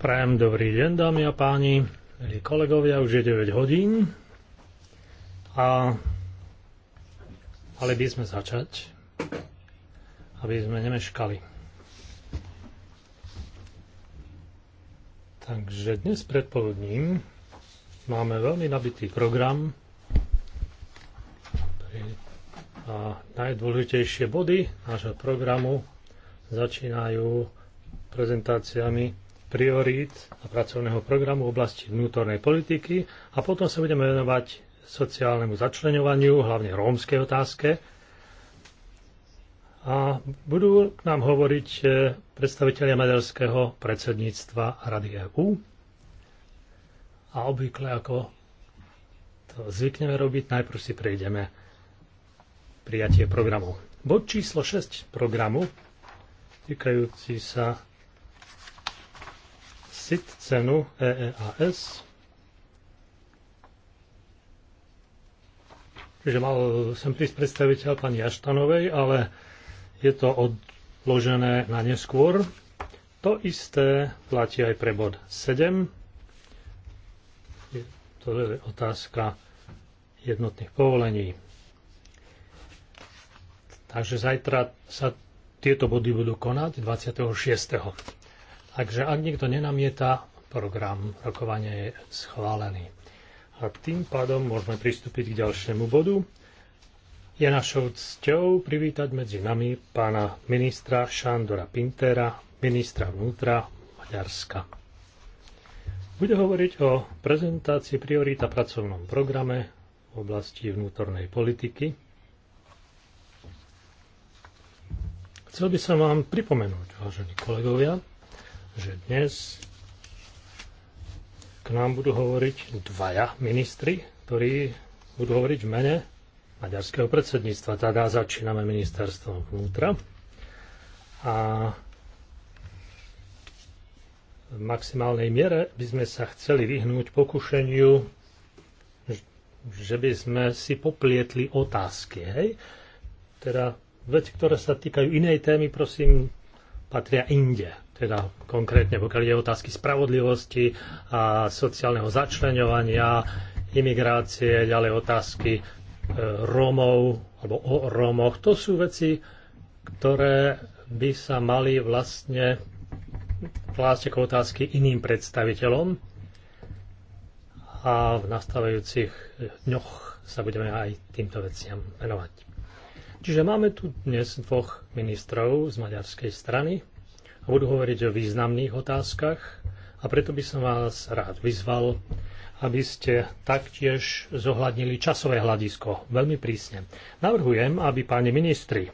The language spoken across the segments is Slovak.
Prajem dobrý deň, dámy a páni, milí kolegovia, už je 9 hodín. A mali by sme začať, aby sme nemeškali. Takže dnes predpoludním máme veľmi nabitý program a najdôležitejšie body nášho programu začínajú prezentáciami priorít a pracovného programu v oblasti vnútornej politiky a potom sa budeme venovať sociálnemu začlenovaniu, hlavne rómskej otázke. A budú k nám hovoriť eh, predstavitelia maďarského predsedníctva Rady EU. A obvykle, ako to zvykneme robiť, najprv si prejdeme prijatie programu. Bod číslo 6 programu týkajúci sa SIT cenu EEAS. Čiže mal sem prísť predstaviteľ pani Jaštanovej, ale je to odložené na neskôr. To isté platí aj pre bod 7. To je otázka jednotných povolení. Takže zajtra sa tieto body budú konať 26. Takže ak niekto nenamieta, program rokovania je schválený. A tým pádom môžeme pristúpiť k ďalšiemu bodu. Je našou cťou privítať medzi nami pána ministra Šandora Pintera, ministra vnútra Maďarska. Bude hovoriť o prezentácii priorita pracovnom programe v oblasti vnútornej politiky Chcel by som vám pripomenúť, vážení kolegovia, že dnes k nám budú hovoriť dvaja ministri, ktorí budú hovoriť v mene maďarského predsedníctva. Teda začíname ministerstvom vnútra. A v maximálnej miere by sme sa chceli vyhnúť pokušeniu, že by sme si poplietli otázky. Hej? Teda veci, ktoré sa týkajú inej témy, prosím, patria inde. Teda konkrétne, pokiaľ je otázky spravodlivosti a sociálneho začleňovania, imigrácie, ďalej otázky e, Rómov alebo o Rómoch. To sú veci, ktoré by sa mali vlastne klásť ako otázky iným predstaviteľom a v nastávajúcich dňoch sa budeme aj týmto veciam venovať. Čiže máme tu dnes dvoch ministrov z maďarskej strany a budú hovoriť o významných otázkach a preto by som vás rád vyzval, aby ste taktiež zohľadnili časové hľadisko veľmi prísne. Navrhujem, aby páni ministri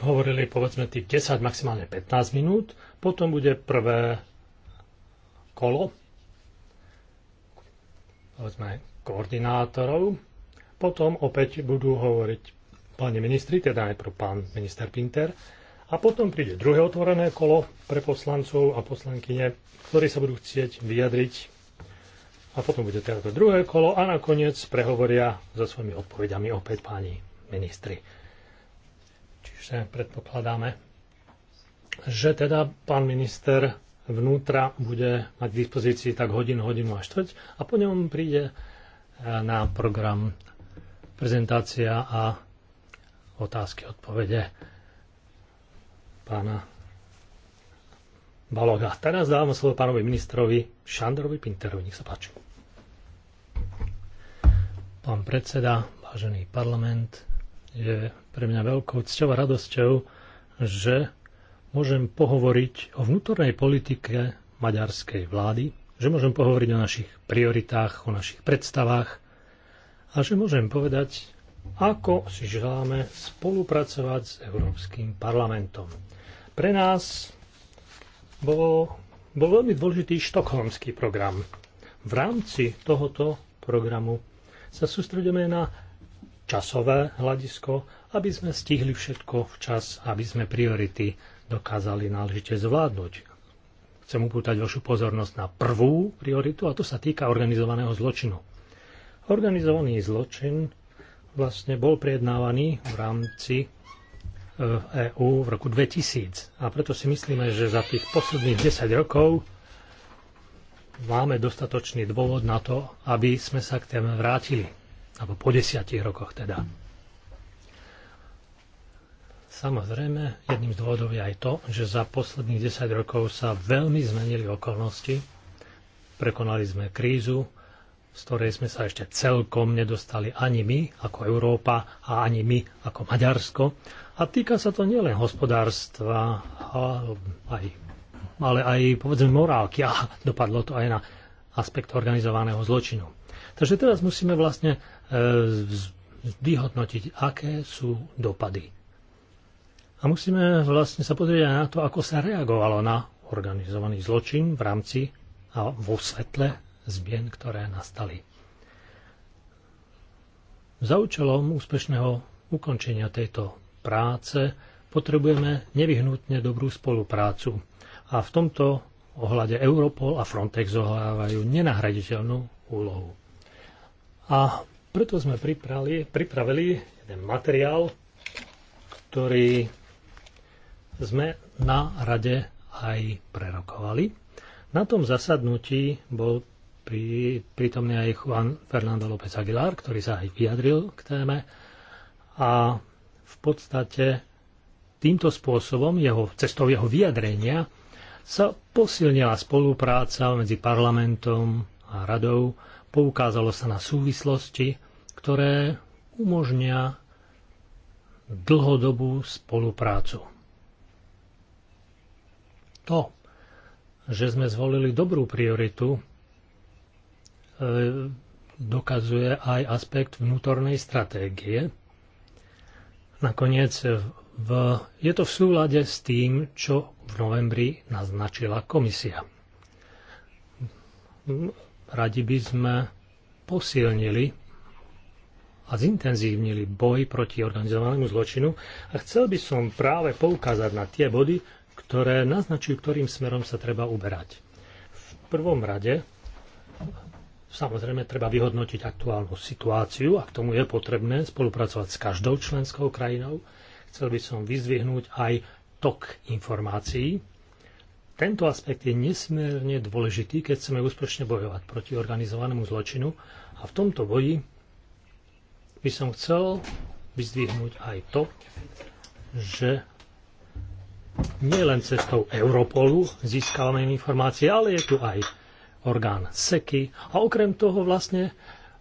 hovorili povedzme tých 10, maximálne 15 minút, potom bude prvé kolo, povedzme koordinátorov potom opäť budú hovoriť páni ministri, teda najprv pán minister Pinter, a potom príde druhé otvorené kolo pre poslancov a poslankyne, ktorí sa budú chcieť vyjadriť. A potom bude teda to druhé kolo a nakoniec prehovoria so svojimi odpovediami opäť páni ministri. Čiže predpokladáme, že teda pán minister vnútra bude mať k dispozícii tak hodinu, hodinu a štvrť a po ňom príde eh, na program prezentácia a otázky, odpovede pána Baloga. Teraz dávam slovo pánovi ministrovi Šandrovi Pinterovi. Nech sa páči. Pán predseda, vážený parlament, je pre mňa veľkou cťou a radosťou, že môžem pohovoriť o vnútornej politike maďarskej vlády, že môžem pohovoriť o našich prioritách, o našich predstavách a že môžem povedať, ako si želáme spolupracovať s Európskym parlamentom. Pre nás bol, bol veľmi dôležitý štokholmský program. V rámci tohoto programu sa sústredíme na časové hľadisko, aby sme stihli všetko včas, aby sme priority dokázali náležite zvládnuť. Chcem upútať vašu pozornosť na prvú prioritu a to sa týka organizovaného zločinu. Organizovaný zločin vlastne bol prijednávaný v rámci EÚ e v roku 2000. A preto si myslíme, že za tých posledných 10 rokov máme dostatočný dôvod na to, aby sme sa k téme vrátili. Alebo po desiatich rokoch teda. Samozrejme, jedným z dôvodov je aj to, že za posledných 10 rokov sa veľmi zmenili okolnosti. Prekonali sme krízu, z ktorej sme sa ešte celkom nedostali ani my ako Európa a ani my ako Maďarsko. A týka sa to nielen hospodárstva, ale aj povedzme morálky a dopadlo to aj na aspekt organizovaného zločinu. Takže teraz musíme vlastne e, vyhodnotiť, aké sú dopady. A musíme vlastne sa pozrieť aj na to, ako sa reagovalo na organizovaný zločin v rámci a vo svetle zmien, ktoré nastali. Za účelom úspešného ukončenia tejto práce potrebujeme nevyhnutne dobrú spoluprácu a v tomto ohľade Europol a Frontex zohrávajú nenahraditeľnú úlohu. A preto sme pripravili, pripravili jeden materiál, ktorý sme na rade aj prerokovali. Na tom zasadnutí bol Prí, prítomný aj Juan Fernando López Aguilar, ktorý sa aj vyjadril k téme. A v podstate týmto spôsobom, jeho, cestou jeho vyjadrenia, sa posilnila spolupráca medzi parlamentom a radou, poukázalo sa na súvislosti, ktoré umožnia dlhodobú spoluprácu. To, že sme zvolili dobrú prioritu E, dokazuje aj aspekt vnútornej stratégie. Nakoniec e, v, je to v súlade s tým, čo v novembri naznačila komisia. Radi by sme posilnili a zintenzívnili boj proti organizovanému zločinu a chcel by som práve poukázať na tie body, ktoré naznačujú, ktorým smerom sa treba uberať. V prvom rade Samozrejme, treba vyhodnotiť aktuálnu situáciu a k tomu je potrebné spolupracovať s každou členskou krajinou. Chcel by som vyzdvihnúť aj tok informácií. Tento aspekt je nesmierne dôležitý, keď chceme úspešne bojovať proti organizovanému zločinu a v tomto boji by som chcel vyzdvihnúť aj to, že nie len cestou Europolu získavame informácie, ale je tu aj orgán seky. a okrem toho vlastne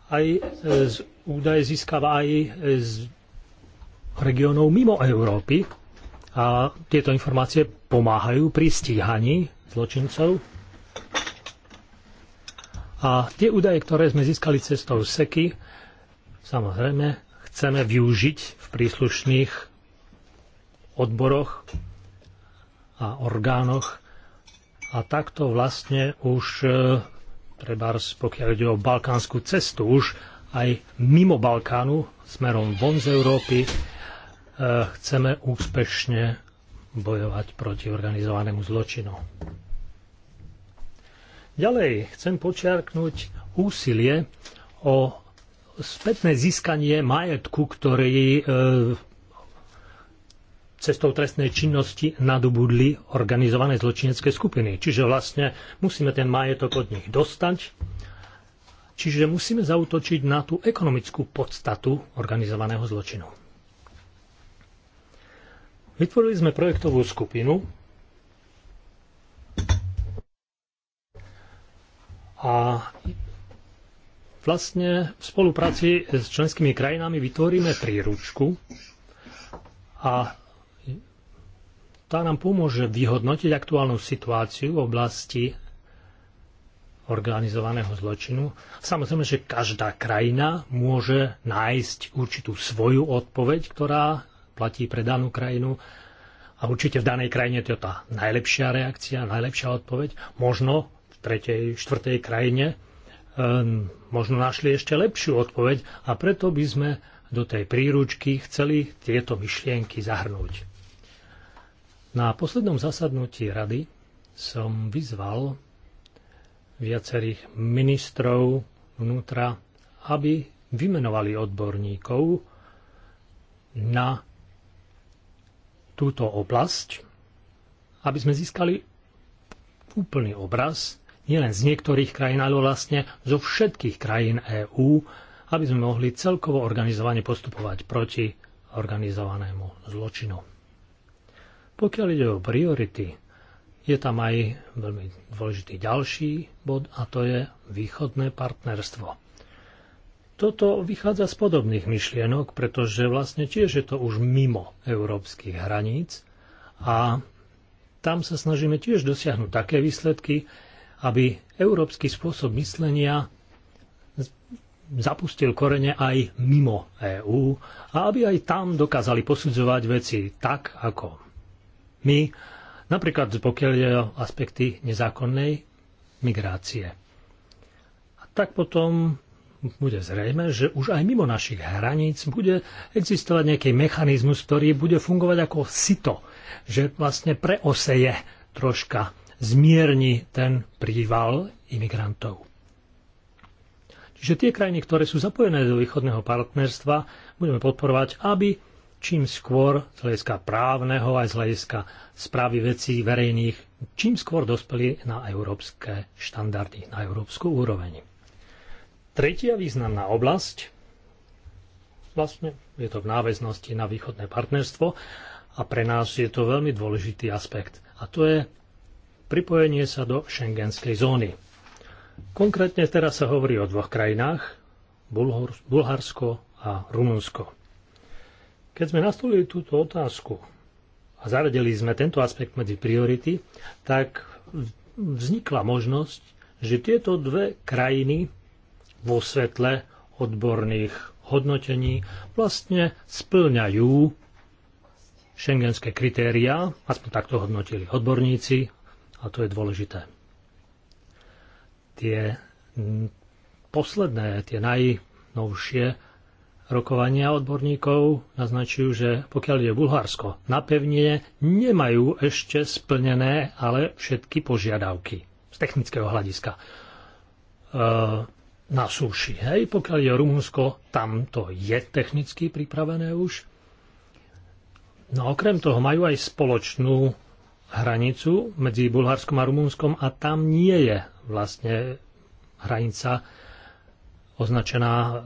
aj e, z údaje získava aj e, z regionov mimo Európy a tieto informácie pomáhajú pri stíhaní zločincov. A tie údaje, ktoré sme získali cestou Seky, samozrejme chceme využiť v príslušných odboroch a orgánoch a takto vlastne už, e, treba pokiaľ ide o balkánsku cestu, už aj mimo Balkánu, smerom von z Európy, e, chceme úspešne bojovať proti organizovanému zločinu. Ďalej chcem počiarknúť úsilie o spätné získanie majetku, ktorý e, cestou trestnej činnosti nadobudli organizované zločinecké skupiny. Čiže vlastne musíme ten majetok od nich dostať, čiže musíme zautočiť na tú ekonomickú podstatu organizovaného zločinu. Vytvorili sme projektovú skupinu a vlastne v spolupráci s členskými krajinami vytvoríme príručku a tá nám pomôže vyhodnotiť aktuálnu situáciu v oblasti organizovaného zločinu. Samozrejme, že každá krajina môže nájsť určitú svoju odpoveď, ktorá platí pre danú krajinu. A určite v danej krajine to je tá najlepšia reakcia, najlepšia odpoveď. Možno v tretej, štvrtej krajine um, možno našli ešte lepšiu odpoveď a preto by sme do tej príručky chceli tieto myšlienky zahrnúť. Na poslednom zasadnutí rady som vyzval viacerých ministrov vnútra, aby vymenovali odborníkov na túto oblasť, aby sme získali úplný obraz nielen z niektorých krajín, ale vlastne zo všetkých krajín EÚ, aby sme mohli celkovo organizovane postupovať proti organizovanému zločinu. Pokiaľ ide o priority, je tam aj veľmi dôležitý ďalší bod a to je východné partnerstvo. Toto vychádza z podobných myšlienok, pretože vlastne tiež je to už mimo európskych hraníc a tam sa snažíme tiež dosiahnuť také výsledky, aby európsky spôsob myslenia zapustil korene aj mimo EÚ a aby aj tam dokázali posudzovať veci tak, ako my, napríklad pokiaľ je o aspekty nezákonnej migrácie. A tak potom bude zrejme, že už aj mimo našich hraníc bude existovať nejaký mechanizmus, ktorý bude fungovať ako sito, že vlastne preoseje troška, zmierni ten príval imigrantov. Čiže tie krajiny, ktoré sú zapojené do východného partnerstva, budeme podporovať, aby čím skôr z hľadiska právneho aj z hľadiska správy vecí verejných, čím skôr dospeli na európske štandardy, na európsku úroveň. Tretia významná oblasť, vlastne je to v náväznosti na východné partnerstvo a pre nás je to veľmi dôležitý aspekt a to je pripojenie sa do šengenskej zóny. Konkrétne teraz sa hovorí o dvoch krajinách, Bulharsko a Rumunsko. Keď sme nastolili túto otázku a zaradili sme tento aspekt medzi priority, tak vznikla možnosť, že tieto dve krajiny vo svetle odborných hodnotení vlastne splňajú šengenské kritériá, aspoň takto hodnotili odborníci, a to je dôležité. Tie posledné, tie najnovšie rokovania odborníkov naznačujú, že pokiaľ je Bulharsko na pevnine, nemajú ešte splnené ale všetky požiadavky z technického hľadiska e, na súši. Hej, pokiaľ je Rumunsko, tam to je technicky pripravené už. No okrem toho majú aj spoločnú hranicu medzi Bulharskom a Rumunskom a tam nie je vlastne hranica označená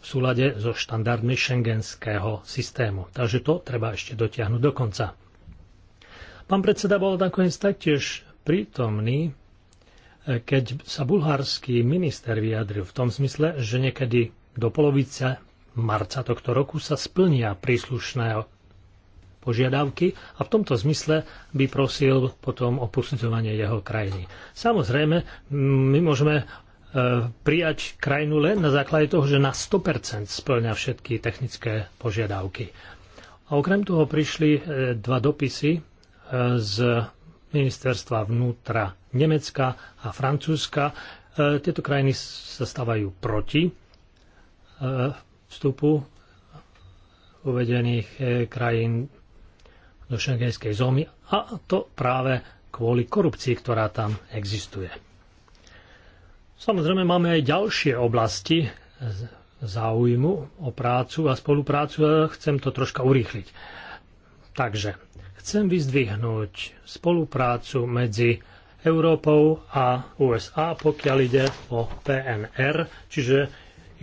v súlade so štandardmi šengenského systému. Takže to treba ešte dotiahnuť do konca. Pán predseda bol nakoniec taktiež prítomný, e, keď sa bulharský minister vyjadril v tom smysle, že niekedy do polovice marca tohto roku sa splnia príslušné požiadavky a v tomto zmysle by prosil potom o posudzovanie jeho krajiny. Samozrejme, my môžeme E, prijať krajinu len na základe toho, že na 100% splňa všetky technické požiadavky. A okrem toho prišli e, dva dopisy e, z ministerstva vnútra Nemecka a Francúzska. Tieto krajiny sa stávajú proti vstupu uvedených krajín do šengenskej zóny a to práve kvôli korupcii, ktorá tam existuje. Samozrejme máme aj ďalšie oblasti záujmu o prácu a spoluprácu a chcem to troška urýchliť. Takže chcem vyzdvihnúť spoluprácu medzi Európou a USA, pokiaľ ide o PNR, čiže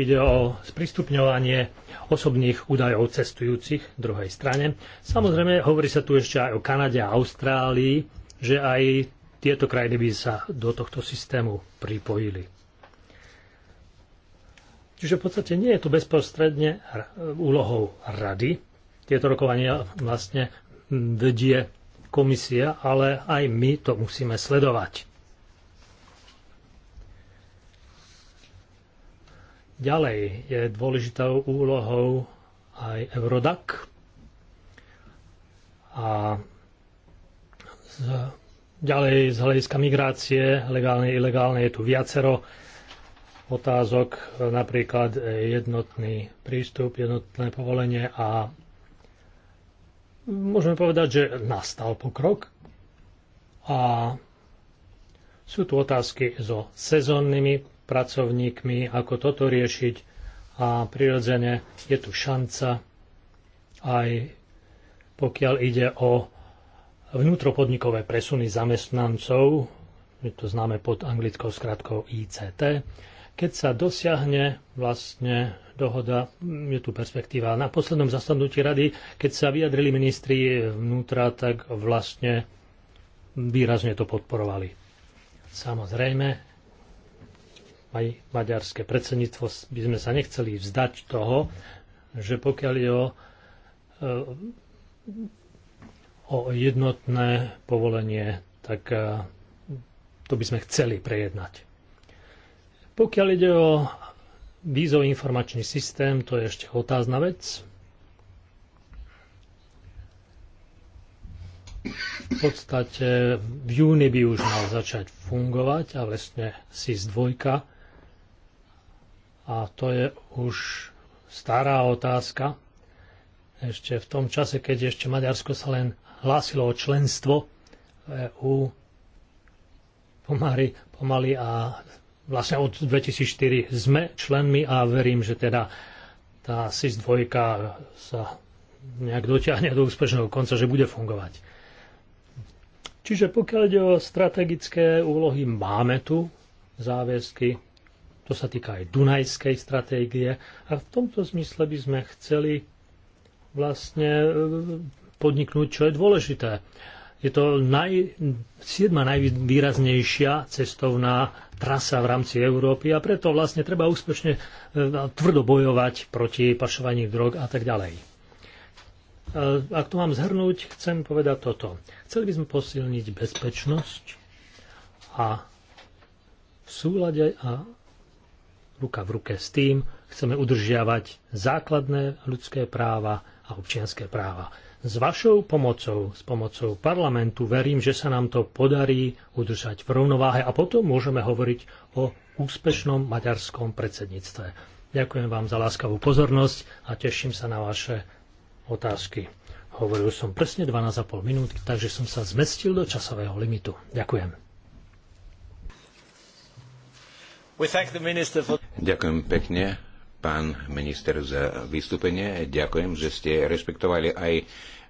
ide o sprístupňovanie osobných údajov cestujúcich druhej strane. Samozrejme, hovorí sa tu ešte aj o Kanade a Austrálii, že aj tieto krajiny by sa do tohto systému pripojili. Čiže v podstate nie je to bezprostredne úlohou rady. Tieto rokovania vlastne vedie komisia, ale aj my to musíme sledovať. Ďalej je dôležitou úlohou aj Eurodac a Ďalej z hľadiska migrácie, legálnej, ilegálnej, je tu viacero otázok, napríklad e, jednotný prístup, jednotné povolenie a môžeme povedať, že nastal pokrok a sú tu otázky so sezónnymi pracovníkmi, ako toto riešiť a prirodzene je tu šanca aj pokiaľ ide o vnútropodnikové presuny zamestnancov, je to známe pod anglickou skratkou ICT, keď sa dosiahne vlastne dohoda, je tu perspektíva. Na poslednom zasadnutí rady, keď sa vyjadrili ministri vnútra, tak vlastne výrazne to podporovali. Samozrejme, aj maďarské predsedníctvo by sme sa nechceli vzdať toho, že pokiaľ je o e, o jednotné povolenie, tak e, to by sme chceli prejednať. Pokiaľ ide o vízový informačný systém, to je ešte otázna vec. V podstate v júni by už mal začať fungovať a vlastne SIS-2 a to je už stará otázka. Ešte v tom čase, keď ešte Maďarsko sa len hlásilo o členstvo EU pomaly, pomaly a vlastne od 2004 sme členmi a verím, že teda tá SIS-2 sa nejak dotiahne do úspešného konca, že bude fungovať. Čiže pokiaľ ide o strategické úlohy, máme tu záväzky, to sa týka aj Dunajskej stratégie a v tomto zmysle by sme chceli vlastne podniknúť, čo je dôležité. Je to naj, siedma najvýraznejšia cestovná trasa v rámci Európy a preto vlastne treba úspešne e, tvrdo bojovať proti pašovaní drog a tak ďalej. E, ak to mám zhrnúť, chcem povedať toto. Chceli by sme posilniť bezpečnosť a v súlade a ruka v ruke s tým chceme udržiavať základné ľudské práva a občianské práva. S vašou pomocou, s pomocou parlamentu, verím, že sa nám to podarí udržať v rovnováhe a potom môžeme hovoriť o úspešnom maďarskom predsedníctve. Ďakujem vám za láskavú pozornosť a teším sa na vaše otázky. Hovoril som presne 12,5 minút, takže som sa zmestil do časového limitu. Ďakujem. Ďakujem pekne, pán minister, za vystúpenie. Ďakujem, že ste rešpektovali aj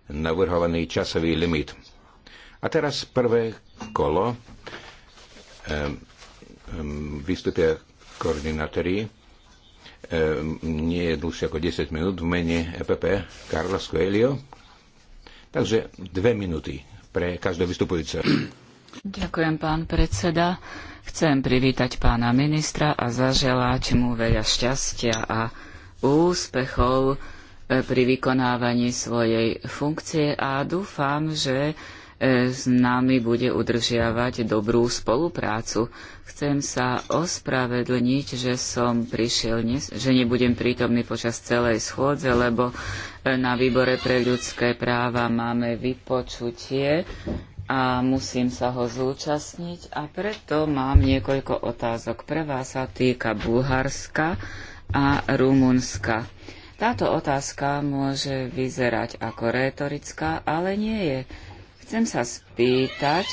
navrhovaný časový limit. A teraz prvé kolo. Ehm, ehm, vystúpia koordinátori. Ehm, nie je dlhšie ako 10 minút v mene EPP Carlos Coelho. Takže dve minúty pre každé vystupujúce. Ďakujem, pán predseda. Chcem privítať pána ministra a zaželať mu veľa šťastia a úspechov E, pri vykonávaní svojej funkcie a dúfam, že e, s nami bude udržiavať dobrú spoluprácu. Chcem sa ospravedlniť, že som prišiel, že nebudem prítomný počas celej schôdze, lebo e, na výbore pre ľudské práva máme vypočutie a musím sa ho zúčastniť a preto mám niekoľko otázok. Prvá sa týka Bulharska a Rumunska. Táto otázka môže vyzerať ako rétorická, ale nie je. Chcem sa spýtať,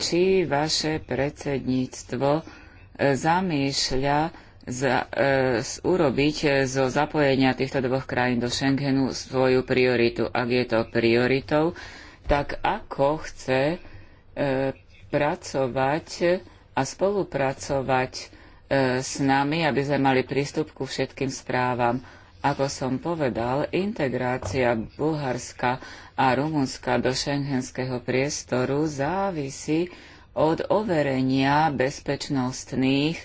či vaše predsedníctvo e, zamýšľa za, e, urobiť e, zo zapojenia týchto dvoch krajín do Schengenu svoju prioritu. Ak je to prioritou, tak ako chce e, pracovať a spolupracovať E, s nami, aby sme mali prístup ku všetkým správam. Ako som povedal, integrácia Bulharska a Rumunska do šengenského priestoru závisí od overenia bezpečnostných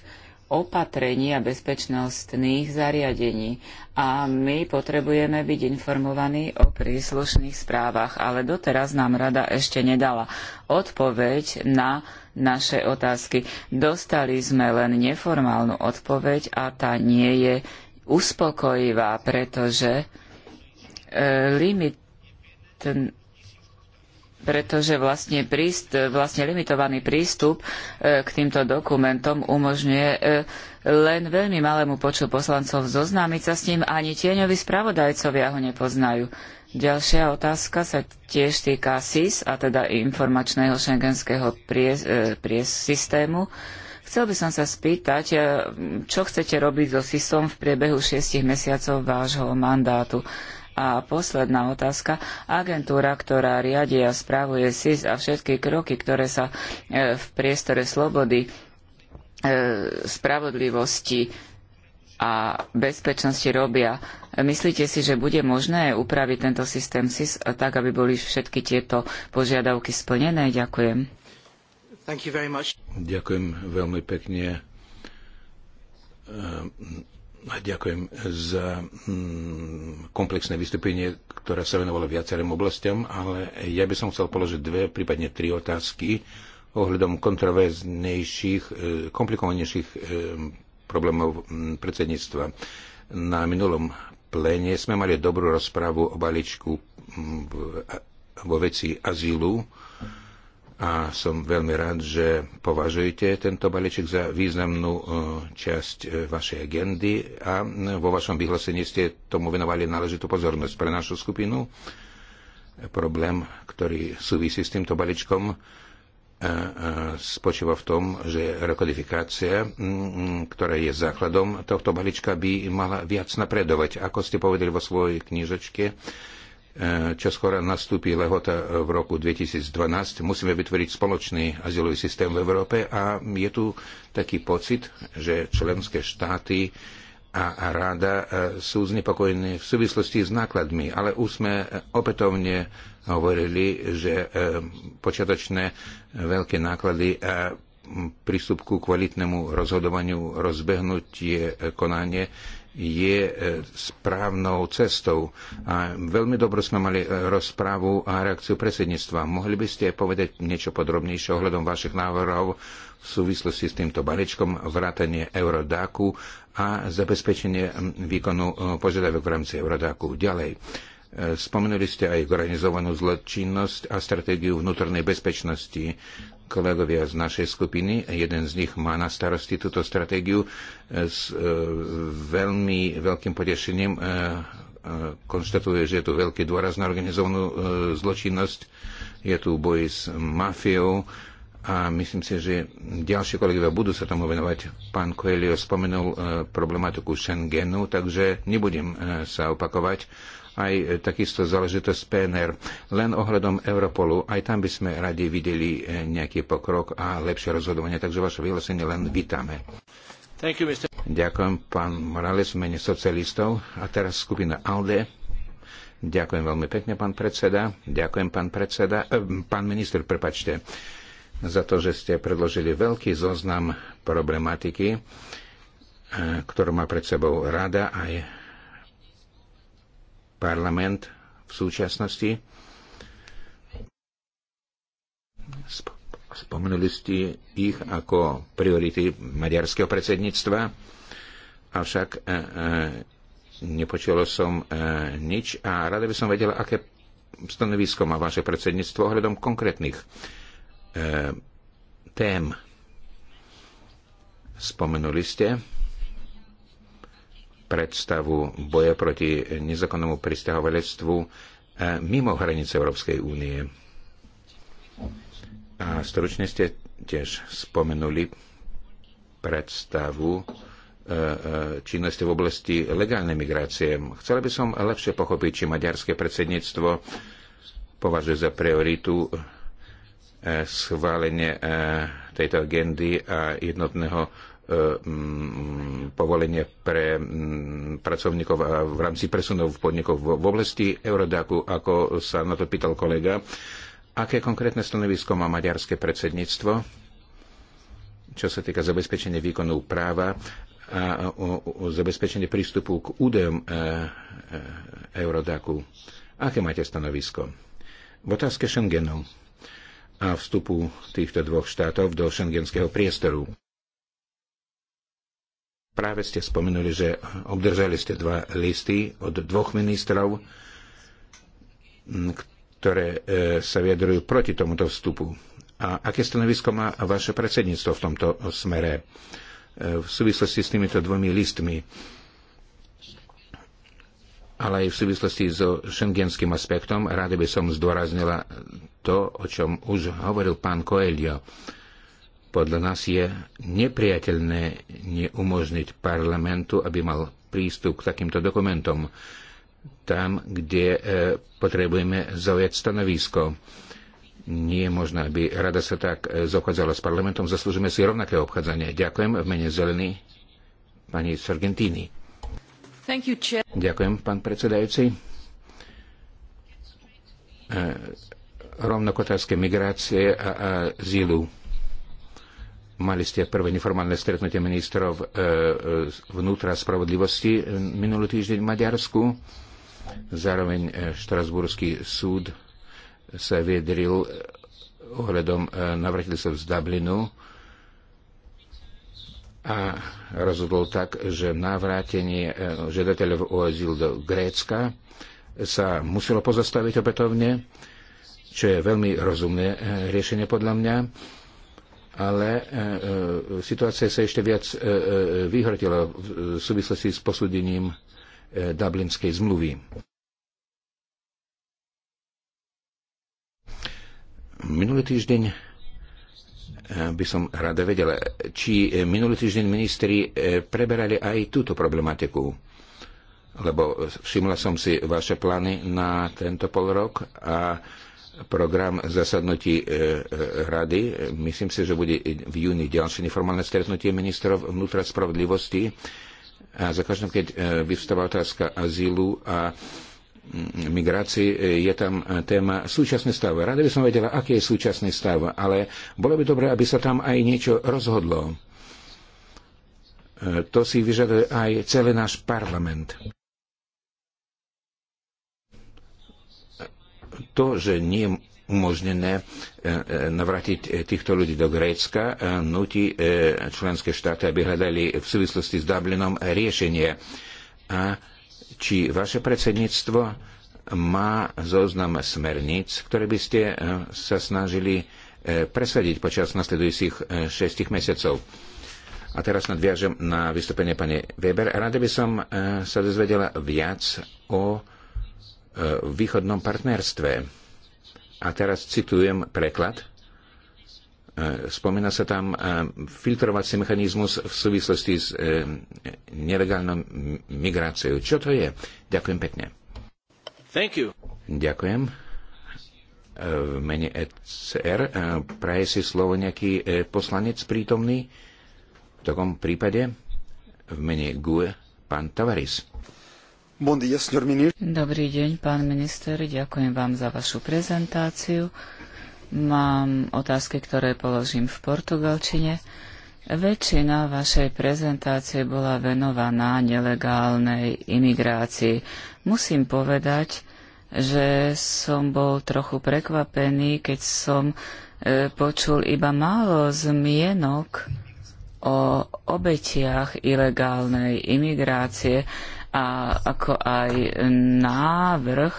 opatrení a bezpečnostných zariadení. A my potrebujeme byť informovaní o príslušných správach, ale doteraz nám rada ešte nedala odpoveď na naše otázky. Dostali sme len neformálnu odpoveď a tá nie je uspokojivá, pretože e, limit pretože vlastne, príst, vlastne limitovaný prístup e, k týmto dokumentom umožňuje e, len veľmi malému počtu poslancov zoznámiť sa s ním, ani tieňoví spravodajcovia ho nepoznajú. Ďalšia otázka sa tiež týka SIS, a teda informačného šengenského pries, e, pries systému. Chcel by som sa spýtať, e, čo chcete robiť so SISom v priebehu šiestich mesiacov vášho mandátu? A posledná otázka. Agentúra, ktorá riadi a správuje SIS a všetky kroky, ktoré sa e, v priestore slobody, spravodlivosti, a bezpečnosti robia. Myslíte si, že bude možné upraviť tento systém SIS tak, aby boli všetky tieto požiadavky splnené? Ďakujem. Ďakujem veľmi pekne. Ehm, ďakujem za mm, komplexné vystúpenie, ktoré sa venovalo viacerým oblastiam, ale ja by som chcel položiť dve, prípadne tri otázky ohľadom kontroverznejších, e, komplikovanejších e, problémov predsedníctva. Na minulom pléne sme mali dobrú rozprávu o balíčku vo veci azylu a som veľmi rád, že považujete tento balíček za významnú e, časť e, vašej agendy a vo vašom vyhlásení ste tomu venovali náležitú pozornosť pre našu skupinu. Problém, ktorý súvisí s týmto balíčkom, E, e, spočíva v tom, že rekodifikácia, ktorá je základom tohto balíčka, by mala viac napredovať. Ako ste povedali vo svojej knižočke, e, skoro nastúpi lehota v roku 2012. Musíme vytvoriť spoločný azylový systém v Európe a je tu taký pocit, že členské štáty a rada e, sú znepokojení v súvislosti s nákladmi, ale už sme opätovne hovorili, že e, počiatočné veľké náklady a prístup ku kvalitnému rozhodovaniu, rozbehnutie, e, konanie je správnou cestou. A veľmi dobro sme mali rozprávu a reakciu predsedníctva. Mohli by ste povedať niečo podrobnejšie ohľadom vašich návrhov v súvislosti s týmto balíčkom, vrátanie Eurodaku a zabezpečenie výkonu e, požiadavok v rámci Eurodaku. Ďalej, e, spomenuli ste aj organizovanú zločinnosť a stratégiu vnútornej bezpečnosti. Kolegovia z našej skupiny, jeden z nich má na starosti túto stratégiu, e, s veľmi veľkým potešením konštatuje, že je tu veľký dôraz na organizovanú zločinnosť, je tu boj s mafiou, a myslím si, že ďalší kolegovia budú sa tomu venovať. Pán Coelho spomenul e, problematiku Schengenu, takže nebudem e, sa opakovať. Aj e, takisto záležitosť PNR. Len ohľadom Europolu, aj tam by sme radi videli nejaký pokrok a lepšie rozhodovanie, takže vaše vyhlásenie len vítame. You, Ďakujem, pán Morales, v mene socialistov. A teraz skupina ALDE. Ďakujem veľmi pekne, pán predseda. Ďakujem, pán predseda. pán minister, prepačte za to, že ste predložili veľký zoznam problematiky, e, ktorú má pred sebou rada aj parlament v súčasnosti. Spomenuli ste ich ako priority maďarského predsedníctva, avšak e, e, nepočulo som nič a rada by som vedela, aké stanovisko má vaše predsedníctvo ohľadom konkrétnych E, tém. Spomenuli ste predstavu boja proti nezakonnému pristahovalectvu e, mimo hranice Európskej únie. A stručne ste tiež spomenuli predstavu e, činnosti v oblasti legálnej migrácie. Chcela by som lepšie pochopiť, či maďarské predsedníctvo považuje za prioritu E, schválenie e, tejto agendy a jednotného e, povolenia pre pracovníkov a v rámci presunov podnikov v oblasti Eurodaku, ako sa na to pýtal kolega. Aké konkrétne stanovisko má maďarské predsedníctvo, čo sa týka zabezpečenia výkonu práva a o, o zabezpečenie prístupu k údajom e, e, Eurodaku? Aké máte stanovisko? V otázke Schengenu a vstupu týchto dvoch štátov do šengenského priestoru. Práve ste spomenuli, že obdržali ste dva listy od dvoch ministrov, ktoré e, sa vyjadrujú proti tomuto vstupu. A aké stanovisko má vaše predsedníctvo v tomto smere e, v súvislosti s týmito dvomi listmi? ale aj v súvislosti so šengenským aspektom. Rada by som zdôraznila to, o čom už hovoril pán Coelho. Podľa nás je nepriateľné neumožniť parlamentu, aby mal prístup k takýmto dokumentom tam, kde e, potrebujeme zaujať stanovisko. Nie je možné, aby rada sa tak e, zobchádzala s parlamentom. Zaslúžime si rovnaké obchádzanie. Ďakujem v mene zelený pani Sargentini. Ďakujem, pán predsedajúci. E, Rovnako otázke migrácie a azylu. Mali ste prvé neformálne stretnutie ministrov e, e, vnútra a spravodlivosti minulý týždeň v Maďarsku. Zároveň Štrasburský súd sa vyjadril ohľadom sa z Dublinu a rozhodol tak, že navrátenie e, žiadateľov o azyl do Grécka sa muselo pozastaviť opätovne, čo je veľmi rozumné e, riešenie podľa mňa, ale e, situácia sa ešte viac vyhrotila v súvislosti s posúdením Dublinskej zmluvy. Minulý týždeň by som rada vedela, či e, minulý týždeň ministri e, preberali aj túto problematiku. Lebo všimla som si vaše plány na tento pol rok a program zasadnutí e, rady. Myslím si, že bude v júni ďalšie neformálne stretnutie ministrov vnútra spravodlivosti. A za každým, keď vyvstáva otázka azylu a migrácii e, je tam e, téma súčasný stav. Rada by som vedela, aký je súčasný stav, ale bolo by dobré, aby sa tam aj niečo rozhodlo. E, to si vyžaduje aj celý náš parlament. To, že nie je umožnené navrátiť týchto ľudí do Grécka, nutí členské štáty, aby hľadali v súvislosti s Dublinom riešenie. A či vaše predsedníctvo má zoznam smerníc, ktoré by ste e, sa snažili e, presadiť počas nasledujúcich e, šestich mesiacov. A teraz nadviažem na vystúpenie pani Weber. Rada by som sa dozvedela viac o východnom partnerstve. A teraz citujem preklad. E, spomína sa tam e, filtrovací mechanizmus v súvislosti s e, nelegálnou migráciou. Čo to je? Ďakujem pekne. Thank you. Ďakujem. V mene ECR praje si slovo nejaký poslanec prítomný? V takom prípade v mene GUE pán Tavaris. Dobrý deň, pán minister. Ďakujem vám za vašu prezentáciu. Mám otázky, ktoré položím v portugalčine. Väčšina vašej prezentácie bola venovaná nelegálnej imigrácii. Musím povedať, že som bol trochu prekvapený, keď som e, počul iba málo zmienok o obetiach ilegálnej imigrácie a ako aj návrh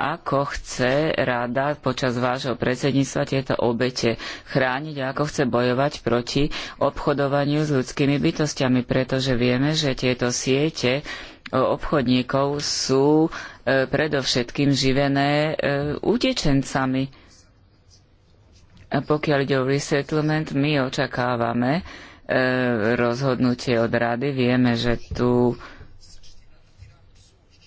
ako chce rada počas vášho predsedníctva tieto obete chrániť a ako chce bojovať proti obchodovaniu s ľudskými bytostiami, pretože vieme, že tieto siete e, obchodníkov sú e, predovšetkým živené e, utečencami. A pokiaľ ide o resettlement, my očakávame e, rozhodnutie od rady. Vieme, že tu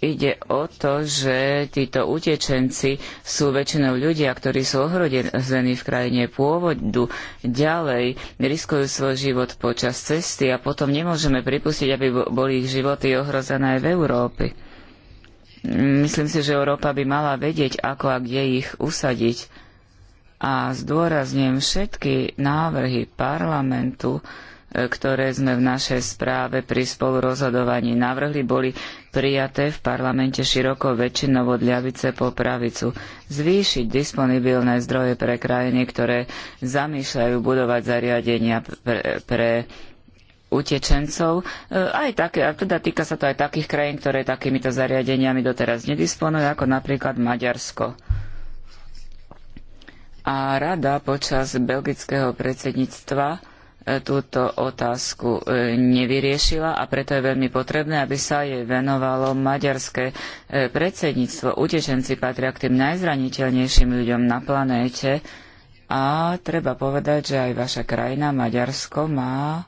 Ide o to, že títo utečenci sú väčšinou ľudia, ktorí sú ohrození v krajine pôvodu, ďalej riskujú svoj život počas cesty a potom nemôžeme pripustiť, aby boli ich životy ohrozené aj v Európe. Myslím si, že Európa by mala vedieť, ako a kde ich usadiť. A zdôrazňujem všetky návrhy parlamentu, e, ktoré sme v našej správe pri spolurozhodovaní navrhli, boli prijaté v parlamente široko väčšinou od ľavice po pravicu, zvýšiť disponibilné zdroje pre krajiny, ktoré zamýšľajú budovať zariadenia pre, pre utečencov. E, aj také, a teda týka sa to aj takých krajín, ktoré takýmito zariadeniami doteraz nedisponujú, ako napríklad Maďarsko. A rada počas belgického predsedníctva túto otázku e, nevyriešila a preto je veľmi potrebné, aby sa jej venovalo maďarské e, predsedníctvo. Utečenci patria k tým najzraniteľnejším ľuďom na planéte a treba povedať, že aj vaša krajina, Maďarsko, má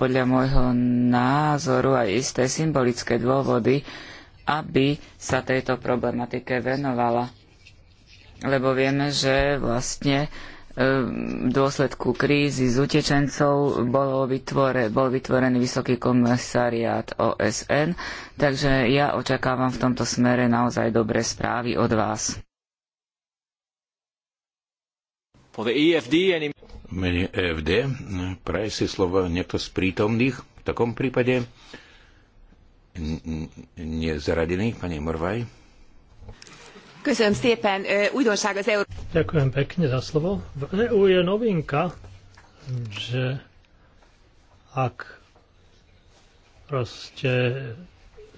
podľa môjho názoru aj isté symbolické dôvody, aby sa tejto problematike venovala. Lebo vieme, že vlastne v dôsledku krízy s utečencov bol, vytvore, bol vytvorený vysoký komisariát OSN, takže ja očakávam v tomto smere naozaj dobré správy od vás. E mene EFD, praje si slovo niekto z prítomných. V takom prípade nezaradený, pani Morvaj. Ďakujem pekne za slovo. V EU je novinka, že ak proste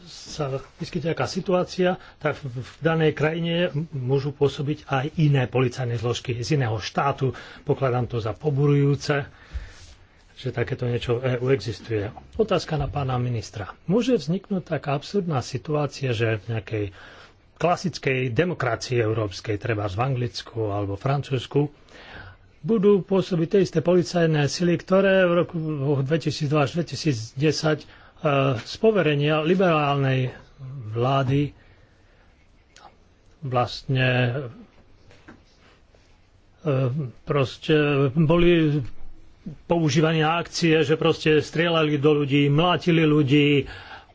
sa vyskytne taká situácia, tak v danej krajine môžu pôsobiť aj iné policajné zložky z iného štátu. Pokladám to za poburujúce, že takéto niečo v EU existuje. Otázka na pána ministra. Môže vzniknúť taká absurdná situácia, že v nejakej klasickej demokracii európskej, treba v Anglicku alebo Francúzsku, budú pôsobiť tie isté policajné sily, ktoré v roku 2002 až 2010 eh, z poverenia liberálnej vlády vlastne eh, proste boli používaní na akcie, že proste strieľali do ľudí, mlátili ľudí,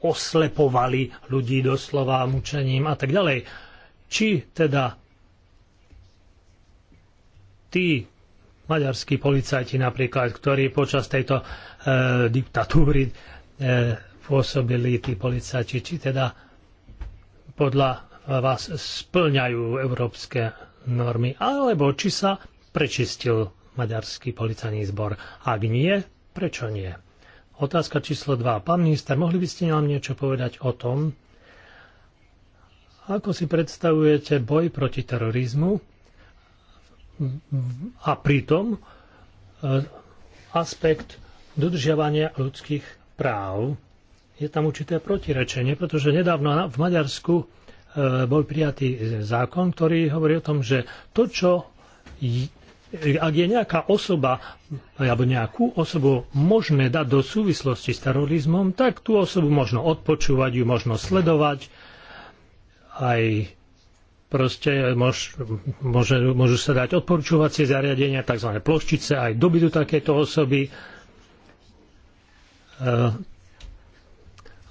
oslepovali ľudí doslova mučením a tak ďalej. Či teda tí maďarskí policajti napríklad, ktorí počas tejto e, diktatúry e, pôsobili tí policajti, či teda podľa vás splňajú európske normy, alebo či sa prečistil maďarský policajný zbor. Ak nie, prečo nie? Otázka číslo 2. Pán minister, mohli by ste nám niečo povedať o tom, ako si predstavujete boj proti terorizmu a pritom e, aspekt dodržiavania ľudských práv. Je tam určité protirečenie, pretože nedávno v Maďarsku e, bol prijatý zákon, ktorý hovorí o tom, že to, čo ak je nejaká osoba alebo nejakú osobu možné dať do súvislosti s terorizmom, tak tú osobu možno odpočúvať, ju možno sledovať, aj proste môž, môže, môžu sa dať odporúčovacie zariadenia, tzv. ploštice, aj dobydu takéto osoby. E,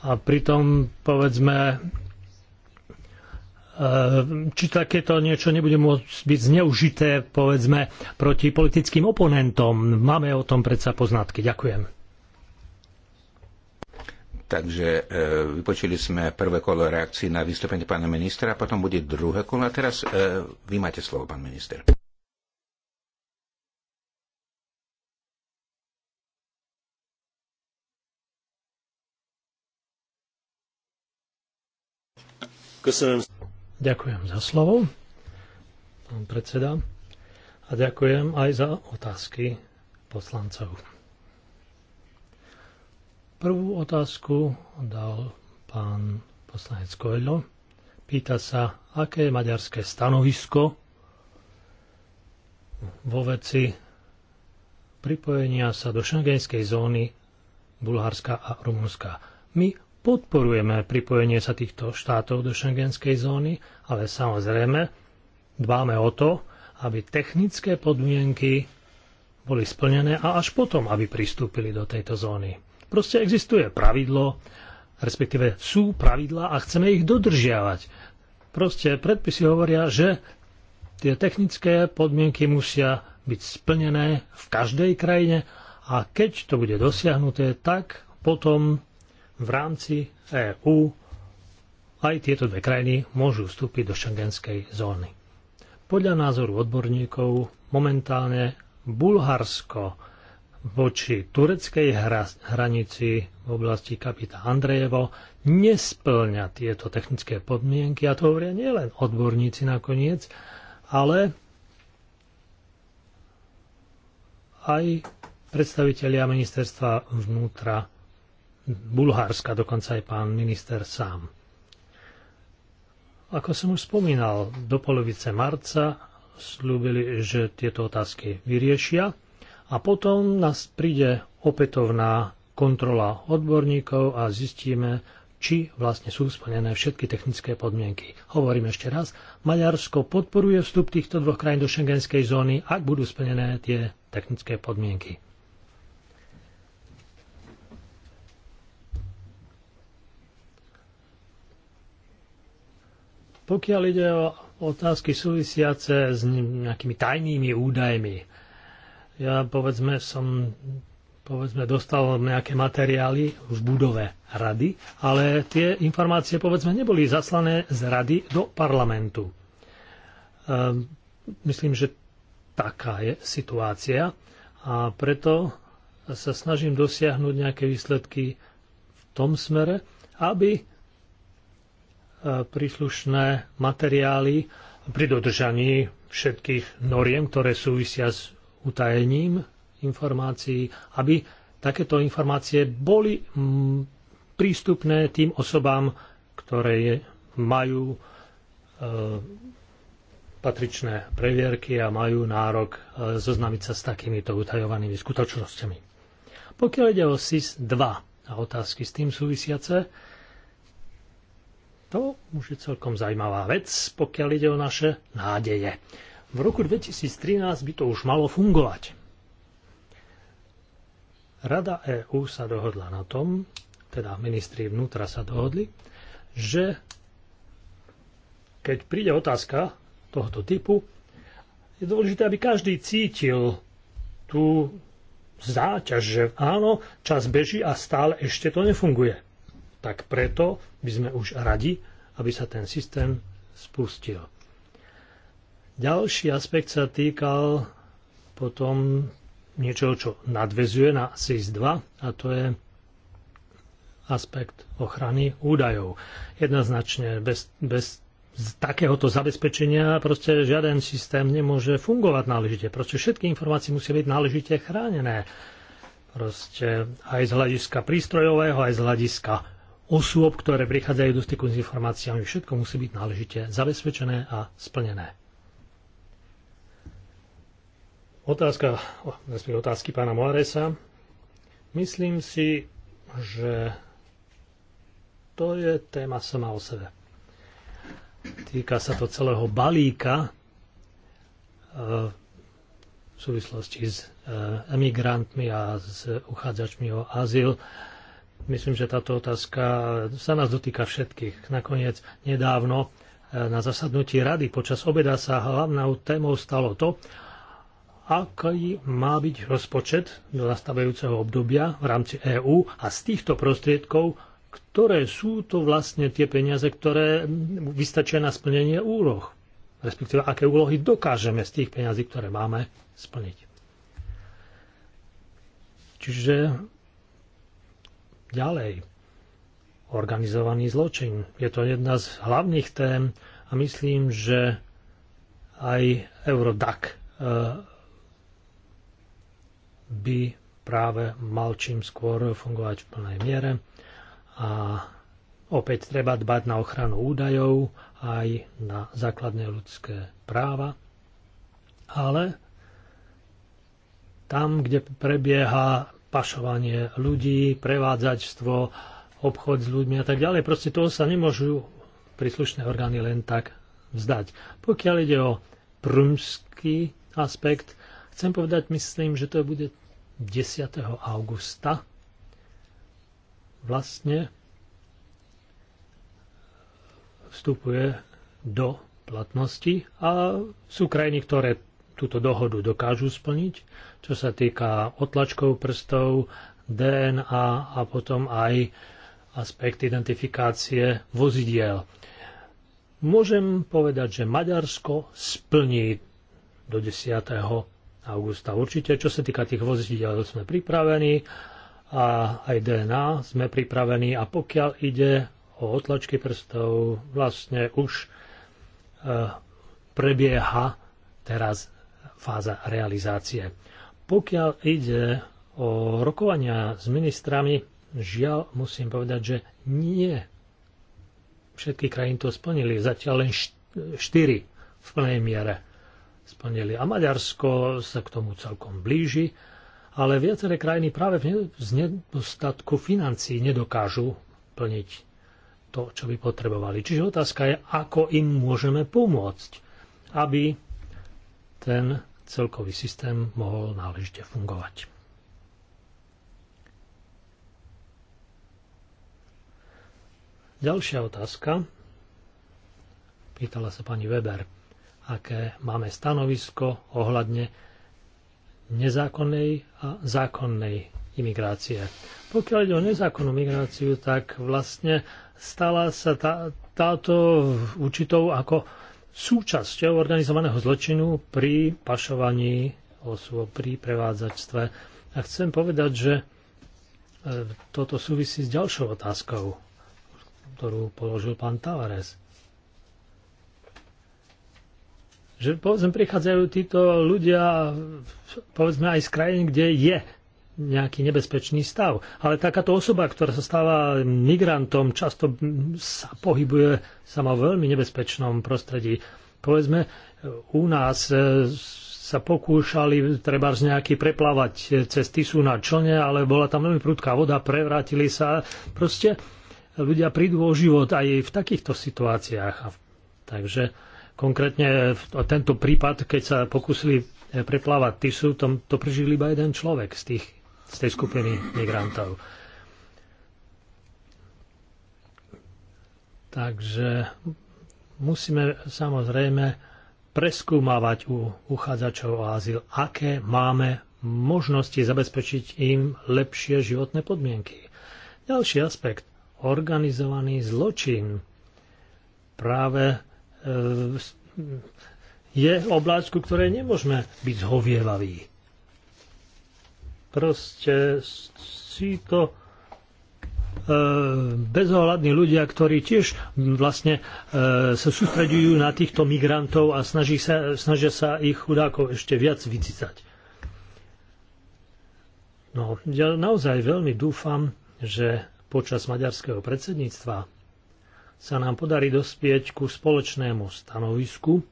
a pritom, povedzme, Ehm, či takéto niečo nebude môcť byť zneužité, povedzme, proti politickým oponentom. Máme o tom predsa poznatky. Ďakujem. Takže ehm, vypočuli sme prvé kolo reakcií na vystúpenie pána ministra, a potom bude druhé kolo. A teraz ehm, vy máte slovo, pán minister. Köszönöm. Ďakujem za slovo, pán predseda, a ďakujem aj za otázky poslancov. Prvú otázku dal pán poslanec Koelho. Pýta sa, aké je maďarské stanovisko vo veci pripojenia sa do šengenskej zóny Bulharska a Rumunska. My podporujeme pripojenie sa týchto štátov do šengenskej zóny, ale samozrejme dbáme o to, aby technické podmienky boli splnené a až potom, aby pristúpili do tejto zóny. Proste existuje pravidlo, respektíve sú pravidlá a chceme ich dodržiavať. Proste predpisy hovoria, že tie technické podmienky musia byť splnené v každej krajine a keď to bude dosiahnuté, tak potom v rámci EÚ aj tieto dve krajiny môžu vstúpiť do šengenskej zóny. Podľa názoru odborníkov momentálne Bulharsko voči tureckej hranici v oblasti kapita Andrejevo nesplňa tieto technické podmienky a to hovoria nielen odborníci nakoniec, ale aj predstavitelia ministerstva vnútra Bulharska, dokonca aj pán minister sám. Ako som už spomínal, do polovice marca slúbili, že tieto otázky vyriešia a potom nás príde opätovná kontrola odborníkov a zistíme, či vlastne sú splnené všetky technické podmienky. Hovorím ešte raz, Maďarsko podporuje vstup týchto dvoch krajín do šengenskej zóny, ak budú splnené tie technické podmienky. Pokiaľ ide o otázky súvisiace s nejakými tajnými údajmi, ja povedzme som povedzme dostal nejaké materiály v budove rady, ale tie informácie povedzme neboli zaslané z rady do parlamentu. Ehm, myslím, že taká je situácia a preto sa snažím dosiahnuť nejaké výsledky v tom smere, aby príslušné materiály pri dodržaní všetkých noriem, ktoré súvisia s utajením informácií, aby takéto informácie boli mm, prístupné tým osobám, ktoré majú e, patričné previerky a majú nárok e, zoznamiť sa s takýmito utajovanými skutočnosťami. Pokiaľ ide o SIS-2 a otázky s tým súvisiace, to už je celkom zaujímavá vec, pokiaľ ide o naše nádeje. V roku 2013 by to už malo fungovať. Rada EÚ sa dohodla na tom, teda ministri vnútra sa dohodli, že keď príde otázka tohoto typu, je dôležité, aby každý cítil tú záťaž, že áno, čas beží a stále ešte to nefunguje tak preto by sme už radi, aby sa ten systém spustil. Ďalší aspekt sa týkal potom niečo, čo nadvezuje na SIS-2 a to je aspekt ochrany údajov. Jednoznačne bez, bez z takéhoto zabezpečenia proste žiaden systém nemôže fungovať náležite. Proste všetky informácie musia byť náležite chránené. Proste aj z hľadiska prístrojového, aj z hľadiska osôb, ktoré prichádzajú do styku s informáciami. Všetko musí byť náležite zabezpečené a splnené. Otázka, respektíve otázky pána Moaresa. Myslím si, že to je téma sama o sebe. Týka sa to celého balíka e, v súvislosti s e, emigrantmi a s uchádzačmi o azyl Myslím, že táto otázka sa nás dotýka všetkých. Nakoniec nedávno e, na zasadnutí rady počas obeda sa hlavnou témou stalo to, aký má byť rozpočet do nastavajúceho obdobia v rámci EÚ a z týchto prostriedkov, ktoré sú to vlastne tie peniaze, ktoré vystačia na splnenie úloh, respektíve aké úlohy dokážeme z tých peniazí, ktoré máme, splniť. Čiže Ďalej, organizovaný zločin. Je to jedna z hlavných tém a myslím, že aj Eurodac eh, by práve mal čím skôr fungovať v plnej miere a opäť treba dbať na ochranu údajov aj na základné ľudské práva, ale tam, kde prebieha pašovanie ľudí, prevádzačstvo, obchod s ľuďmi a tak ďalej. Proste toho sa nemôžu príslušné orgány len tak vzdať. Pokiaľ ide o prúmsky aspekt, chcem povedať, myslím, že to bude 10. augusta. Vlastne vstupuje do platnosti a sú krajiny, ktoré túto dohodu dokážu splniť, čo sa týka otlačkov prstov, DNA a potom aj aspekt identifikácie vozidiel. Môžem povedať, že Maďarsko splní do 10. augusta určite. Čo sa týka tých vozidiel, sme pripravení a aj DNA sme pripravení a pokiaľ ide o otlačky prstov, vlastne už eh, prebieha teraz fáza realizácie. Pokiaľ ide o rokovania s ministrami, žiaľ musím povedať, že nie všetky krajiny to splnili. Zatiaľ len štyri v plnej miere splnili. A Maďarsko sa k tomu celkom blíži, ale viaceré krajiny práve z nedostatku financií nedokážu plniť to, čo by potrebovali. Čiže otázka je, ako im môžeme pomôcť, aby ten celkový systém mohol náležite fungovať. Ďalšia otázka. Pýtala sa pani Weber, aké máme stanovisko ohľadne nezákonnej a zákonnej imigrácie. Pokiaľ ide o nezákonnú migráciu, tak vlastne stala sa tá, táto určitou ako súčasťou organizovaného zločinu pri pašovaní osôb, pri prevádzačstve. A chcem povedať, že e, toto súvisí s ďalšou otázkou, ktorú položil pán Tavares. Že povedzme, prichádzajú títo ľudia povedzme aj z krajín, kde je nejaký nebezpečný stav. Ale takáto osoba, ktorá sa stáva migrantom, často sa pohybuje sama v veľmi nebezpečnom prostredí. Povedzme, u nás e, sa pokúšali treba z nejaký preplávať cez Tisu na člne, ale bola tam veľmi prudká voda, prevrátili sa. Proste ľudia prídu o život aj v takýchto situáciách. Takže konkrétne tento prípad, keď sa pokúsili e, preplávať Tisu, to, to prežil iba jeden človek z tých z tej skupiny migrantov. Takže musíme samozrejme preskúmavať u uchádzačov o azyl, aké máme možnosti zabezpečiť im lepšie životné podmienky. Ďalší aspekt, organizovaný zločin, práve e, je ku ktoré nemôžeme byť zhovievaví. Proste si to e, bezohľadní ľudia, ktorí tiež vlastne e, sa sústredujú na týchto migrantov a snaží sa, snažia sa ich chudákov ešte viac vycicať. No, ja naozaj veľmi dúfam, že počas maďarského predsedníctva sa nám podarí dospieť ku spoločnému stanovisku,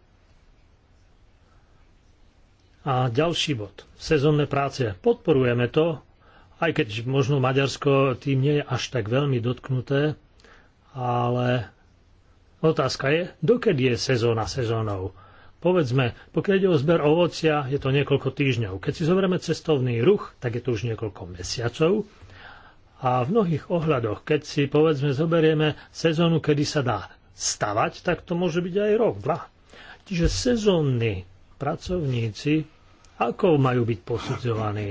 a ďalší bod. Sezónne práce. Podporujeme to, aj keď možno Maďarsko tým nie je až tak veľmi dotknuté, ale otázka je, dokedy je sezóna sezónou. Povedzme, pokiaľ ide o zber ovocia, je to niekoľko týždňov. Keď si zoberieme cestovný ruch, tak je to už niekoľko mesiacov. A v mnohých ohľadoch, keď si povedzme zoberieme sezónu, kedy sa dá stavať, tak to môže byť aj rok, dva. Čiže sezónny pracovníci, ako majú byť posudzovaní.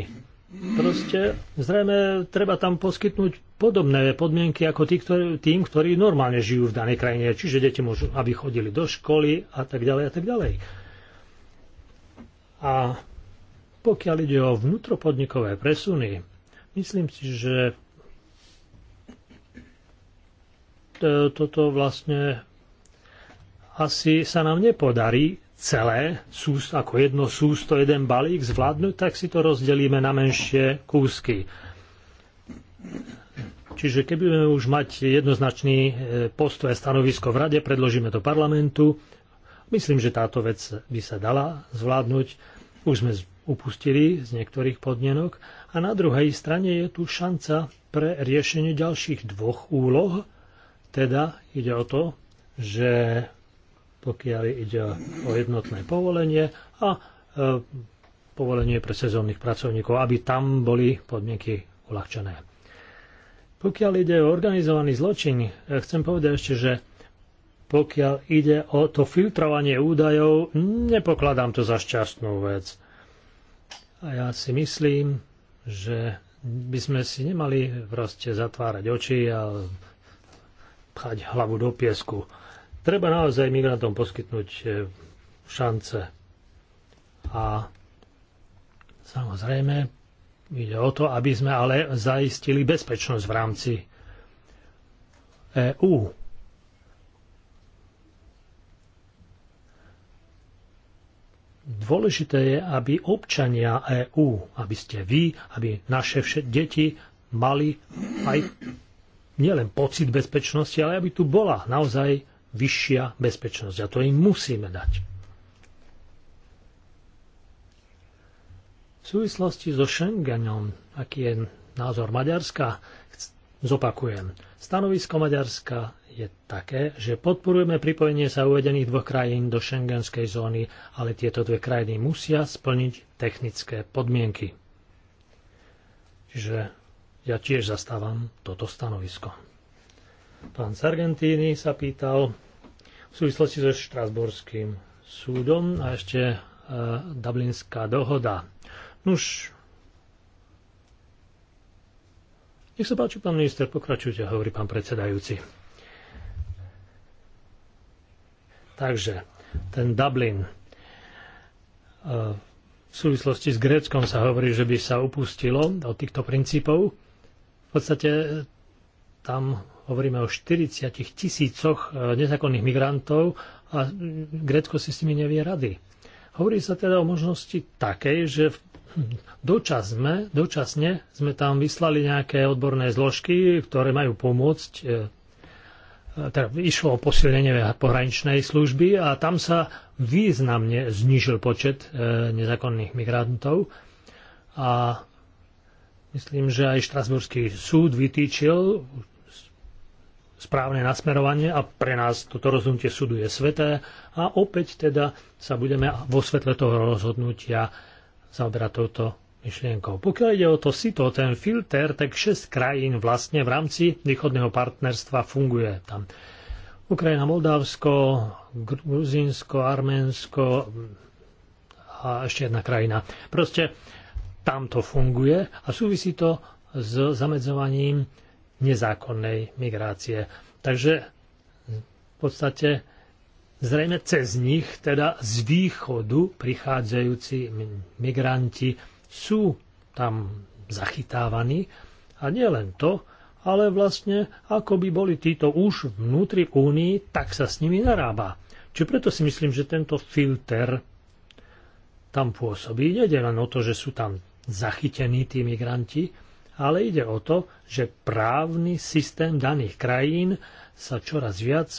Proste zrejme treba tam poskytnúť podobné podmienky ako tí, ktorý, tým, ktorí normálne žijú v danej krajine. Čiže deti môžu, aby chodili do školy a tak ďalej a tak ďalej. A pokiaľ ide o vnútropodnikové presuny, myslím si, že toto vlastne asi sa nám nepodarí celé, ako jedno sústo, jeden balík zvládnuť, tak si to rozdelíme na menšie kúsky. Čiže keby sme už mať jednoznačný e, postoj a stanovisko v rade, predložíme to parlamentu. Myslím, že táto vec by sa dala zvládnuť. Už sme upustili z niektorých podnenok. A na druhej strane je tu šanca pre riešenie ďalších dvoch úloh. Teda ide o to, že pokiaľ ide o jednotné povolenie a e, povolenie pre sezónnych pracovníkov, aby tam boli podmienky uľahčené. Pokiaľ ide o organizovaný zločin, e, chcem povedať ešte, že pokiaľ ide o to filtrovanie údajov, nepokladám to za šťastnú vec. A ja si myslím, že by sme si nemali proste zatvárať oči a pchať hlavu do piesku. Treba naozaj migrantom poskytnúť e, šance. A samozrejme, ide o to, aby sme ale zaistili bezpečnosť v rámci EÚ. Dôležité je, aby občania EÚ, aby ste vy, aby naše deti mali aj nielen pocit bezpečnosti, ale aby tu bola naozaj vyššia bezpečnosť. A to im musíme dať. V súvislosti so Schengenom, aký je názor Maďarska, zopakujem. Stanovisko Maďarska je také, že podporujeme pripojenie sa uvedených dvoch krajín do šengenskej zóny, ale tieto dve krajiny musia splniť technické podmienky. Čiže ja tiež zastávam toto stanovisko. Pán Sargentini sa pýtal v súvislosti so Štrasborským súdom a ešte e, Dublinská dohoda. Nuž, nech sa páči, pán minister, pokračujte, hovorí pán predsedajúci. Takže, ten Dublin. E, v súvislosti s Gréckom sa hovorí, že by sa upustilo od týchto princípov. V podstate tam hovoríme o 40 tisícoch e, nezákonných migrantov a Grécko si s nimi nevie rady. Hovorí sa teda o možnosti takej, že dočasne, dočasne sme tam vyslali nejaké odborné zložky, ktoré majú pomôcť e, e, teda išlo o posilnenie pohraničnej služby a tam sa významne znižil počet nezákonných migrantov. A myslím, že aj Štrasburský súd vytýčil správne nasmerovanie a pre nás toto rozhodnutie súdu je sveté a opäť teda sa budeme vo svetle toho rozhodnutia zaoberať touto myšlienkou. Pokiaľ ide o to sito, ten filter, tak 6 krajín vlastne v rámci východného partnerstva funguje tam. Ukrajina, Moldavsko, Gruzinsko, Arménsko a ešte jedna krajina. Proste tam to funguje a súvisí to s zamedzovaním nezákonnej migrácie. Takže v podstate zrejme cez nich, teda z východu prichádzajúci migranti sú tam zachytávaní a nie len to, ale vlastne ako by boli títo už vnútri únii, tak sa s nimi narába. Čiže preto si myslím, že tento filter tam pôsobí. Nede len o to, že sú tam zachytení tí migranti, ale ide o to, že právny systém daných krajín sa čoraz viac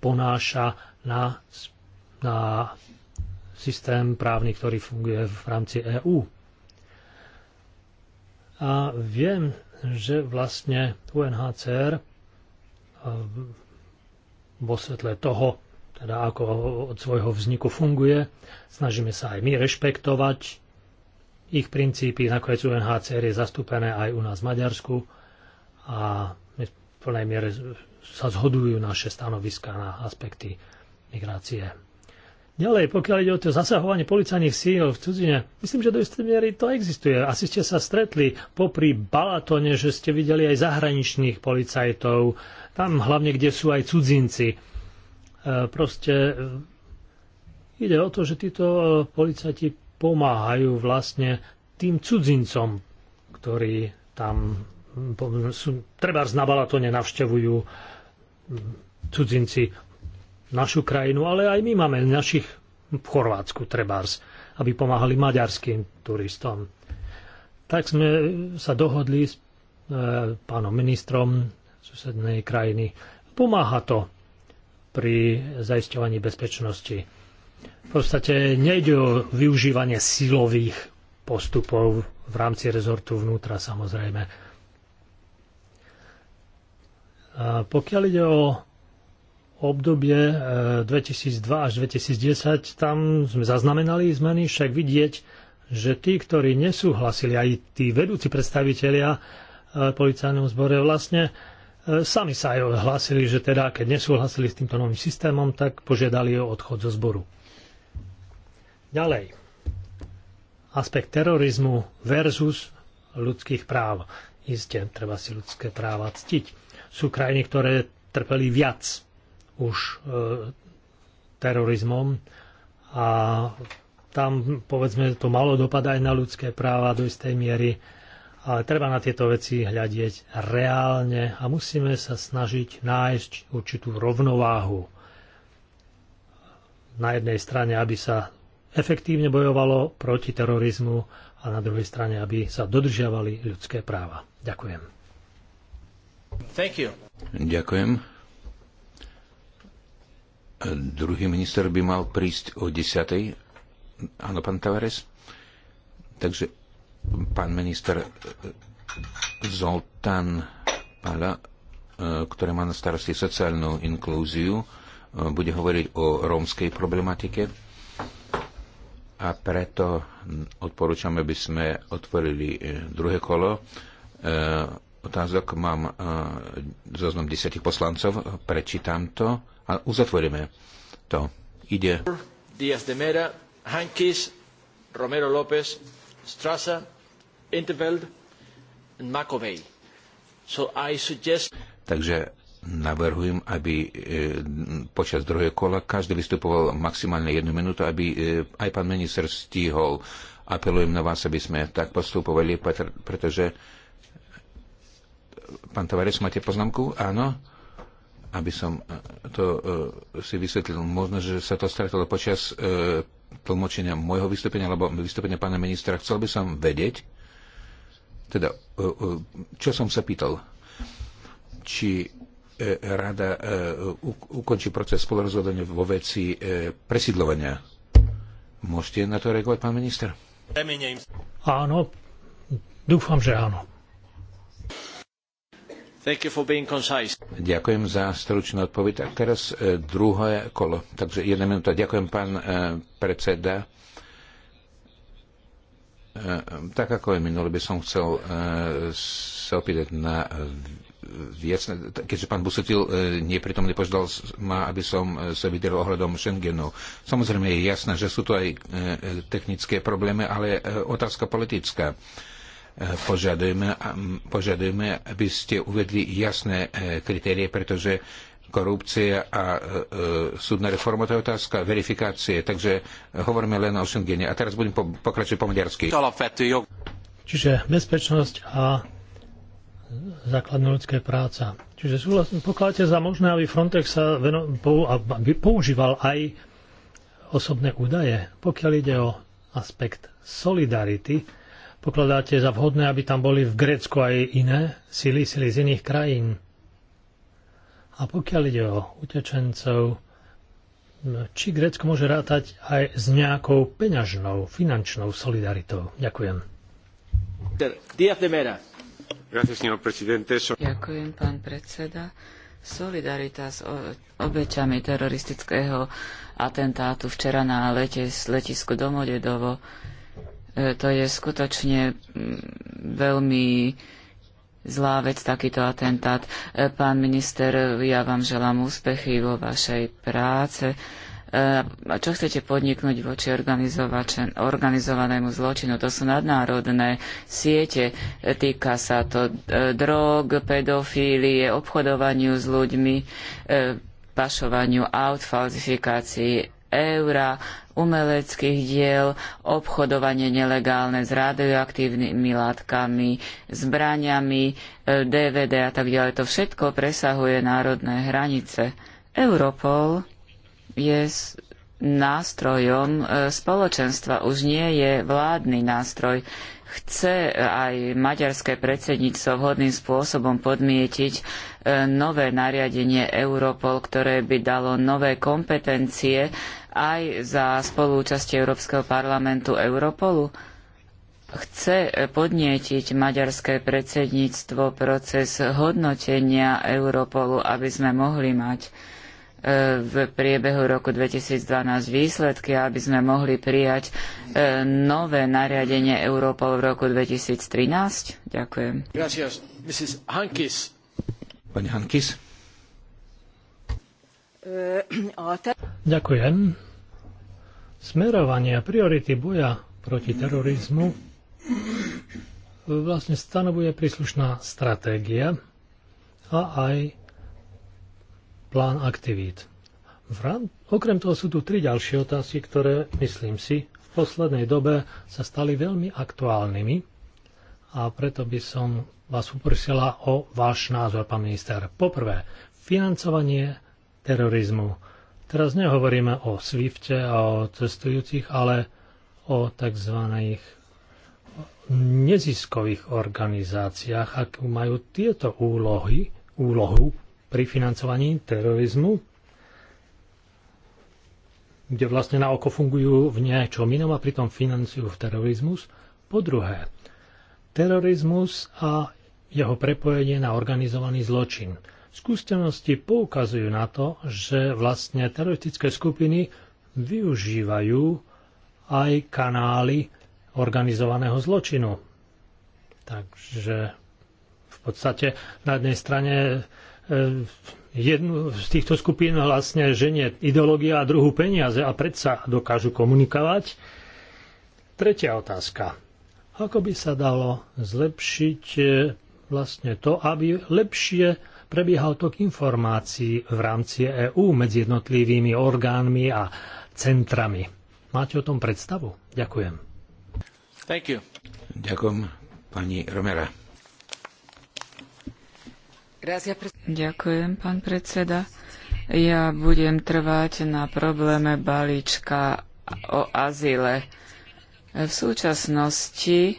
ponáša na, na systém právny, ktorý funguje v rámci EÚ. A viem, že vlastne UNHCR eh, vo svetle toho, teda ako od svojho vzniku funguje, snažíme sa aj my rešpektovať ich princípy nakoniec UNHCR je zastúpené aj u nás v Maďarsku a my v plnej miere sa zhodujú naše stanoviská na aspekty migrácie. Ďalej, pokiaľ ide o to zasahovanie policajných síl v cudzine, myslím, že do istej miery to existuje. Asi ste sa stretli popri Balatone, že ste videli aj zahraničných policajtov, tam hlavne, kde sú aj cudzinci. E, proste e, ide o to, že títo policajti pomáhajú vlastne tým cudzincom, ktorí tam sú, treba z Balatone navštevujú cudzinci našu krajinu, ale aj my máme našich v Chorvátsku trebárs, aby pomáhali maďarským turistom. Tak sme sa dohodli s e, pánom ministrom susednej krajiny. Pomáha to pri zaisťovaní bezpečnosti v podstate nejde o využívanie silových postupov v rámci rezortu vnútra samozrejme. A pokiaľ ide o obdobie 2002 e, až 2010, tam sme zaznamenali zmeny, však vidieť, že tí, ktorí nesúhlasili, aj tí vedúci predstavitelia e, policajnom zbore vlastne e, sami sa aj hlasili, že teda keď nesúhlasili s týmto novým systémom, tak požiadali o odchod zo zboru. Ďalej. Aspekt terorizmu versus ľudských práv. Isté, treba si ľudské práva ctiť. Sú krajiny, ktoré trpeli viac už e, terorizmom a tam, povedzme, to malo dopad aj na ľudské práva do istej miery, ale treba na tieto veci hľadieť reálne a musíme sa snažiť nájsť určitú rovnováhu. Na jednej strane, aby sa efektívne bojovalo proti terorizmu a na druhej strane, aby sa dodržiavali ľudské práva. Ďakujem. Thank you. Ďakujem. Druhý minister by mal prísť o 10. Áno, pán Tavares. Takže pán minister Zoltán Pala, ktorý má na starosti sociálnu inklúziu, bude hovoriť o rómskej problematike a preto odporúčam, aby sme otvorili e, druhé kolo. E, Otázok mám e, zoznam desiatich poslancov, prečítam to a uzatvoríme to. Ide. Díaz de Mera, Hankis, Romero López, Strasa, Interveld Makovej. So I suggest... Takže Navrhujem, aby e, počas druhého kola každý vystupoval maximálne jednu minútu, aby e, aj pán minister stíhol. Apelujem na vás, aby sme tak postupovali, pretože e, pán Tavares, máte poznámku? Áno? Aby som to si vysvetlil, možno, že sa to stretlo počas tlmočenia môjho vystúpenia alebo vystúpenia pána ministra. Chcel by som vedieť, teda, čo som sa pýtal, či E, rada e, ukončí proces spolurozhodovania vo veci e, presídlovania. Môžete na to reagovať, pán minister? Áno, dúfam, že áno. Ďakujem za stručnú odpoveď. A teraz druhé kolo. Takže jedna minúta. Ďakujem, pán predseda. Tak ako je minulý, by som chcel sa opýtať na viacne, keďže pán Busetil e, nepritom požiadal ma, aby som e, sa vydiel ohľadom Schengenu. Samozrejme je jasné, že sú to aj e, technické problémy, ale otázka politická. Požadujeme, požadujeme, aby ste uvedli jasné kritérie, pretože korupcia a e, e, súdna reforma, to je otázka verifikácie. Takže hovoríme len o Schengene. A teraz budem po, pokračovať po maďarsky. Čiže bezpečnosť a základné ľudské práca. Čiže pokladáte za možné, aby Frontex sa veno, pou, aby používal aj osobné údaje, pokiaľ ide o aspekt solidarity. Pokladáte za vhodné, aby tam boli v Grécku aj iné sily, sily z iných krajín. A pokiaľ ide o utečencov, či Grécko môže rátať aj s nejakou peňažnou, finančnou solidaritou? Ďakujem. Díaz de Ďakujem, pán predseda. Solidarita s obeťami teroristického atentátu včera na letis, letisku Domodedovo. E, to je skutočne veľmi zlá vec, takýto atentát. E, pán minister, ja vám želám úspechy vo vašej práce a ehm, čo chcete podniknúť voči organizovanému zločinu. To sú nadnárodné siete, týka sa to e, drog, pedofílie, obchodovaniu s ľuďmi, e, pašovaniu aut, falzifikácii eura, umeleckých diel, obchodovanie nelegálne s radioaktívnymi látkami, zbraniami, DVD e, a tak ďalej. To všetko presahuje národné hranice. Europol je nástrojom e, spoločenstva, už nie je vládny nástroj. Chce aj maďarské predsedníctvo vhodným spôsobom podmietiť e, nové nariadenie Europol, ktoré by dalo nové kompetencie aj za spolúčasť Európskeho parlamentu Europolu. Chce e, podnietiť maďarské predsedníctvo proces hodnotenia Europolu, aby sme mohli mať v priebehu roku 2012 výsledky, aby sme mohli prijať e, nové nariadenie Europol v roku 2013? Ďakujem. Gracias. Mrs. Hankis. Pani Hankis. E, Ďakujem. Smerovanie a priority boja proti terorizmu vlastne stanovuje príslušná stratégia a aj plán aktivít. Rám, okrem toho sú tu tri ďalšie otázky, ktoré, myslím si, v poslednej dobe sa stali veľmi aktuálnymi a preto by som vás uprosila o váš názor, pán minister. Poprvé, financovanie terorizmu. Teraz nehovoríme o Swifte a o cestujúcich, ale o tzv. neziskových organizáciách, ak majú tieto úlohy, úlohu pri financovaní terorizmu, kde vlastne na oko fungujú v niečom inom a pritom financujú terorizmus. Po druhé, terorizmus a jeho prepojenie na organizovaný zločin. Skúsenosti poukazujú na to, že vlastne teroristické skupiny využívajú aj kanály organizovaného zločinu. Takže v podstate na jednej strane E, jednu z týchto skupín vlastne ženie ideológia a druhú peniaze a predsa dokážu komunikovať. Tretia otázka. Ako by sa dalo zlepšiť e, vlastne to, aby lepšie prebiehal tok informácií v rámci EÚ medzi jednotlivými orgánmi a centrami? Máte o tom predstavu? Ďakujem. Thank you. Ďakujem pani Romera. Ďakujem, pán predseda. Ja budem trvať na probléme balíčka o azyle. V súčasnosti e,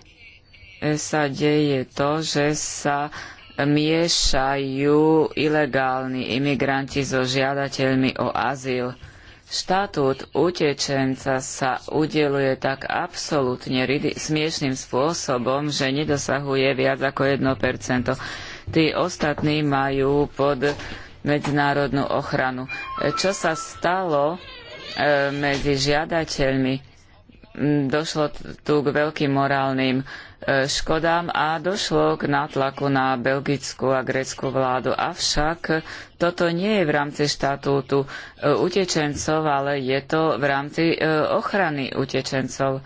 sa deje to, že sa miešajú ilegálni imigranti so žiadateľmi o azyl. Štatút utečenca sa udeluje tak absolútne smiešným spôsobom, že nedosahuje viac ako 1 tí ostatní majú pod medzinárodnú ochranu. Čo sa stalo e, medzi žiadateľmi? Mm, došlo tu k veľkým morálnym e, škodám a došlo k nátlaku na belgickú a grécku vládu. Avšak toto nie je v rámci štatútu e, utečencov, ale je to v rámci ochrany utečencov.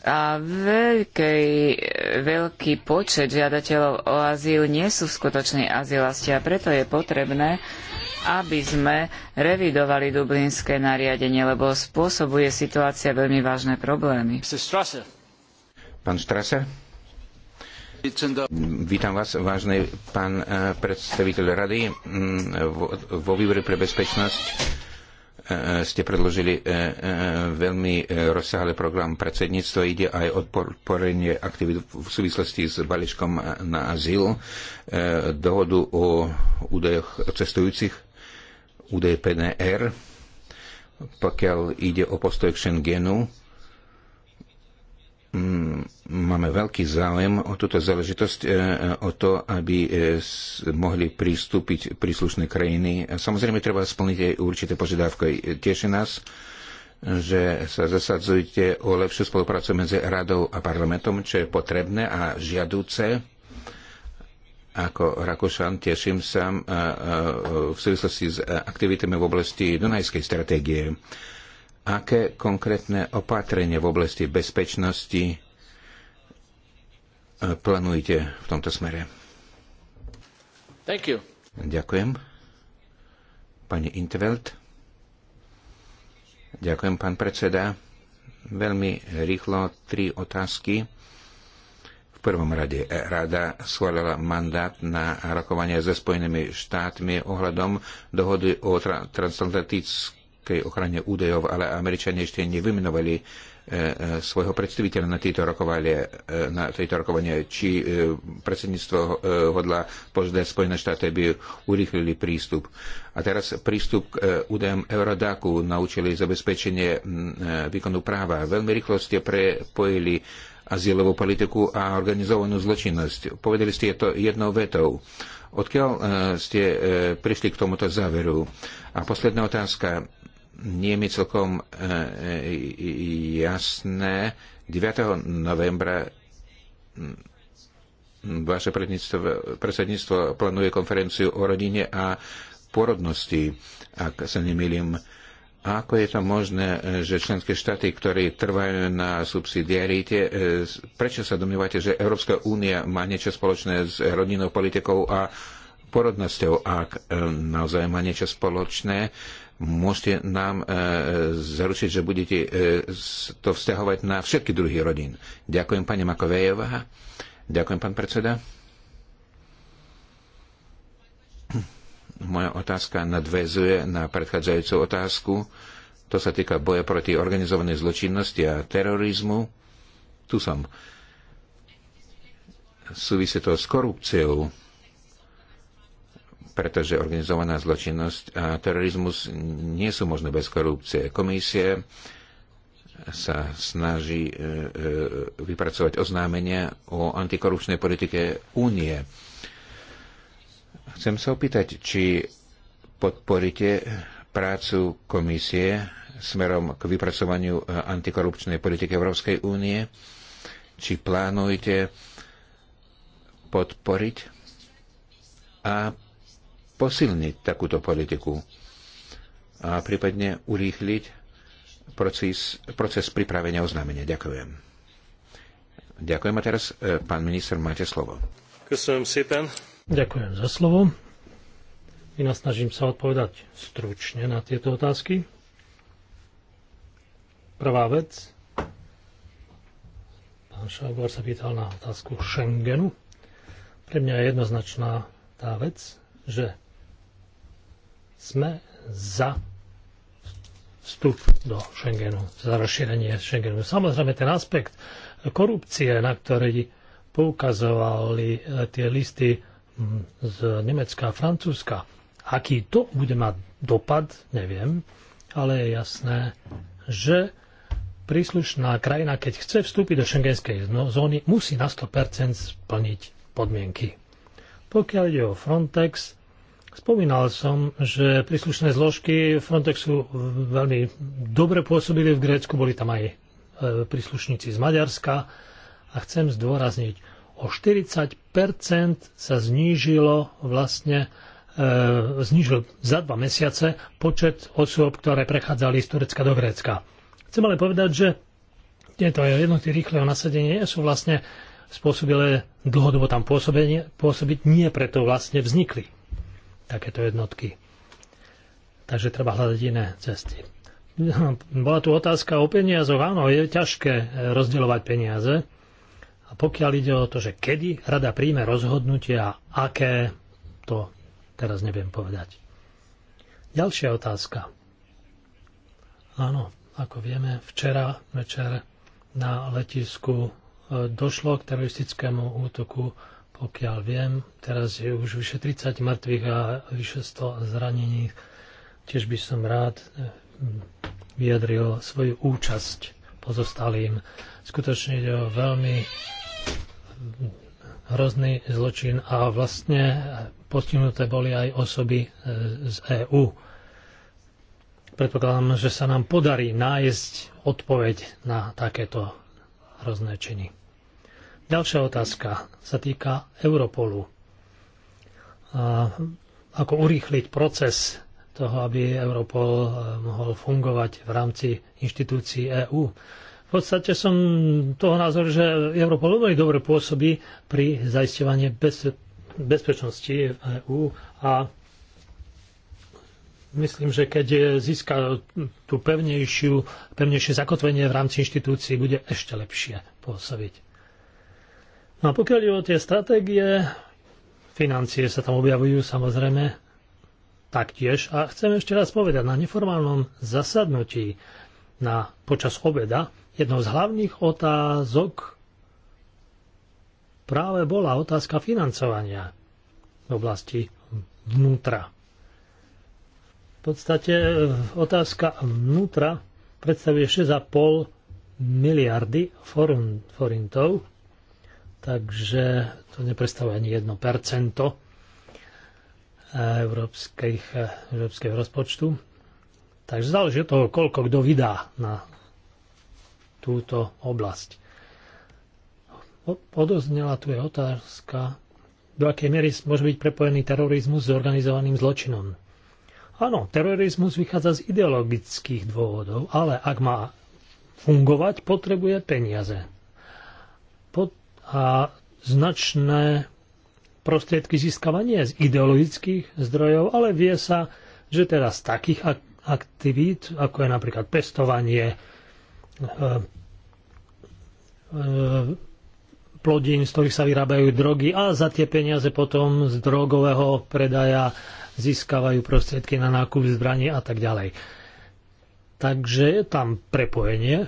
A veľký, veľký počet žiadateľov o azyl nie sú skutoční azylasti a preto je potrebné, aby sme revidovali dublinské nariadenie, lebo spôsobuje situácia veľmi vážne problémy. Pán Strasser? Vítam vás, vážny pán eh, predstaviteľ rady mm, vo výbore pre bezpečnosť Eh, ste predložili eh, eh, veľmi rozsáhle program predsedníctva. Ide aj o podporenie aktivít v súvislosti s balíčkom na azyl, dohodu o údajoch cestujúcich, údaje PNR, pokiaľ ide o postoj k Schengenu máme veľký záujem o túto záležitosť, e, e, o to, aby e, mohli pristúpiť príslušné krajiny. Samozrejme, treba splniť aj určité požiadavky. Teší nás, že sa zasadzujete o lepšiu spoluprácu medzi radou a parlamentom, čo je potrebné a žiadúce. Ako Rakúšan teším sa v súvislosti s aktivitami v oblasti Dunajskej stratégie aké konkrétne opatrenie v oblasti bezpečnosti e, plánujete v tomto smere? Thank you. Ďakujem. Pani Intveld. Ďakujem, pán predseda. Veľmi rýchlo tri otázky. V prvom rade e, rada schválila mandát na rokovanie so Spojenými štátmi ohľadom dohody o transatlantickom americkej ochrane údajov, ale Američania ešte nevymenovali e, e, svojho predstaviteľa na tejto rokovanie, e, na tejto rokovanie či predsedníctvo hodla požiadať Spojené štáty, aby urýchlili prístup. A teraz prístup k údajom Eurodaku naučili zabezpečenie výkonu práva. Veľmi rýchlo ste prepojili azylovú politiku a organizovanú zločinnosť. Povedali ste to jednou vetou. Odkiaľ ste prišli k tomuto záveru? A posledná otázka nie je mi celkom e, e, jasné. 9. novembra vaše predsedníctvo plánuje konferenciu o rodine a porodnosti, ak sa nemýlim. Ako je to možné, e, že členské štáty, ktoré trvajú na subsidiarite, prečo sa domnievate, že Európska únia má niečo spoločné s rodinnou politikou a porodnosťou, ak naozaj má niečo spoločné, Môžete nám e, zaručiť, že budete e, to vzťahovať na všetky druhy rodín. Ďakujem pani Makovejová. Ďakujem pán predseda. Moja otázka nadvezuje na predchádzajúcu otázku. To sa týka boja proti organizovanej zločinnosti a terorizmu. Tu som. Súvisí to s korupciou pretože organizovaná zločinnosť a terorizmus nie sú možné bez korupcie. Komisie sa snaží e, e, vypracovať oznámenia o antikorupčnej politike únie. Chcem sa opýtať, či podporíte prácu komisie smerom k vypracovaniu e, antikorupčnej politiky Európskej únie, či plánujete podporiť a posilniť takúto politiku a prípadne urýchliť proces, proces pripravenia oznámenia. Ďakujem. Ďakujem a teraz, e, pán minister, máte slovo. Ďakujem za slovo. Nasnažím sa odpovedať stručne na tieto otázky. Prvá vec. Pán Šaubor sa pýtal na otázku Schengenu. Pre mňa je jednoznačná tá vec, že sme za vstup do Schengenu, za rozšírenie Schengenu. Samozrejme, ten aspekt korupcie, na ktorý poukazovali eh, tie listy hm, z Nemecka a Francúzska. Aký to bude mať dopad, neviem, ale je jasné, že príslušná krajina, keď chce vstúpiť do šengenskej zóny, musí na 100% splniť podmienky. Pokiaľ ide o Frontex, Spomínal som, že príslušné zložky Frontexu veľmi dobre pôsobili v Grécku, boli tam aj e, príslušníci z Maďarska a chcem zdôrazniť, o 40 sa znížilo vlastne e, znížil za dva mesiace počet osôb, ktoré prechádzali z Turecka do Grécka. Chcem ale povedať, že tieto jednoty rýchleho nasadenia sú vlastne spôsobilé dlhodobo tam pôsobenie, pôsobiť, nie preto vlastne vznikli takéto jednotky. Takže treba hľadať iné cesty. Bola tu otázka o peniazoch. Áno, je ťažké eh, rozdielovať peniaze. A pokiaľ ide o to, že kedy rada príjme rozhodnutie a aké, to teraz neviem povedať. Ďalšia otázka. Áno, ako vieme, včera večer na letisku eh, došlo k teroristickému útoku pokiaľ viem, teraz je už vyše 30 mŕtvych a vyše 100 zranených. Tiež by som rád eh, vyjadril svoju účasť pozostalým. Skutočne ide o veľmi eh, hrozný zločin a vlastne postihnuté boli aj osoby eh, z EÚ. Predpokladám, že sa nám podarí nájsť odpoveď na takéto hrozné činy. Ďalšia otázka sa týka Europolu. A ako urýchliť proces toho, aby Europol e, mohol fungovať v rámci inštitúcií EÚ. V podstate som toho názor, že Europol veľmi dobre pôsobí pri zaisťovaní bezpečnosti v EÚ a myslím, že keď získa tú pevnejšiu, pevnejšie zakotvenie v rámci inštitúcií, bude ešte lepšie pôsobiť. No a pokiaľ je o tie stratégie, financie sa tam objavujú samozrejme taktiež. A chcem ešte raz povedať, na neformálnom zasadnutí na, počas obeda jednou z hlavných otázok práve bola otázka financovania v oblasti vnútra. V podstate eh, otázka vnútra predstavuje 6,5 miliardy forintov takže to neprestáva ani 1% eh, európskych, eh, európskeho rozpočtu. Takže záleží od toho, koľko kto vydá na túto oblasť. Odoznela tu je otázka, do akej miery môže byť prepojený terorizmus s organizovaným zločinom. Áno, terorizmus vychádza z ideologických dôvodov, ale ak má fungovať, potrebuje peniaze. Pod, a značné prostriedky získavania nie z ideologických zdrojov, ale vie sa, že teda z takých aktivít, ako je napríklad pestovanie e, e, plodín, z ktorých sa vyrábajú drogy a za tie peniaze potom z drogového predaja získavajú prostriedky na nákup zbraní a tak ďalej. Takže je tam prepojenie.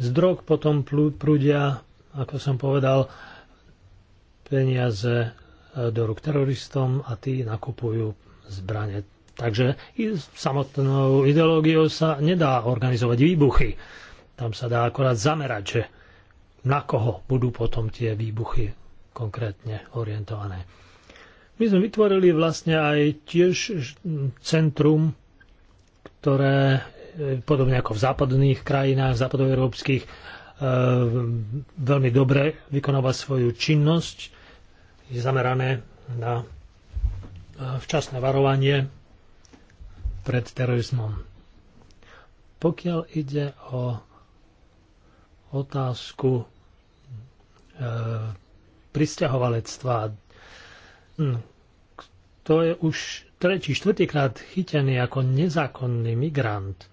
Z drog potom prúdia ako som povedal, peniaze e, do rúk teroristom a tí nakupujú zbranie. Takže i samotnou ideológiou sa nedá organizovať výbuchy. Tam sa dá akorát zamerať, že na koho budú potom tie výbuchy konkrétne orientované. My sme vytvorili vlastne aj tiež centrum, ktoré e, podobne ako v západných krajinách, západoeurópskych, E, veľmi dobre vykonáva svoju činnosť. Je zamerané na e, včasné varovanie pred terorizmom. Pokiaľ ide o otázku e, pristahovalectva, hm, to je už tretí, štvrtýkrát chytený ako nezákonný migrant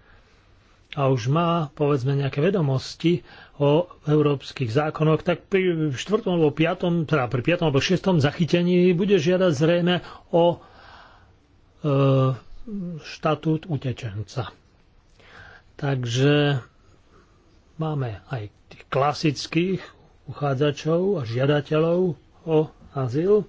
a už má, povedzme, nejaké vedomosti o európskych zákonoch, tak pri 4. alebo 5. teda pri 5. alebo 6. zachytení bude žiadať zrejme o e, štatút utečenca. Takže máme aj tých klasických uchádzačov a žiadateľov o azyl,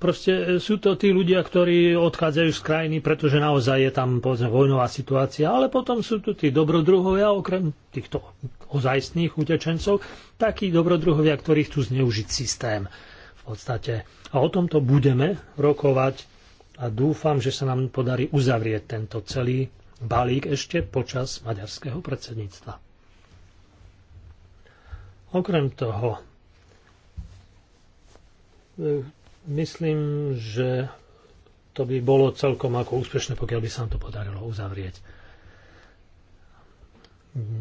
Proste e, sú to tí ľudia, ktorí odchádzajú z krajiny, pretože naozaj je tam povedzme, vojnová situácia, ale potom sú tu tí dobrodruhovia, okrem týchto ozajstných utečencov, takí dobrodruhovia, ktorí chcú zneužiť systém v podstate. A o tomto budeme rokovať a dúfam, že sa nám podarí uzavrieť tento celý balík ešte počas maďarského predsedníctva. Okrem toho, e, myslím, že to by bolo celkom ako úspešné, pokiaľ by sa nám to podarilo uzavrieť.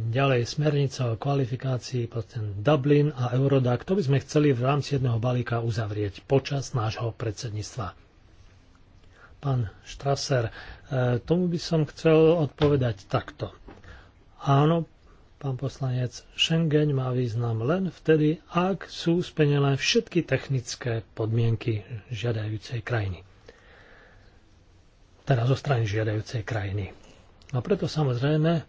Ďalej smernica o kvalifikácii, potom Dublin a Eurodac. To by sme chceli v rámci jedného balíka uzavrieť počas nášho predsedníctva. Pán Štraser, e, tomu by som chcel odpovedať takto. Áno, pán poslanec, Schengen má význam len vtedy, ak sú splnené všetky technické podmienky žiadajúcej krajiny. Teda zo strany žiadajúcej krajiny. A preto samozrejme e,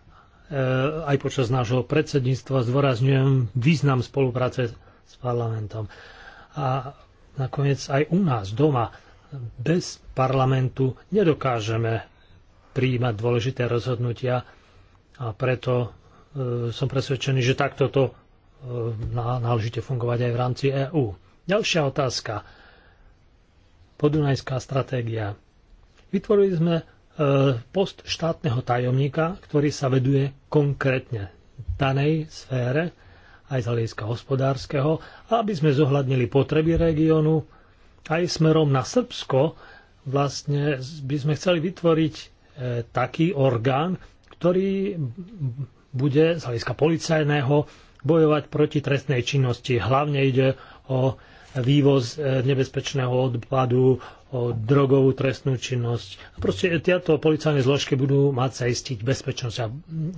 aj počas nášho predsedníctva zdôrazňujem význam spolupráce s parlamentom. A nakoniec aj u nás doma bez parlamentu nedokážeme prijímať dôležité rozhodnutia a preto E, som presvedčený, že takto to e, náležite fungovať aj v rámci EÚ. Ďalšia otázka. Podunajská stratégia. Vytvorili sme e, post štátneho tajomníka, ktorý sa veduje konkrétne danej sfére, aj z hľadiska hospodárskeho, aby sme zohľadnili potreby regiónu. Aj smerom na Srbsko vlastne by sme chceli vytvoriť taký orgán, ktorý bude z hľadiska policajného bojovať proti trestnej činnosti. Hlavne ide o vývoz e, nebezpečného odpadu, o drogovú trestnú činnosť. Proste tieto policajné zložky budú mať zaistiť bezpečnosť a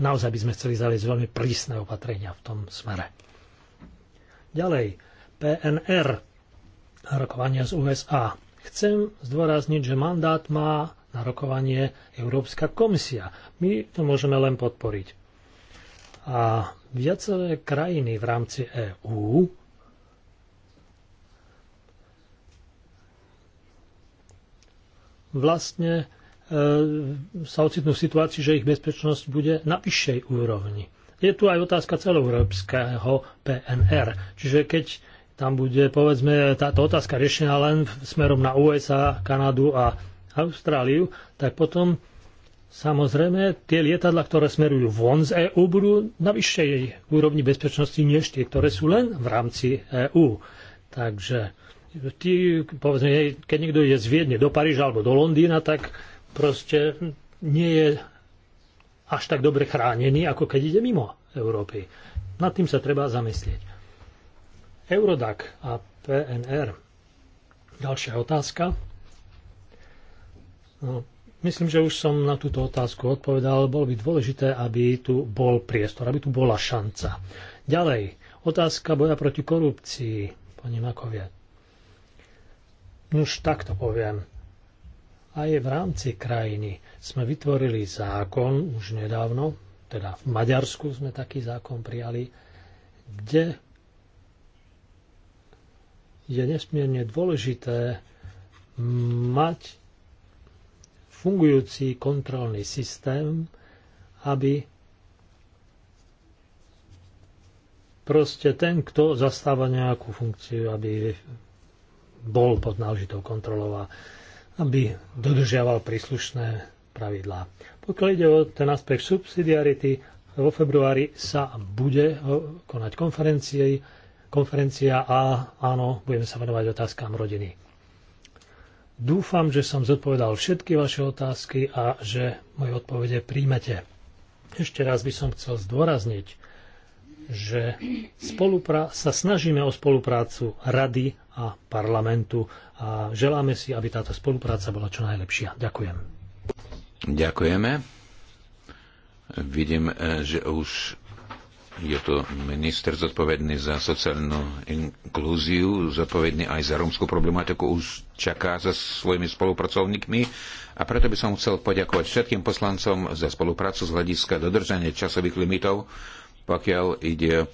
naozaj by sme chceli zaviesť veľmi prísne opatrenia v tom smere. Ďalej, PNR, rokovania z USA. Chcem zdôrazniť, že mandát má na rokovanie Európska komisia. My to môžeme len podporiť. A viaceré krajiny v rámci EÚ vlastne e, sa ocitnú v situácii, že ich bezpečnosť bude na vyššej úrovni. Je tu aj otázka celoeurópskeho PNR. Čiže keď tam bude, povedzme, táto otázka riešená len smerom na USA, Kanadu a Austráliu, tak potom Samozrejme, tie lietadla, ktoré smerujú von z EÚ, budú na vyššej úrovni bezpečnosti než tie, ktoré sú len v rámci EÚ. Takže tí, povedzme, keď niekto je z Viedne do Paríža alebo do Londýna, tak proste nie je až tak dobre chránený, ako keď ide mimo Európy. Nad tým sa treba zamyslieť. Eurodac a PNR. Ďalšia otázka. No, Myslím, že už som na túto otázku odpovedal. Bolo by dôležité, aby tu bol priestor, aby tu bola šanca. Ďalej, otázka boja proti korupcii, pani Makovie. Už takto poviem. Aj v rámci krajiny sme vytvorili zákon už nedávno, teda v Maďarsku sme taký zákon prijali, kde je nesmierne dôležité mať fungujúci kontrolný systém, aby proste ten, kto zastáva nejakú funkciu, aby bol pod náležitou kontrolou a aby dodržiaval príslušné pravidlá. Pokiaľ ide o ten aspekt subsidiarity, vo februári sa bude konať konferencia a áno, budeme sa venovať otázkám rodiny. Dúfam, že som zodpovedal všetky vaše otázky a že moje odpovede príjmete. Ešte raz by som chcel zdôrazniť, že sa snažíme o spoluprácu rady a parlamentu a želáme si, aby táto spolupráca bola čo najlepšia. Ďakujem. Ďakujeme. Vidím, eh, že už je to minister zodpovedný za sociálnu inklúziu, zodpovedný aj za rómskú problematiku, už čaká so svojimi spolupracovníkmi a preto by som chcel poďakovať všetkým poslancom za spoluprácu z hľadiska dodržania časových limitov, pokiaľ ide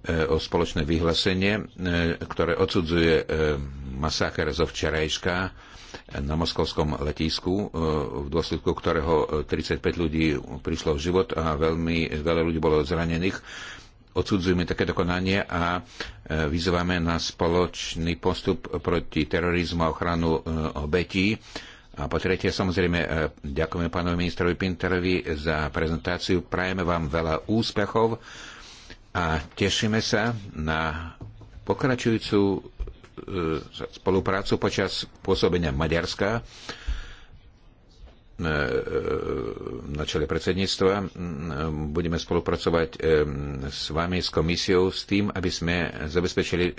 E, o spoločné vyhlásenie, e, ktoré odsudzuje e, masáker zo včerajška na moskovskom letisku, v dôsledku ktorého 35 ľudí prišlo v život a veľmi veľa ľudí bolo zranených. Odsudzujeme takéto konanie a vyzývame na spoločný postup proti terorizmu a ochranu obetí. A po tretie, samozrejme, ďakujeme pánovi ministrovi Pinterovi za prezentáciu. Prajeme vám veľa úspechov a tešíme sa na pokračujúcu e, spoluprácu počas pôsobenia Maďarska e, e, na čele predsedníctva. Budeme spolupracovať s vami, s komisiou, s tým, aby sme zabezpečili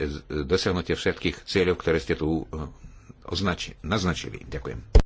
dosiahnutie všetkých cieľov, ktoré ste tu označi- naznačili. Ďakujem.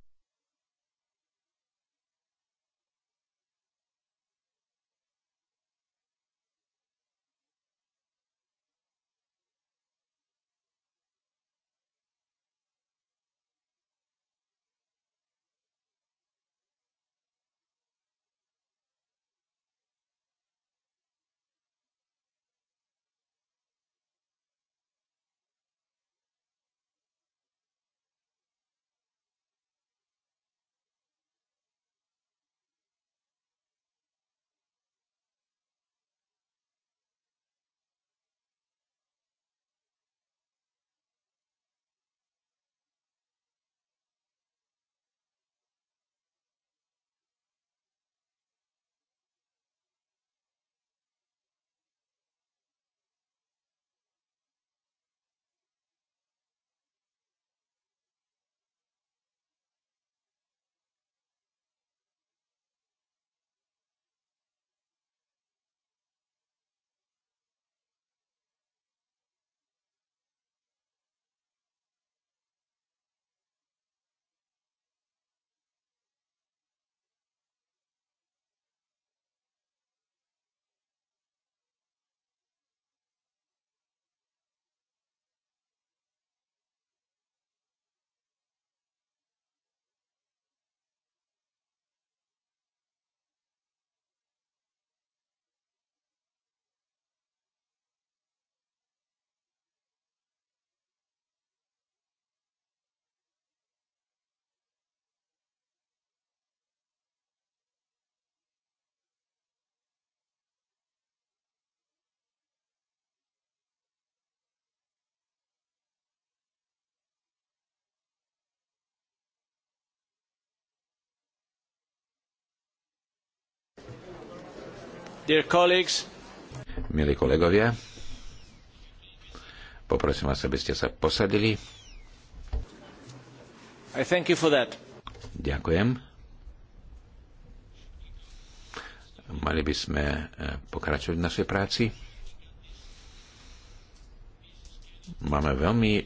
Milí kolegovia, poprosím vás, aby ste sa posadili. Ďakujem. Mali by sme e, pokračovať v našej práci. Máme veľmi e,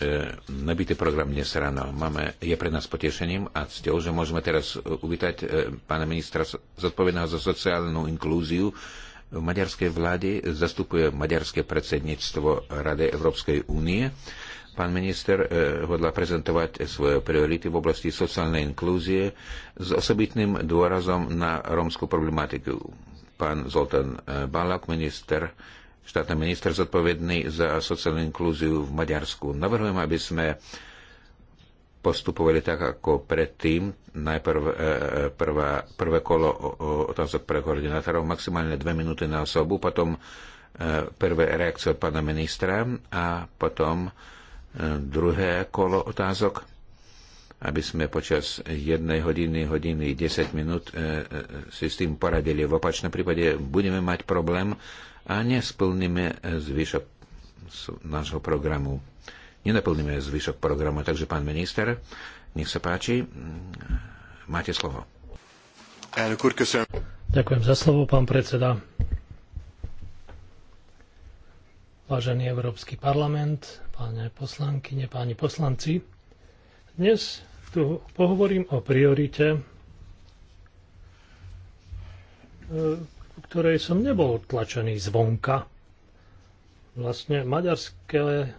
E, nabitý program dnes ráno. Máme, je pre nás potešením a cťou, že môžeme teraz e, uvítať e, pána ministra zodpovedného za sociálnu inklúziu v maďarskej vláde, zastupuje maďarské predsedníctvo Rady Európskej únie. Pán minister hodla prezentovať svoje priority v oblasti sociálnej inklúzie s osobitným dôrazom na rómskú problematiku. Pán Zoltán Balak, minister štátny minister zodpovedný za sociálnu inklúziu v Maďarsku. Navrhujem, aby sme postupovali tak, ako predtým. Najprv e, e, prvá, prvé kolo otázok pre koordinátorov, maximálne dve minúty na osobu, potom e, prvé reakcie od pána ministra a potom druhé kolo otázok, aby sme počas jednej hodiny, hodiny 10 minút si s tým poradili. V opačnom prípade budeme mať problém a nesplníme zvyšok nášho programu. Nenaplníme zvyšok programu, takže pán minister, nech sa páči, máte slovo. Ďakujem za slovo, pán predseda. Vážený Európsky parlament, páne poslankyne, páni poslanci, dnes tu pohovorím o priorite ktorej som nebol tlačený zvonka. Vlastne maďarské,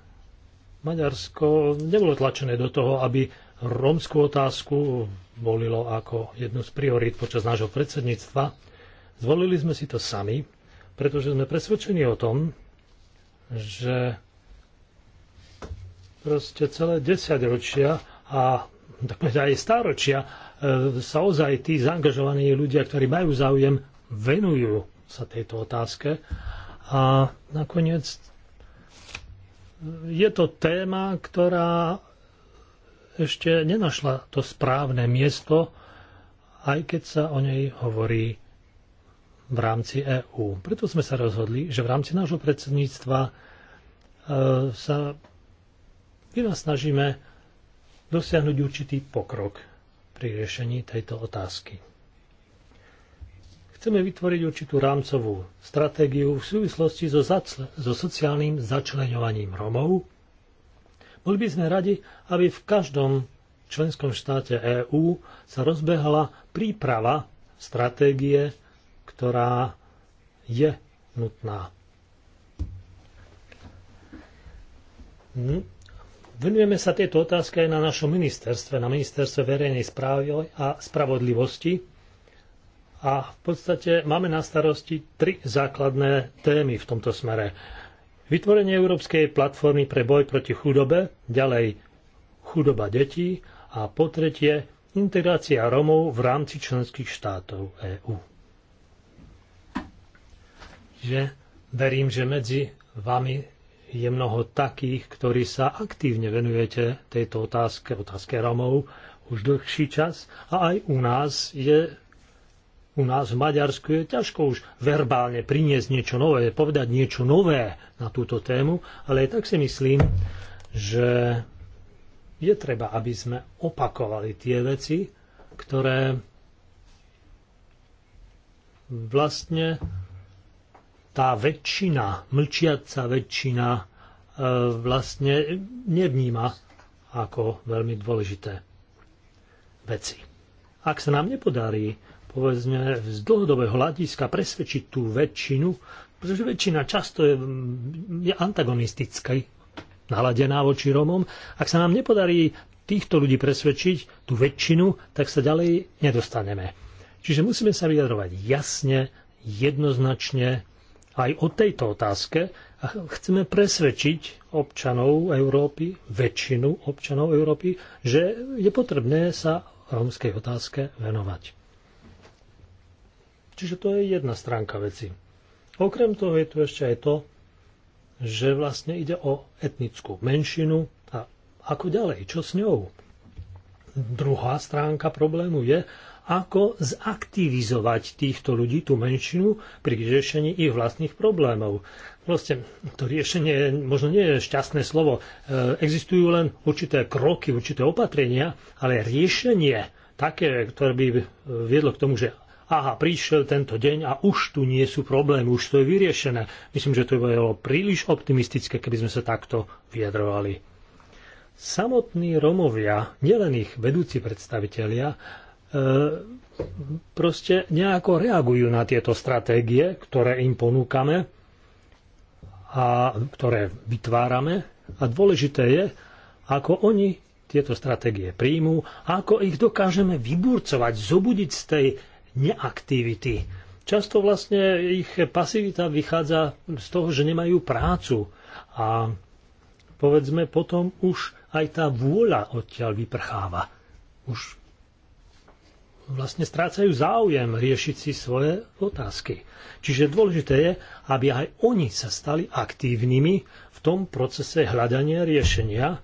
Maďarsko nebolo tlačené do toho, aby rómskú otázku volilo ako jednu z priorít počas nášho predsedníctva. Zvolili sme si to sami, pretože sme presvedčení o tom, že proste celé desaťročia a tak aj stáročia e, sa ozaj tí zaangažovaní ľudia, ktorí majú záujem, venujú sa tejto otázke. A nakoniec e, je to téma, ktorá ešte nenašla to správne miesto, aj keď sa o nej hovorí v rámci EÚ. Preto sme sa rozhodli, že v rámci nášho predsedníctva e, sa snažíme dosiahnuť určitý pokrok pri riešení tejto otázky. Chceme vytvoriť určitú rámcovú stratégiu v súvislosti so, zacle, so sociálnym začlenovaním Romov. Boli by sme radi, aby v každom členskom štáte EÚ sa rozbehla príprava stratégie, ktorá je nutná. Hm? Venujeme sa tieto otázky aj na našom ministerstve, na ministerstve verejnej správy a spravodlivosti, a v podstate máme na starosti tri základné témy v tomto smere. Vytvorenie Európskej platformy pre boj proti chudobe, ďalej chudoba detí a po tretie integrácia Romov v rámci členských štátov EÚ. Že verím, že medzi vami je mnoho takých, ktorí sa aktívne venujete tejto otázke, otázke Romov už dlhší čas a aj u nás je u nás v Maďarsku je ťažko už verbálne priniesť niečo nové, povedať niečo nové na túto tému, ale aj tak si myslím, že je treba, aby sme opakovali tie veci, ktoré vlastne tá väčšina, mlčiaca väčšina e, vlastne nevníma ako veľmi dôležité veci. Ak sa nám nepodarí povedzme, z dlhodobého hľadiska presvedčiť tú väčšinu, pretože väčšina často je, mm, je antagonistická, naladená voči Romom. Ak sa nám nepodarí týchto ľudí presvedčiť, tú väčšinu, tak sa ďalej nedostaneme. Čiže musíme sa vyjadrovať jasne, jednoznačne aj o tejto otázke a chceme presvedčiť občanov Európy, väčšinu občanov Európy, že je potrebné sa rómskej otázke venovať. Čiže to je jedna stránka veci. Okrem toho je tu ešte aj to, že vlastne ide o etnickú menšinu a ako ďalej, čo s ňou. Druhá stránka problému je, ako zaktivizovať týchto ľudí, tú menšinu, pri riešení ich vlastných problémov. Vlastne to riešenie možno nie je šťastné slovo. E, existujú len určité kroky, určité opatrenia, ale riešenie také, ktoré by viedlo k tomu, že aha, prišiel tento deň a už tu nie sú problémy, už to je vyriešené. Myslím, že to by bolo príliš optimistické, keby sme sa takto vyjadrovali. Samotní Romovia, nielen ich vedúci predstavitelia, e, proste nejako reagujú na tieto stratégie, ktoré im ponúkame a ktoré vytvárame. A dôležité je, ako oni tieto stratégie príjmú ako ich dokážeme vyburcovať, zobudiť z tej neaktivity. Často vlastne ich pasivita vychádza z toho, že nemajú prácu a povedzme potom už aj tá vôľa odtiaľ vyprcháva. Už vlastne strácajú záujem riešiť si svoje otázky. Čiže dôležité je, aby aj oni sa stali aktívnymi v tom procese hľadania riešenia,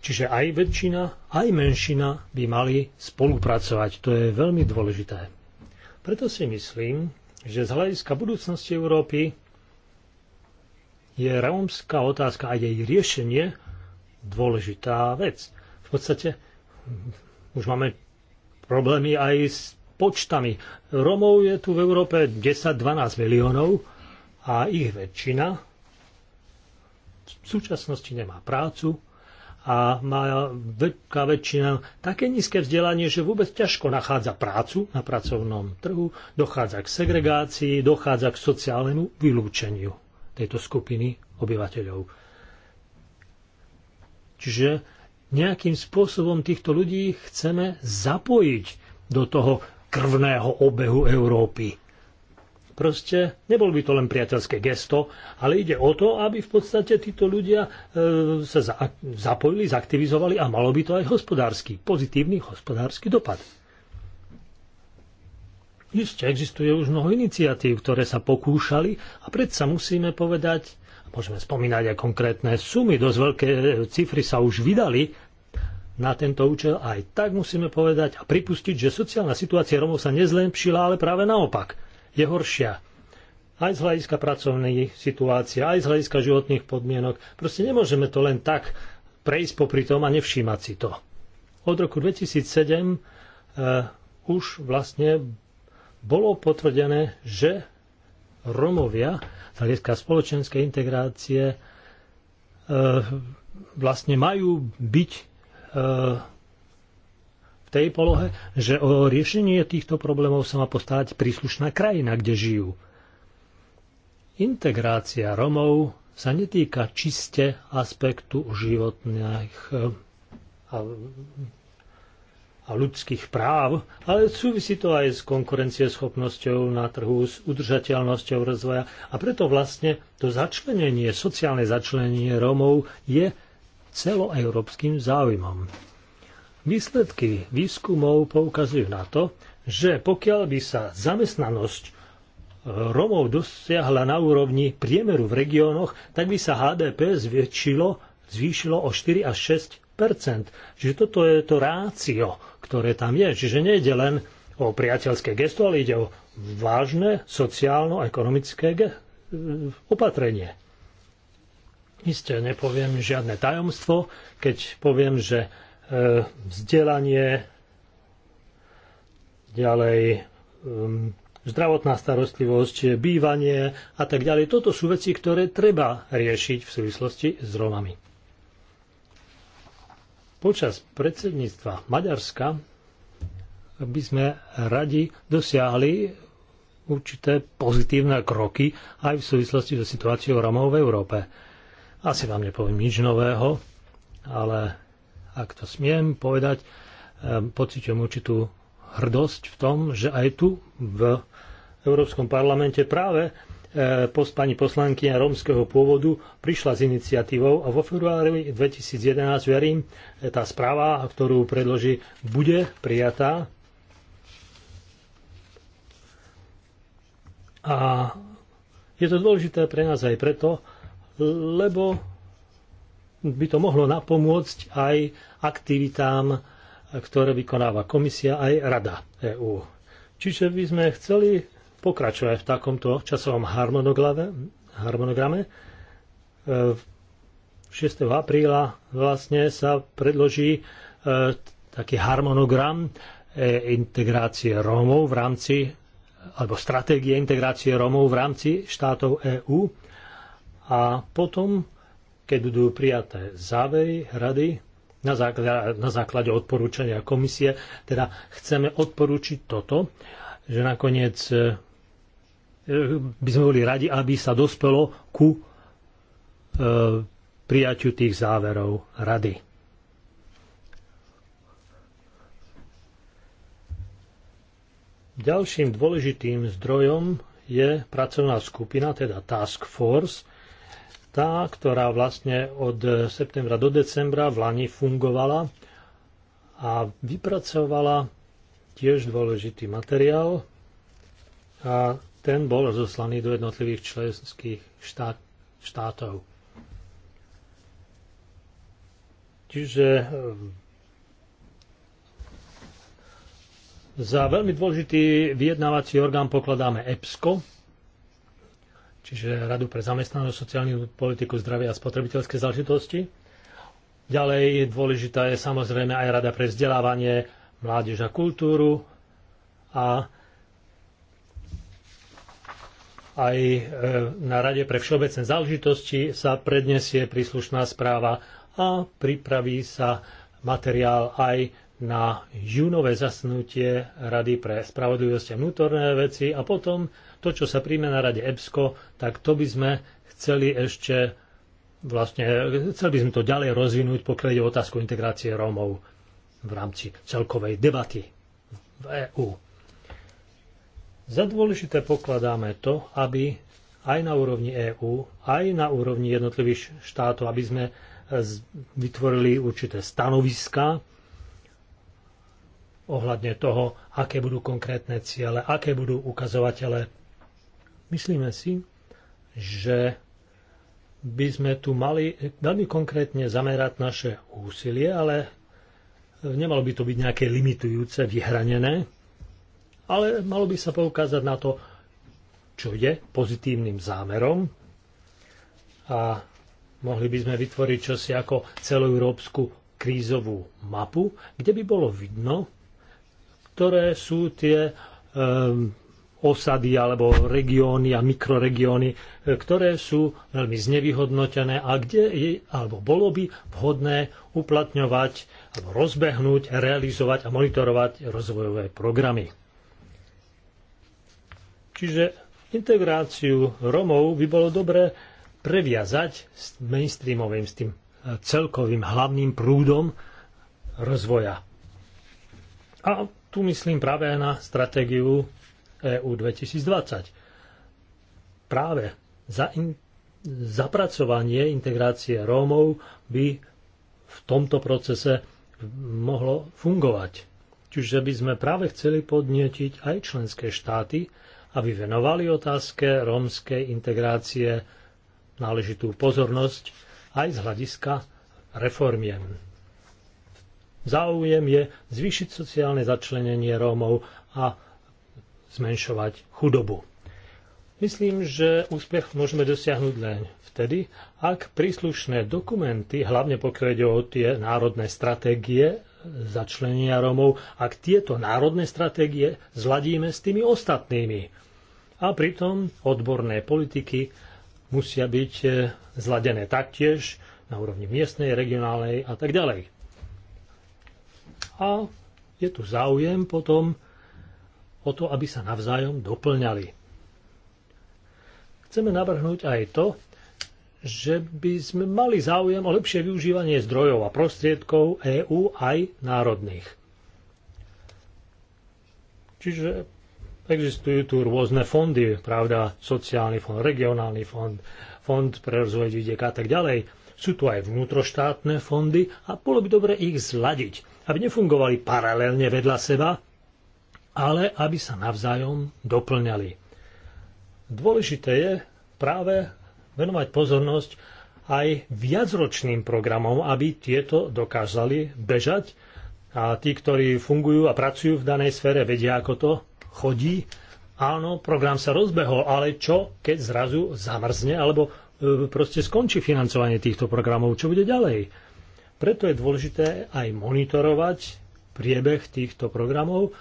čiže aj väčšina, aj menšina by mali spolupracovať. To je veľmi dôležité. Preto si myslím, že z hľadiska budúcnosti Európy je rómska otázka a jej riešenie dôležitá vec. V podstate už máme problémy aj s počtami. Romov je tu v Európe 10-12 miliónov a ich väčšina v súčasnosti nemá prácu, a má veľká väčšina také nízke vzdelanie, že vôbec ťažko nachádza prácu na pracovnom trhu, dochádza k segregácii, dochádza k sociálnemu vylúčeniu tejto skupiny obyvateľov. Čiže nejakým spôsobom týchto ľudí chceme zapojiť do toho krvného obehu Európy. Proste nebol by to len priateľské gesto, ale ide o to, aby v podstate títo ľudia e, sa zapojili, zaktivizovali a malo by to aj hospodársky, pozitívny hospodársky dopad. Isté, existuje už mnoho iniciatív, ktoré sa pokúšali a predsa musíme povedať, môžeme spomínať aj konkrétne sumy, dosť veľké e, cifry sa už vydali na tento účel, aj tak musíme povedať a pripustiť, že sociálna situácia Romov sa nezlepšila, ale práve naopak je horšia. Aj z hľadiska pracovnej situácie, aj z hľadiska životných podmienok. Proste nemôžeme to len tak prejsť popri tom a nevšímať si to. Od roku 2007 e, eh, už vlastne bolo potvrdené, že Romovia z hľadiska spoločenskej integrácie e, vlastne majú byť eh, tej polohe, že o riešenie týchto problémov sa má postarať príslušná krajina, kde žijú. Integrácia Romov sa netýka čiste aspektu životných eh, a, a ľudských práv, ale súvisí to aj s konkurencieschopnosťou na trhu, s udržateľnosťou rozvoja. A preto vlastne to začlenenie, sociálne začlenenie Romov je celoeurópskym záujmom. Výsledky výskumov poukazujú na to, že pokiaľ by sa zamestnanosť e, Romov dosiahla na úrovni priemeru v regiónoch, tak by sa HDP zväčšilo, zvýšilo o 4 až 6 Čiže toto je to rácio, ktoré tam je. Čiže nejde len o priateľské gesto, ale ide o vážne sociálno-ekonomické e, opatrenie. Isté nepoviem žiadne tajomstvo, keď poviem, že E, vzdelanie, ďalej um, zdravotná starostlivosť, bývanie a tak ďalej. Toto sú veci, ktoré treba riešiť v súvislosti s Romami. Počas predsedníctva Maďarska by sme radi dosiahli určité pozitívne kroky aj v súvislosti so situáciou Romov v Európe. Asi vám nepoviem nič nového, ale ak to smiem povedať, ehm, pociťujem určitú hrdosť v tom, že aj tu v Európskom parlamente práve e, post pani poslankyňa rómskeho pôvodu prišla s iniciatívou a vo februári 2011, verím, e, tá správa, ktorú predloží, bude prijatá. A je to dôležité pre nás aj preto, lebo by to mohlo napomôcť aj aktivitám, ktoré vykonáva komisia aj Rada EÚ. Čiže by sme chceli pokračovať v takomto časovom harmonograme. 6. apríla vlastne sa predloží e, taký harmonogram e, integrácie Rómov v rámci alebo stratégie integrácie Rómov v rámci štátov EÚ a potom keď budú prijaté závery rady na základe, na základe odporúčania komisie. Teda chceme odporúčiť toto, že nakoniec e, by sme boli radi, aby sa dospelo ku e, prijaťu tých záverov rady. Ďalším dôležitým zdrojom je pracovná skupina, teda Task Force, tá, ktorá vlastne od septembra do decembra v Lani fungovala a vypracovala tiež dôležitý materiál a ten bol rozoslaný do jednotlivých členských štát, štátov. Čiže ehm, za veľmi dôležitý vyjednávací orgán pokladáme EPSCO, čiže Radu pre zamestnanosť, sociálnu politiku, zdravia a spotrebiteľské záležitosti. Ďalej dôležitá je samozrejme aj Rada pre vzdelávanie, mládež a kultúru a aj e, na Rade pre všeobecné záležitosti sa predniesie príslušná správa a pripraví sa materiál aj na júnové zasnutie Rady pre spravodlivosť a vnútorné veci a potom to, čo sa príjme na Rade EBSCO, tak to by sme chceli ešte vlastne, chceli by sme to ďalej rozvinúť, pokiaľ ide o otázku integrácie Rómov v rámci celkovej debaty v EÚ. Za dôležité pokladáme to, aby aj na úrovni EÚ, aj na úrovni jednotlivých štátov, aby sme vytvorili určité stanoviska ohľadne toho, aké budú konkrétne ciele, aké budú ukazovatele. Myslíme si, že by sme tu mali veľmi konkrétne zamerať naše úsilie, ale nemalo by to byť nejaké limitujúce, vyhranené, ale malo by sa poukázať na to, čo je pozitívnym zámerom a mohli by sme vytvoriť čosi ako celoeurópsku krízovú mapu, kde by bolo vidno, ktoré sú tie um, osady alebo regióny a mikroregióny, e, ktoré sú veľmi znevýhodnotené a kde je, alebo bolo by vhodné uplatňovať alebo rozbehnúť, realizovať a monitorovať rozvojové programy. Čiže integráciu Romov by bolo dobré previazať s mainstreamovým, s tým e, celkovým hlavným prúdom rozvoja. A tu myslím práve na stratégiu EU 2020. Práve za in, zapracovanie integrácie Rómov by v tomto procese mohlo fungovať. Čiže by sme práve chceli podnietiť aj členské štáty, aby venovali otázke rómskej integrácie náležitú pozornosť aj z hľadiska reformiem záujem je zvýšiť sociálne začlenenie Rómov a zmenšovať chudobu. Myslím, že úspech môžeme dosiahnuť len vtedy, ak príslušné dokumenty, hlavne pokiaľ ide o tie národné stratégie začlenia Rómov, ak tieto národné stratégie zladíme s tými ostatnými. A pritom odborné politiky musia byť eh, zladené taktiež na úrovni miestnej, regionálnej a tak ďalej a je tu záujem potom o to, aby sa navzájom doplňali. Chceme navrhnúť aj to, že by sme mali záujem o lepšie využívanie zdrojov a prostriedkov EÚ aj národných. Čiže existujú tu rôzne fondy, pravda, sociálny fond, regionálny fond, fond pre rozvoj vidieka a tak ďalej. Sú tu aj vnútroštátne fondy a bolo by dobre ich zladiť aby nefungovali paralelne vedľa seba, ale aby sa navzájom doplňali. Dôležité je práve venovať pozornosť aj viacročným programom, aby tieto dokázali bežať a tí, ktorí fungujú a pracujú v danej sfére, vedia, ako to chodí. Áno, program sa rozbehol, ale čo, keď zrazu zamrzne alebo e, proste skončí financovanie týchto programov, čo bude ďalej? Preto je dôležité aj monitorovať priebeh týchto programov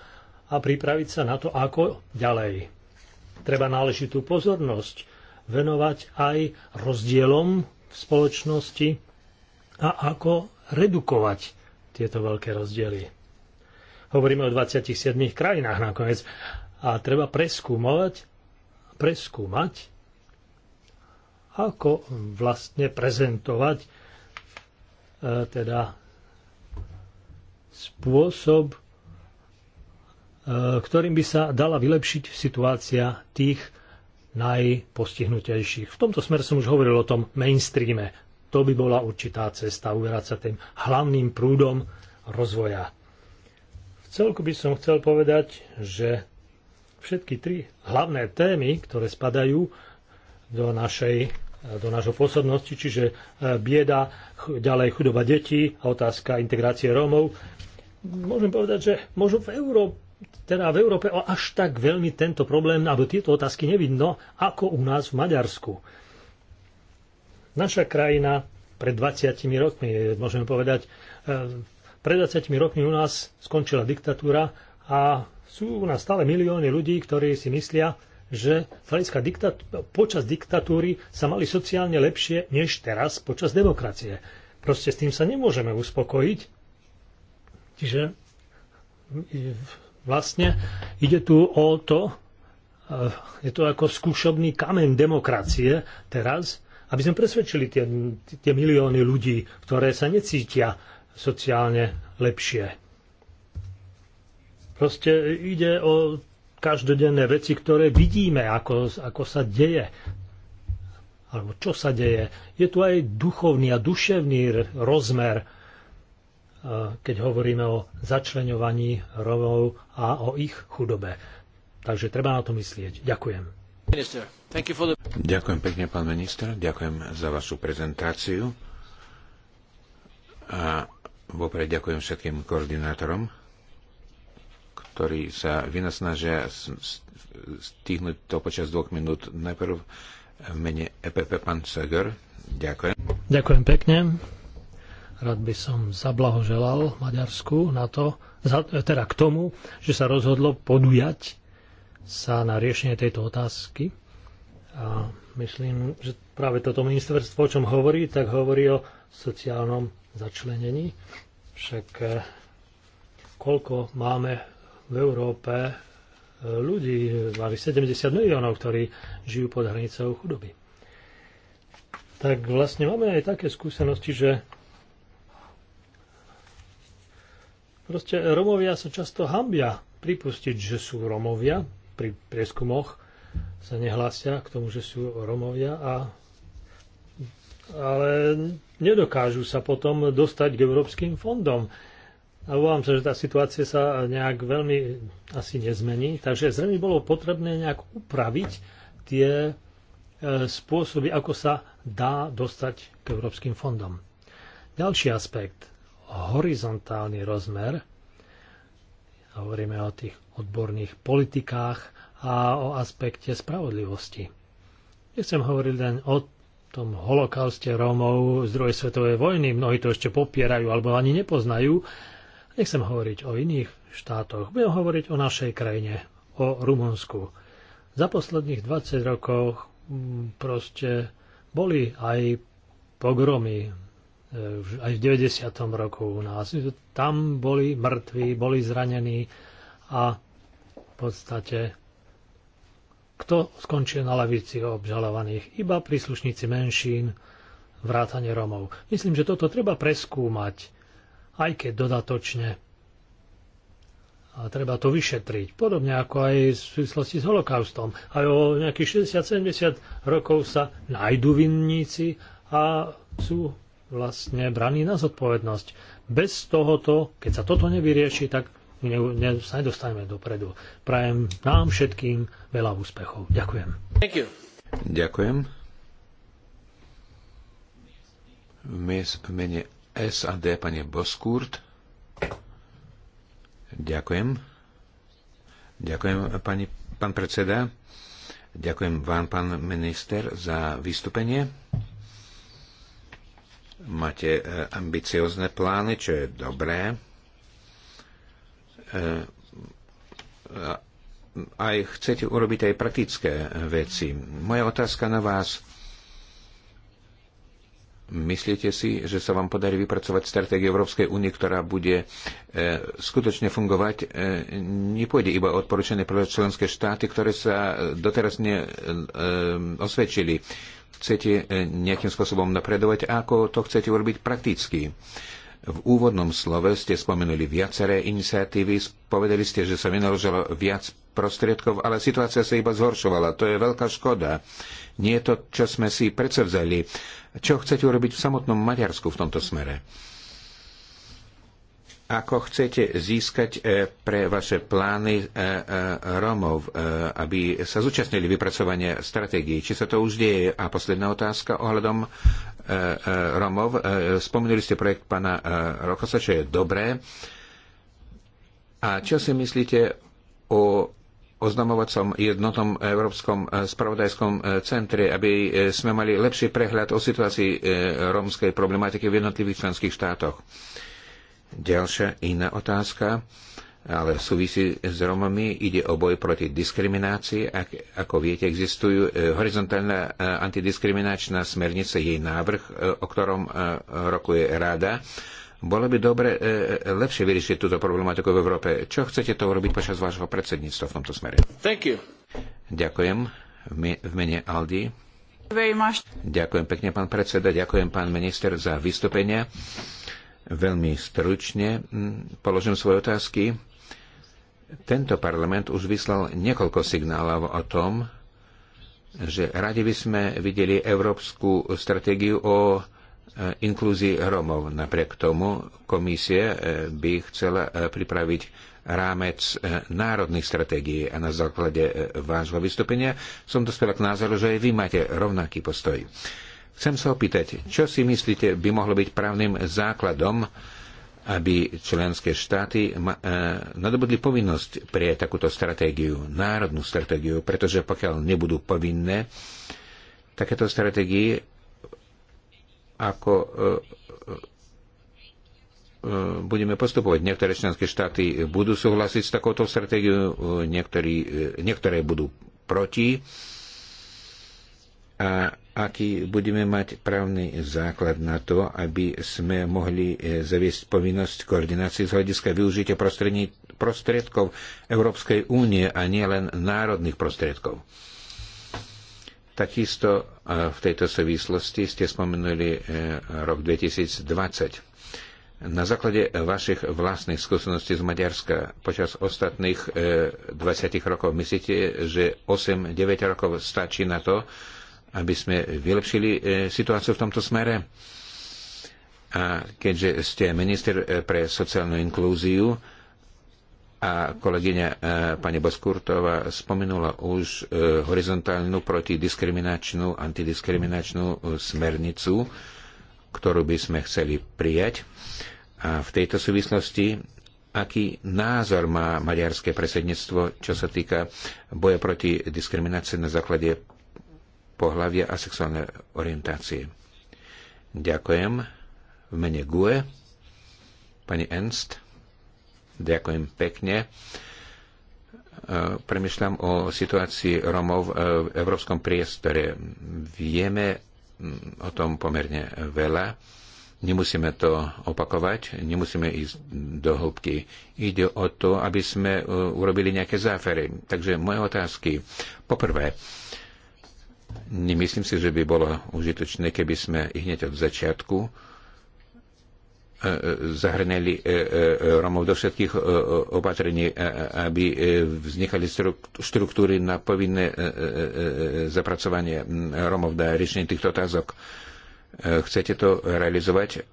a pripraviť sa na to, ako ďalej. Treba náležitú pozornosť venovať aj rozdielom v spoločnosti a ako redukovať tieto veľké rozdiely. Hovoríme o 27 krajinách nakoniec a treba preskúmovať, preskúmať, ako vlastne prezentovať E, teda spôsob, e, ktorým by sa dala vylepšiť situácia tých najpostihnutejších. V tomto smere som už hovoril o tom mainstreame. To by bola určitá cesta uverať sa tým hlavným prúdom rozvoja. V celku by som chcel povedať, že všetky tri hlavné témy, ktoré spadajú do našej do nášho pôsobnosti, čiže e, bieda, ďalej chudoba detí a otázka integrácie Rómov. Môžem povedať, že možno v Európe teda v Európe až tak veľmi tento problém alebo tieto otázky nevidno ako u nás v Maďarsku. Naša krajina pred 20 rokmi, môžeme povedať, e, pred 20 rokmi u nás skončila diktatúra a sú u nás stále milióny ľudí, ktorí si myslia, že z diktat- počas diktatúry sa mali sociálne lepšie než teraz počas demokracie. Proste s tým sa nemôžeme uspokojiť. Čiže e, vlastne ide tu o to, e, je to ako skúšobný kameň demokracie teraz, aby sme presvedčili tie, tie milióny ľudí, ktoré sa necítia sociálne lepšie. Proste ide o každodenné veci, ktoré vidíme, ako, ako sa deje alebo čo sa deje. Je tu aj duchovný a duševný rozmer, keď hovoríme o začleňovaní Romov a o ich chudobe. Takže treba na to myslieť. Ďakujem. Ďakujem pekne, pán minister. Ďakujem za vašu prezentáciu. A vopred ďakujem všetkým koordinátorom ktorí sa vynasnažia stihnúť to počas dvoch minút. Najprv v mene EPP pán Seger. Ďakujem. Ďakujem pekne. Rád by som zablahoželal Maďarsku na to, teda k tomu, že sa rozhodlo podujať sa na riešenie tejto otázky. A myslím, že práve toto ministerstvo, o čom hovorí, tak hovorí o sociálnom začlenení. Však eh, koľko máme v Európe e, ľudí, mali 70 miliónov, ktorí žijú pod hranicou chudoby. Tak vlastne máme aj také skúsenosti, že proste Romovia sa často hambia pripustiť, že sú Romovia. Pri prieskumoch sa nehlásia k tomu, že sú Romovia a ale nedokážu sa potom dostať k európskym fondom. A obávam sa, že tá situácia sa nejak veľmi asi nezmení, takže zrejme bolo potrebné nejak upraviť tie e, spôsoby, ako sa dá dostať k európskym fondom. Ďalší aspekt, horizontálny rozmer, hovoríme o tých odborných politikách a o aspekte spravodlivosti. Nechcem hovoriť len o tom holokauste Rómov z druhej svetovej vojny, mnohí to ešte popierajú alebo ani nepoznajú, Nechcem hovoriť o iných štátoch, budem hovoriť o našej krajine, o Rumunsku. Za posledných 20 rokov mm, proste boli aj pogromy, e, aj v 90. roku u nás. Tam boli mŕtvi, boli zranení a v podstate kto skončil na lavici obžalovaných? Iba príslušníci menšín, vrátane Romov. Myslím, že toto treba preskúmať aj keď dodatočne. A treba to vyšetriť. Podobne ako aj v súvislosti s holokaustom. Aj o nejakých 60-70 rokov sa nájdú vinníci a sú vlastne braní na zodpovednosť. Bez tohoto, keď sa toto nevyrieši, tak ne, ne, sa nedostaneme dopredu. Prajem nám všetkým veľa úspechov. Ďakujem. Thank you. Ďakujem. V mene SAD, pani Boskurt. Ďakujem. Ďakujem, pani, pán predseda. Ďakujem vám, pán minister, za vystúpenie. Máte e, ambiciozne plány, čo je dobré. E, aj chcete urobiť aj praktické veci. Moja otázka na vás Myslíte si, že sa vám podarí vypracovať stratégiu Európskej únie, ktorá bude e, skutočne fungovať? E, nepôjde iba odporúčanie pre členské štáty, ktoré sa doteraz neosvedčili. E, chcete e, nejakým spôsobom napredovať? A ako to chcete urobiť prakticky? V úvodnom slove ste spomenuli viaceré iniciatívy, povedali ste, že sa vynaložilo viac prostriedkov, ale situácia sa iba zhoršovala. To je veľká škoda. E, nie je to, čo sme si predsevzali. Čo chcete urobiť v samotnom Maďarsku v tomto smere? Ako chcete získať e, pre vaše plány e, e, Romov, aby sa zúčastnili vypracovania stratégií? Či sa to už deje? A posledná otázka ohľadom Romov. Spomenuli ste projekt pána Rokosa, čo je dobré. A čo si myslíte o oznamovacom jednotom Európskom e, spravodajskom e, centre, aby e, sme mali lepší prehľad o situácii rómskej problematiky v jednotlivých členských štátoch. Ďalšia iná otázka, ale v súvisí s Romami ide o boj proti diskriminácii. Ako viete, existujú horizontálna antidiskriminačná smernica, jej návrh, o ktorom rokuje Rada bolo by dobre e, e, lepšie vyriešiť túto problematiku v Európe. Čo chcete to urobiť počas vášho predsedníctva v tomto smere? Thank you. Ďakujem v mene Aldi. Very much. Ďakujem pekne, pán predseda, ďakujem, pán minister, za vystúpenie. Veľmi stručne položím svoje otázky. Tento parlament už vyslal niekoľko signálov o tom, že radi by sme videli európsku stratégiu o Eh, inklúzii Rómov. Napriek tomu komisia eh, by chcela eh, pripraviť rámec národných stratégií a na základe vášho vystúpenia som dospela k názoru, že aj vy máte rovnaký postoj. Chcem sa opýtať, čo si myslíte by mohlo byť právnym základom, aby členské štáty nadobudli povinnosť pre takúto stratégiu, národnú stratégiu, pretože pokiaľ nebudú povinné, takéto stratégie ako e, e, e, budeme postupovať. Niektoré členské štáty budú súhlasiť s takouto stratégiou, niektorí, niektoré budú proti. A aký budeme mať právny základ na to, aby sme mohli zaviesť povinnosť koordinácie z hľadiska využitia prostredkov Európskej únie a nielen národných prostriedkov. Takisto e, v tejto súvislosti ste spomenuli e, rok 2020. Na základe vašich vlastných skúseností z Maďarska počas ostatných 20 e, rokov myslíte, že 8-9 rokov stačí na to, aby sme vylepšili situáciu v tomto smere? A keďže ste minister pre sociálnu inklúziu, a kolegyňa e, pani Boskurtová spomenula už e, horizontálnu protidiskriminačnú, antidiskriminačnú e, smernicu, ktorú by sme chceli prijať. A v tejto súvislosti, aký názor má maďarské presedníctvo, čo sa týka boja proti diskriminácii na základe pohľavia a sexuálnej orientácie. Ďakujem. V mene GUE. Pani Enst. Ďakujem pekne. E, Premýšľam o situácii Romov e, v európskom priestore. Vieme mm, o tom pomerne veľa. Nemusíme to opakovať, nemusíme ísť do hĺbky. Ide o to, aby sme e, urobili nejaké záfery. Takže moje otázky. Poprvé, nemyslím si, že by bolo užitočné, keby sme hneď od začiatku E, e, zahrňali e, Romov do všetkých opatrení, aby vznikali štruktúry na povinné zapracovanie Romov na riešenie týchto otázok. Chcete to realizovať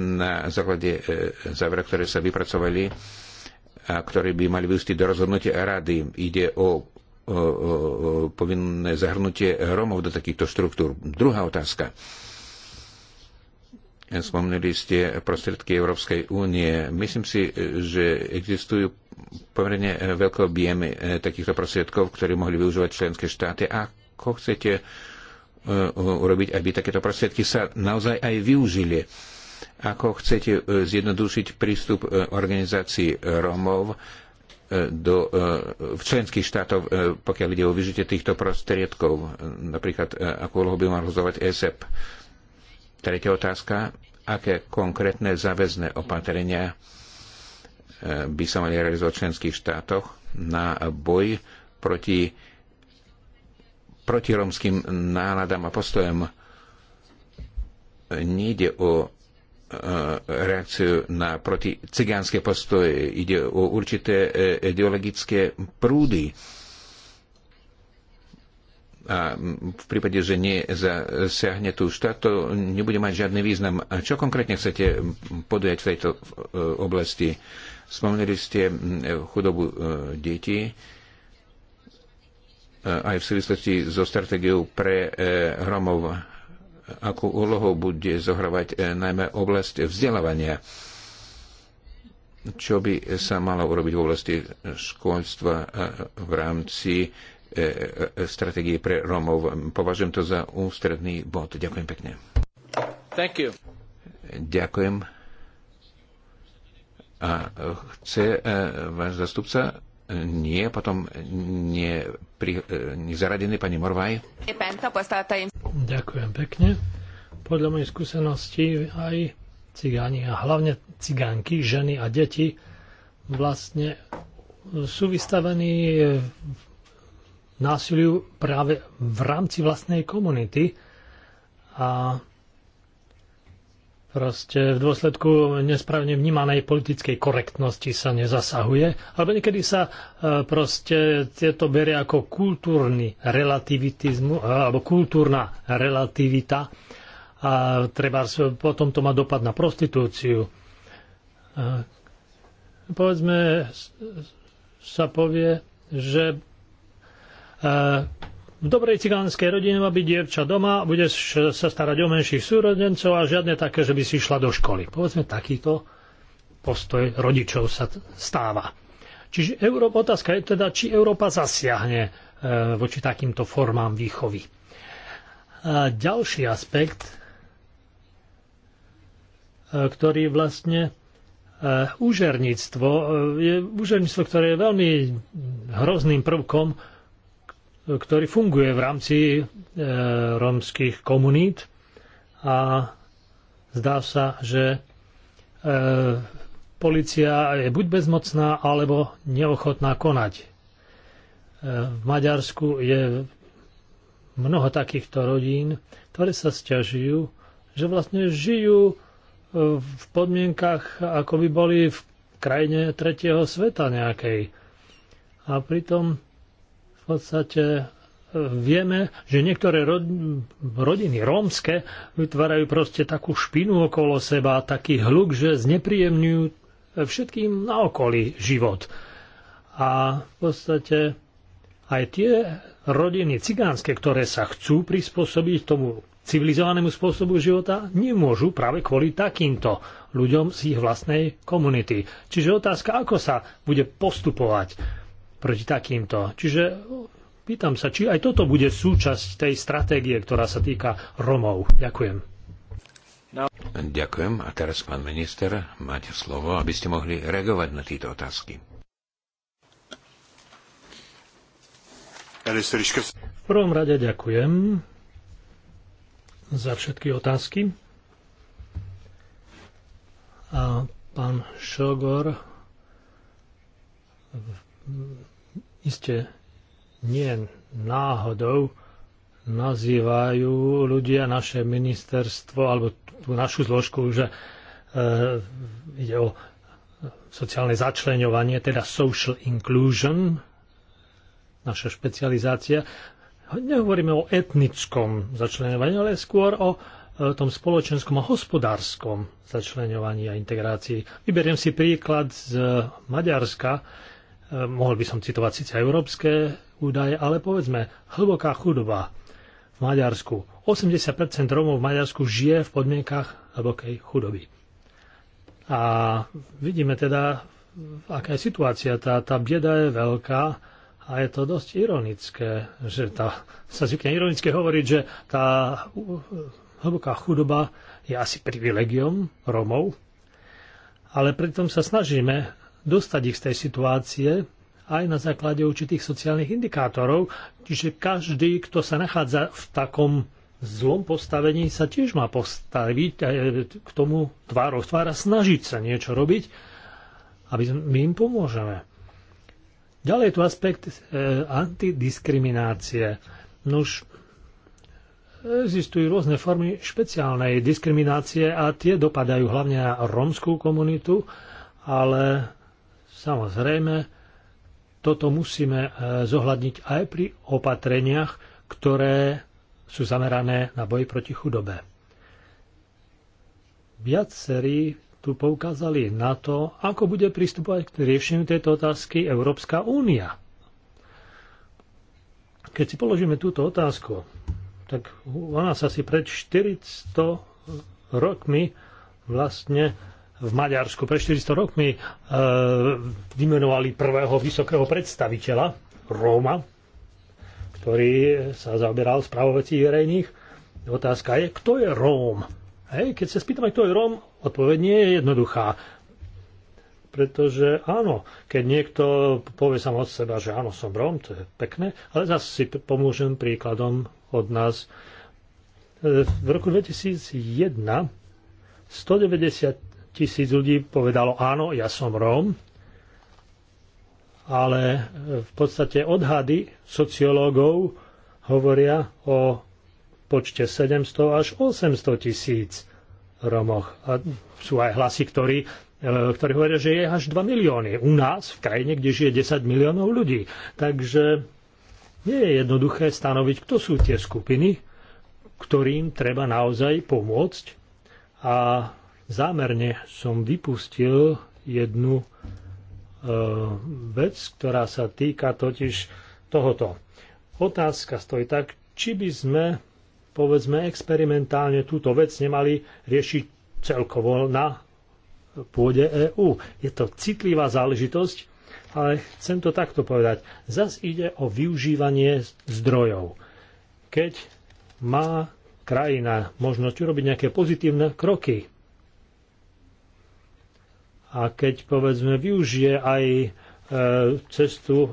na základe závera, ktoré sa vypracovali a ktoré by mali vyústiť do rozhodnutia rady. Ide o povinné zahrnutie Romov do takýchto štruktúr. Druhá otázka. Spomnili ste prostriedky Európskej únie. Myslím si, že existujú pomerne veľké objemy eh, takýchto prostriedkov, ktoré mohli využívať členské štáty. Ako chcete eh, urobiť, aby takéto prostriedky sa naozaj aj využili? Ako chcete eh, zjednodušiť prístup organizácií Rómov do, v členských štátov, pokiaľ ide o vyžitie týchto prostriedkov? Napríklad, ako úlohu by mal rozhovať ESEP? Tretia otázka. Aké konkrétne záväzné opatrenia e, by sa mali realizovať v členských štátoch na boj proti romským náladám a postojom? Nejde o e, reakciu na cigánske postoje, ide o určité e, ideologické prúdy a v prípade, že nezasiahne tú štát, to nebude mať žiadny význam. A čo konkrétne chcete podujať v tejto e, oblasti? Spomenuli ste chudobu e, detí e, aj v súvislosti so stratégiou pre Romov. Akú úlohu bude zohrávať najmä oblasť vzdelávania? Čo by sa malo urobiť v oblasti školstva v rámci E, e, stratégie pre Rómov. Považujem to za ústredný bod. Ďakujem pekne. Thank you. Ďakujem. A chce e, váš zastupca? Nie, potom nie, pri, nie zaradený pani Morvaj. Ďakujem pekne. Podľa mojej skúsenosti aj cigáni a hlavne cigánky, ženy a deti vlastne sú vystavení v násiliu práve v rámci vlastnej komunity a proste v dôsledku nesprávne vnímanej politickej korektnosti sa nezasahuje, alebo niekedy sa e, proste tieto berie ako kultúrny relativitizmu, e, alebo kultúrna relativita a treba potom to má dopad na prostitúciu. E, povedzme, sa povie, že Eh, v dobrej cigánskej rodine má byť dievča doma, bude sa starať o menších súrodencov a žiadne také, že by si išla do školy. Povedzme, takýto postoj rodičov sa stáva. Čiže Európa, otázka je teda, či Európa zasiahne eh, voči takýmto formám výchovy. A ďalší aspekt, eh, ktorý vlastne úžerníctvo, je úžerníctvo, ktoré je veľmi hrozným prvkom ktorý funguje v rámci e, rómskych komunít a zdá sa, že e, policia je buď bezmocná, alebo neochotná konať. E, v Maďarsku je mnoho takýchto rodín, ktoré sa stiažujú, že vlastne žijú e, v podmienkach, ako by boli v krajine tretieho sveta nejakej. A pritom podstate e, vieme, že niektoré rodiny rómske vytvárajú proste takú špinu okolo seba, taký hluk, že znepríjemňujú e, všetkým na okolí život. A v podstate aj tie rodiny cigánske, ktoré sa chcú prispôsobiť tomu civilizovanému spôsobu života, nemôžu práve kvôli takýmto ľuďom z ich vlastnej komunity. Čiže otázka, ako sa bude postupovať proti takýmto. Čiže pýtam sa, či aj toto bude súčasť tej stratégie, ktorá sa týka Romov. Ďakujem. No. Ďakujem. A teraz, pán minister, máte slovo, aby ste mohli reagovať na tieto otázky. V prvom rade ďakujem za všetky otázky. A pán Šogor iste nie náhodou nazývajú ľudia naše ministerstvo alebo tú našu zložku, že e, ide o sociálne začleňovanie, teda social inclusion, naša špecializácia. Nehovoríme o etnickom začleňovaní, ale skôr o e, tom spoločenskom a hospodárskom začleňovaní a integrácii. Vyberiem si príklad z Maďarska, Eh, mohol by som citovať síce európske údaje, ale povedzme hlboká chudoba v Maďarsku. 80% Rómov v Maďarsku žije v podmienkach hlbokej chudoby. A vidíme teda, aká je situácia. Tá, tá bieda je veľká a je to dosť ironické, že tá, sa zvykne ironicky hovoriť, že tá hlboká chudoba je asi privilegiom Rómov, ale pritom sa snažíme dostať ich z tej situácie aj na základe určitých sociálnych indikátorov. Čiže každý, kto sa nachádza v takom zlom postavení, sa tiež má postaviť e, k tomu tváru tvára, snažiť sa niečo robiť, aby my im pomôžeme. Ďalej je tu aspekt e, antidiskriminácie. Nuž, existujú rôzne formy špeciálnej diskriminácie a tie dopadajú hlavne na rómskú komunitu, ale Samozrejme, toto musíme e, zohľadniť aj pri opatreniach, ktoré sú zamerané na boj proti chudobe. Viacerí tu poukázali na to, ako bude pristupovať k riešeniu tejto otázky Európska únia. Keď si položíme túto otázku, tak ona sa si pred 400 rokmi vlastne v Maďarsku pre 400 rokmi e, vymenovali prvého vysokého predstaviteľa, Róma, ktorý sa zaoberal správou vecí verejných. Otázka je, kto je Róm? Hej, keď sa spýtame, kto je Róm, odpoveď nie je jednoduchá. Pretože áno, keď niekto povie sam od seba, že áno, som Róm, to je pekné, ale zase si pomôžem príkladom od nás. E, v roku 2001 190 tisíc ľudí povedalo áno, ja som Róm, ale e, v podstate odhady sociológov hovoria o počte 700 až 800 tisíc Romoch. A sú aj hlasy, ktorí, e, ktorí hovoria, že je až 2 milióny u nás, v krajine, kde žije 10 miliónov ľudí. Takže nie je jednoduché stanoviť, kto sú tie skupiny, ktorým treba naozaj pomôcť a Zámerne som vypustil jednu e, vec, ktorá sa týka totiž tohoto. Otázka stojí tak, či by sme, povedzme, experimentálne túto vec nemali riešiť celkovo na pôde EÚ. Je to citlivá záležitosť, ale chcem to takto povedať. Zas ide o využívanie zdrojov. Keď má krajina možnosť urobiť nejaké pozitívne kroky a keď povedzme využije aj e, cestu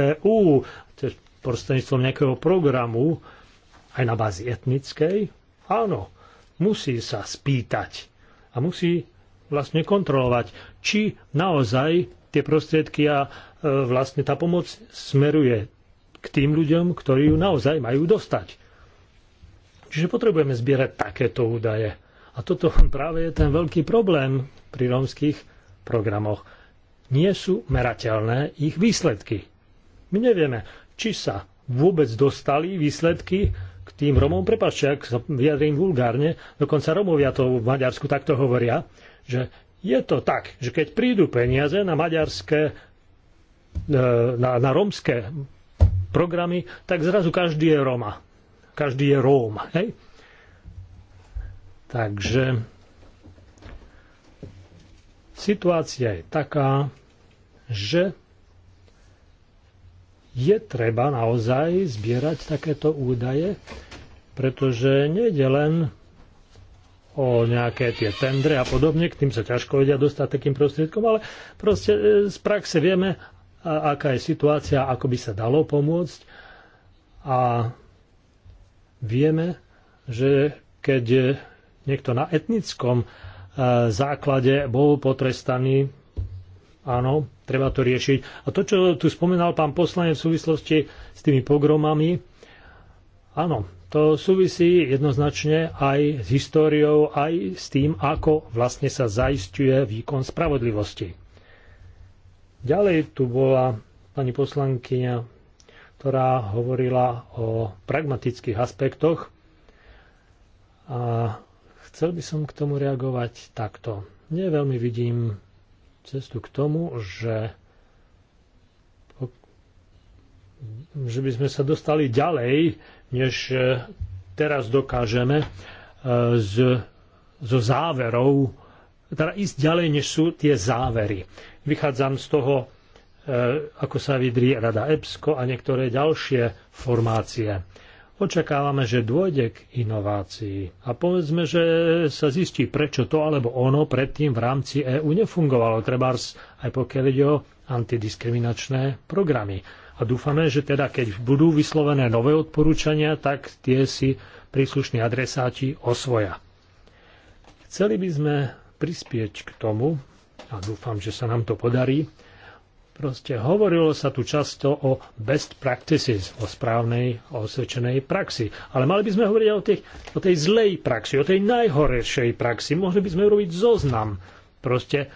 EÚ e cez prostredníctvom nejakého programu aj na bázi etnickej, áno, musí sa spýtať a musí vlastne kontrolovať, či naozaj tie prostriedky a e, vlastne tá pomoc smeruje k tým ľuďom, ktorí ju naozaj majú dostať. Čiže potrebujeme zbierať takéto údaje. A toto práve je ten veľký problém pri rómskych programoch. Nie sú merateľné ich výsledky. My nevieme, či sa vôbec dostali výsledky k tým Romom. Prepašte, ak sa vyjadrím vulgárne, dokonca Romovia to v Maďarsku takto hovoria, že je to tak, že keď prídu peniaze na maďarské, e, na, na romské programy, tak zrazu každý je Roma. Každý je Róm. Hej? Takže situácia je taká, že je treba naozaj zbierať takéto údaje, pretože nejde len o nejaké tie tendre a podobne, k tým sa ťažko vedia dostať takým prostriedkom, ale proste e, z praxe vieme, aká je situácia, ako by sa dalo pomôcť a vieme, že keď niekto na etnickom e, základe bol potrestaný. Áno, treba to riešiť. A to, čo tu spomínal pán poslanec v súvislosti s tými pogromami, áno, to súvisí jednoznačne aj s históriou, aj s tým, ako vlastne sa zaistuje výkon spravodlivosti. Ďalej tu bola pani poslankyňa, ktorá hovorila o pragmatických aspektoch a Chcel by som k tomu reagovať takto. Neveľmi vidím cestu k tomu, že že by sme sa dostali ďalej, než e, teraz dokážeme e, z, zo záverov, teda ísť ďalej, než sú tie závery. Vychádzam z toho, e, ako sa vydrí Rada EBSCO a niektoré ďalšie formácie očakávame, že dôjde k inovácii. A povedzme, že sa zistí, prečo to alebo ono predtým v rámci EÚ nefungovalo, Treba aj pokiaľ ide o antidiskriminačné programy. A dúfame, že teda keď budú vyslovené nové odporúčania, tak tie si príslušní adresáti osvoja. Chceli by sme prispieť k tomu, a dúfam, že sa nám to podarí, Proste hovorilo sa tu často o best practices, o správnej, osvedčenej praxi. Ale mali by sme hovoriť o, tých, o tej zlej praxi, o tej najhoršej praxi. Mohli by sme urobiť zoznam. Proste,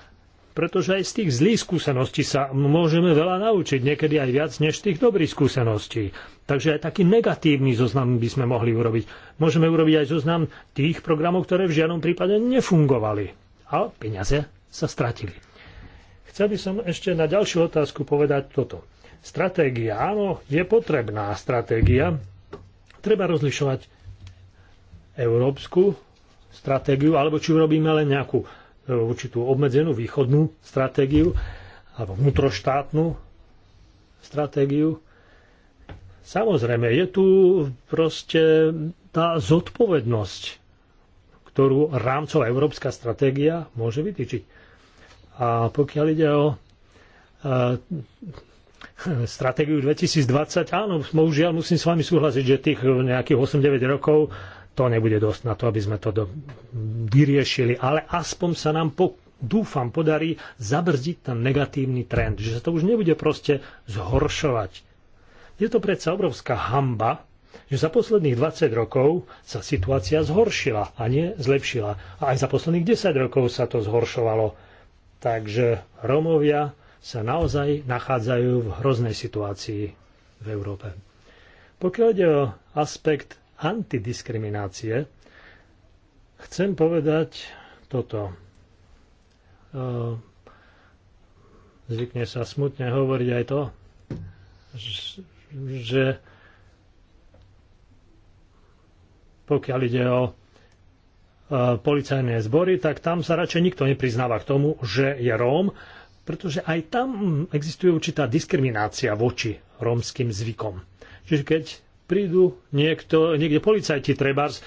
pretože aj z tých zlých skúseností sa môžeme veľa naučiť, niekedy aj viac než z tých dobrých skúseností. Takže aj taký negatívny zoznam by sme mohli urobiť. Môžeme urobiť aj zoznam tých programov, ktoré v žiadnom prípade nefungovali. A peniaze sa stratili. Chcel by som ešte na ďalšiu otázku povedať toto. Stratégia, áno, je potrebná stratégia. Treba rozlišovať európsku stratégiu, alebo či urobíme len nejakú e, určitú obmedzenú východnú stratégiu alebo vnútroštátnu stratégiu. Samozrejme, je tu proste tá zodpovednosť, ktorú rámcová európska stratégia môže vytýčiť. A pokiaľ ide o e, stratégiu 2020, áno, bohužiaľ musím s vami súhlasiť, že tých nejakých 8-9 rokov to nebude dosť na to, aby sme to do, vyriešili, ale aspoň sa nám po, dúfam podarí zabrzdiť ten negatívny trend, že sa to už nebude proste zhoršovať. Je to predsa obrovská hamba, že za posledných 20 rokov sa situácia zhoršila a nie zlepšila. A aj za posledných 10 rokov sa to zhoršovalo. Takže Romovia sa naozaj nachádzajú v hroznej situácii v Európe. Pokiaľ ide o aspekt antidiskriminácie, chcem povedať toto. E, zvykne sa smutne hovoriť aj to, že pokiaľ ide o E, policajné zbory, tak tam sa radšej nikto nepriznáva k tomu, že je Róm, pretože aj tam existuje určitá diskriminácia voči rómskym zvykom. Čiže keď prídu niekto, niekde policajti trebárs,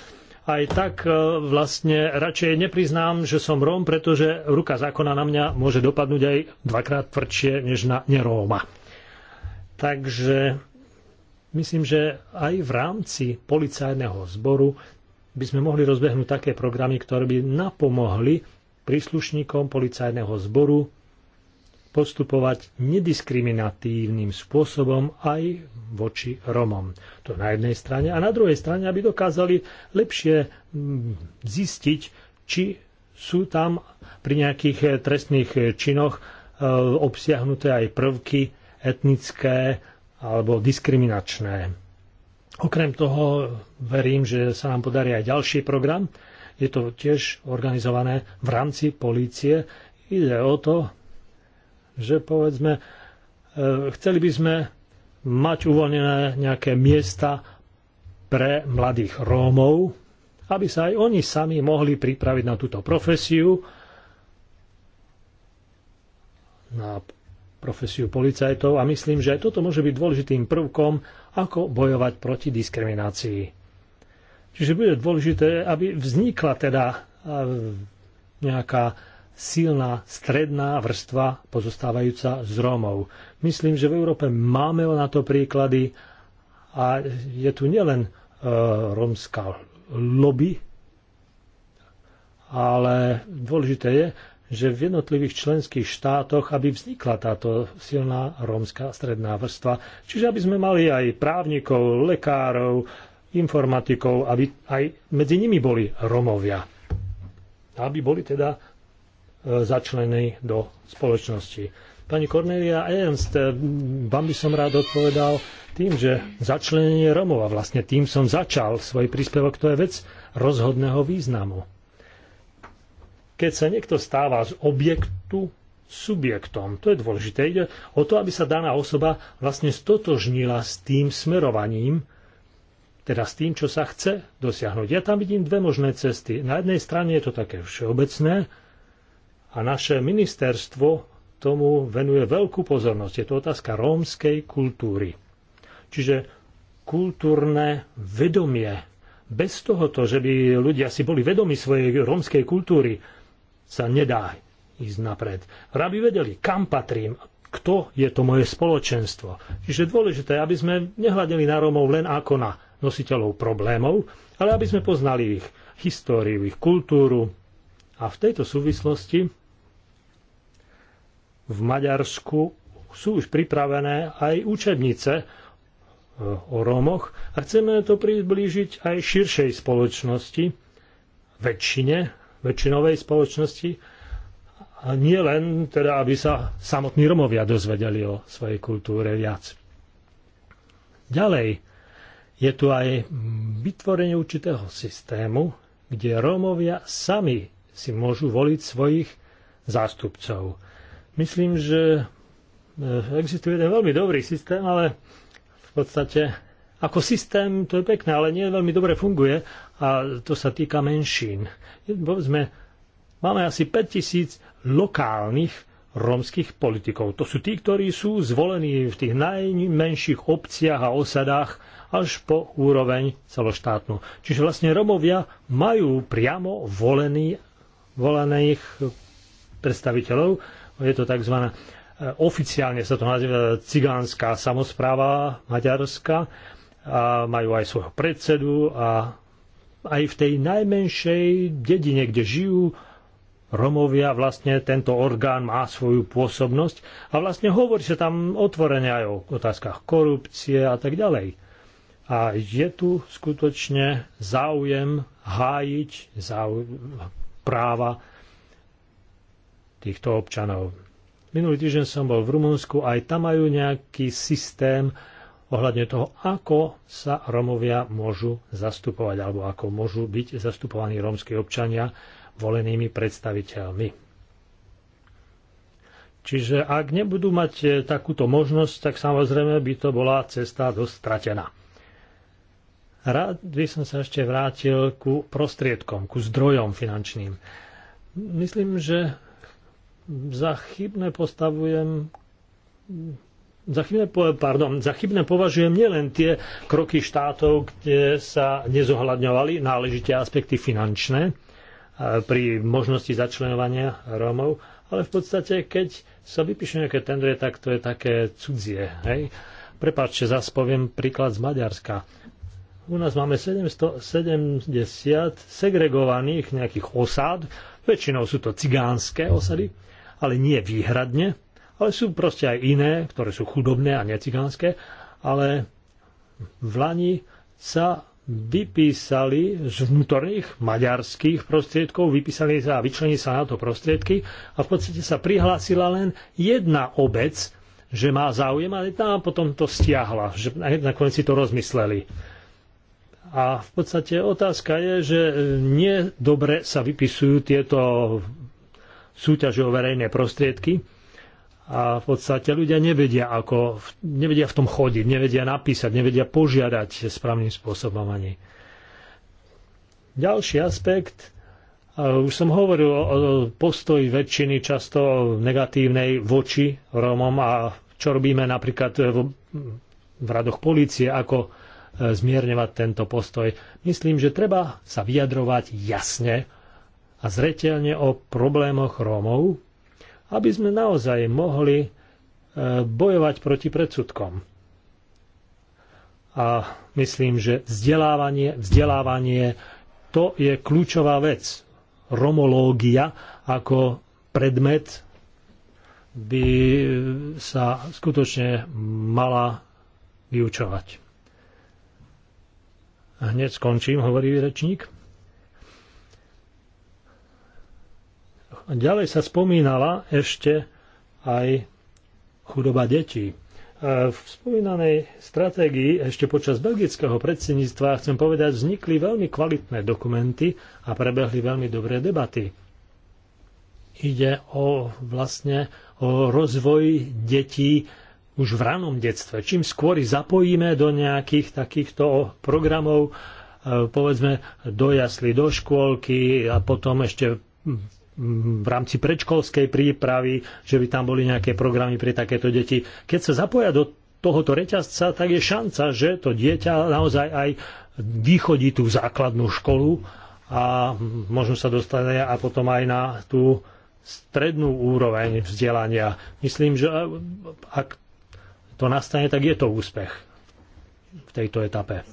aj tak e, vlastne radšej nepriznám, že som Róm, pretože ruka zákona na mňa môže dopadnúť aj dvakrát tvrdšie než na neróma. Takže myslím, že aj v rámci policajného zboru by sme mohli rozbehnúť také programy, ktoré by napomohli príslušníkom policajného zboru postupovať nediskriminatívnym spôsobom aj voči Romom. To na jednej strane. A na druhej strane, aby dokázali lepšie mm, zistiť, či sú tam pri nejakých eh, trestných eh, činoch eh, obsiahnuté aj prvky etnické alebo diskriminačné. Okrem toho verím, že sa nám podarí aj ďalší program. Je to tiež organizované v rámci polície. Ide o to, že povedzme, e, chceli by sme mať uvoľnené nejaké miesta pre mladých Rómov, aby sa aj oni sami mohli pripraviť na túto profesiu, na profesiu policajtov a myslím, že aj toto môže byť dôležitým prvkom ako bojovať proti diskriminácii. Čiže bude dôležité, aby vznikla teda e, nejaká silná stredná vrstva pozostávajúca z Rómov. Myslím, že v Európe máme na to príklady a je tu nielen e, rómska lobby, ale dôležité je, že v jednotlivých členských štátoch, aby vznikla táto silná rómska stredná vrstva. Čiže aby sme mali aj právnikov, lekárov, informatikov, aby aj medzi nimi boli Romovia. Aby boli teda e, začlení do spoločnosti. Pani Cornelia Ernst, e, vám by som rád odpovedal tým, že začlenenie Romov, a vlastne tým som začal svoj príspevok, to je vec rozhodného významu keď sa niekto stáva z objektu subjektom. To je dôležité. Ide o to, aby sa daná osoba vlastne stotožnila s tým smerovaním, teda s tým, čo sa chce dosiahnuť. Ja tam vidím dve možné cesty. Na jednej strane je to také všeobecné a naše ministerstvo tomu venuje veľkú pozornosť. Je to otázka rómskej kultúry. Čiže kultúrne vedomie. Bez tohoto, že by ľudia si boli vedomi svojej rómskej kultúry, sa nedá ísť napred. Rabi vedeli, kam patrím, kto je to moje spoločenstvo. Čiže dôležité, aby sme nehľadeli na Rómov len ako na nositeľov problémov, ale aby sme poznali ich históriu, ich kultúru. A v tejto súvislosti v Maďarsku sú už pripravené aj učebnice e, o Rómoch a chceme to priblížiť aj širšej spoločnosti, väčšine väčšinovej spoločnosti, a nie len teda, aby sa samotní Romovia dozvedeli o svojej kultúre viac. Ďalej, je tu aj vytvorenie určitého systému, kde Rómovia sami si môžu voliť svojich zástupcov. Myslím, že e, existuje jeden veľmi dobrý systém, ale v podstate ako systém to je pekné, ale nie veľmi dobre funguje a to sa týka menšín. Sme, máme asi 5000 lokálnych rómskych politikov. To sú tí, ktorí sú zvolení v tých najmenších obciach a osadách až po úroveň celoštátnu. Čiže vlastne Romovia majú priamo volený, volených predstaviteľov. Je to tzv. Eh, oficiálne sa to nazýva cigánska samozpráva maďarská, a majú aj svojho predsedu a aj v tej najmenšej dedine, kde žijú Romovia, vlastne tento orgán má svoju pôsobnosť a vlastne hovorí sa tam otvorene aj o otázkach korupcie a tak ďalej. A je tu skutočne záujem hájiť záujem, práva týchto občanov. Minulý týždeň som bol v Rumunsku, aj tam majú nejaký systém ohľadne toho, ako sa Romovia môžu zastupovať alebo ako môžu byť zastupovaní rómsky občania volenými predstaviteľmi. Čiže ak nebudú mať e, takúto možnosť, tak samozrejme by to bola cesta dosť stratená. Rád by som sa ešte vrátil ku prostriedkom, ku zdrojom finančným. Myslím, že za chybné postavujem za chybné, pardon, za chybné považujem nielen tie kroky štátov, kde sa nezohľadňovali náležité aspekty finančné e, pri možnosti začlenovania Rómov, ale v podstate, keď sa vypíšu nejaké tendre, tak to je také cudzie. Hej? Prepáčte, zase poviem príklad z Maďarska. U nás máme 770 segregovaných nejakých osád, väčšinou sú to cigánske osady, ale nie výhradne, ale sú proste aj iné, ktoré sú chudobné a necigánske, ale v Lani sa vypísali z vnútorných maďarských prostriedkov, vypísali sa a vyčlení sa na to prostriedky a v podstate sa prihlásila len jedna obec, že má záujem a tam potom to stiahla, že nakoniec si to rozmysleli. A v podstate otázka je, že nedobre sa vypisujú tieto súťaže o verejné prostriedky, a v podstate ľudia nevedia, ako, nevedia v tom chodiť, nevedia napísať, nevedia požiadať správnym spôsobom ani. Ďalší aspekt, už som hovoril o postoji väčšiny často negatívnej voči Rómom a čo robíme napríklad v, v radoch policie, ako e, zmierňovať tento postoj. Myslím, že treba sa vyjadrovať jasne a zretelne o problémoch Rómov, aby sme naozaj mohli e, bojovať proti predsudkom. A myslím, že vzdelávanie, vzdelávanie to je kľúčová vec. Romológia ako predmet by e, sa skutočne mala vyučovať. Hneď skončím, hovorí rečník. A ďalej sa spomínala ešte aj chudoba detí. V spomínanej stratégii ešte počas belgického predsedníctva, chcem povedať, vznikli veľmi kvalitné dokumenty a prebehli veľmi dobré debaty. Ide o vlastne o rozvoj detí už v ranom detstve. Čím skôr zapojíme do nejakých takýchto programov, e, povedzme do jasly, do škôlky a potom ešte v rámci predškolskej prípravy, že by tam boli nejaké programy pre takéto deti. Keď sa zapoja do tohoto reťazca, tak je šanca, že to dieťa naozaj aj vychodí tú základnú školu a možno sa dostane a potom aj na tú strednú úroveň vzdelania. Myslím, že eh, ak to nastane, tak je to úspech v tejto etape.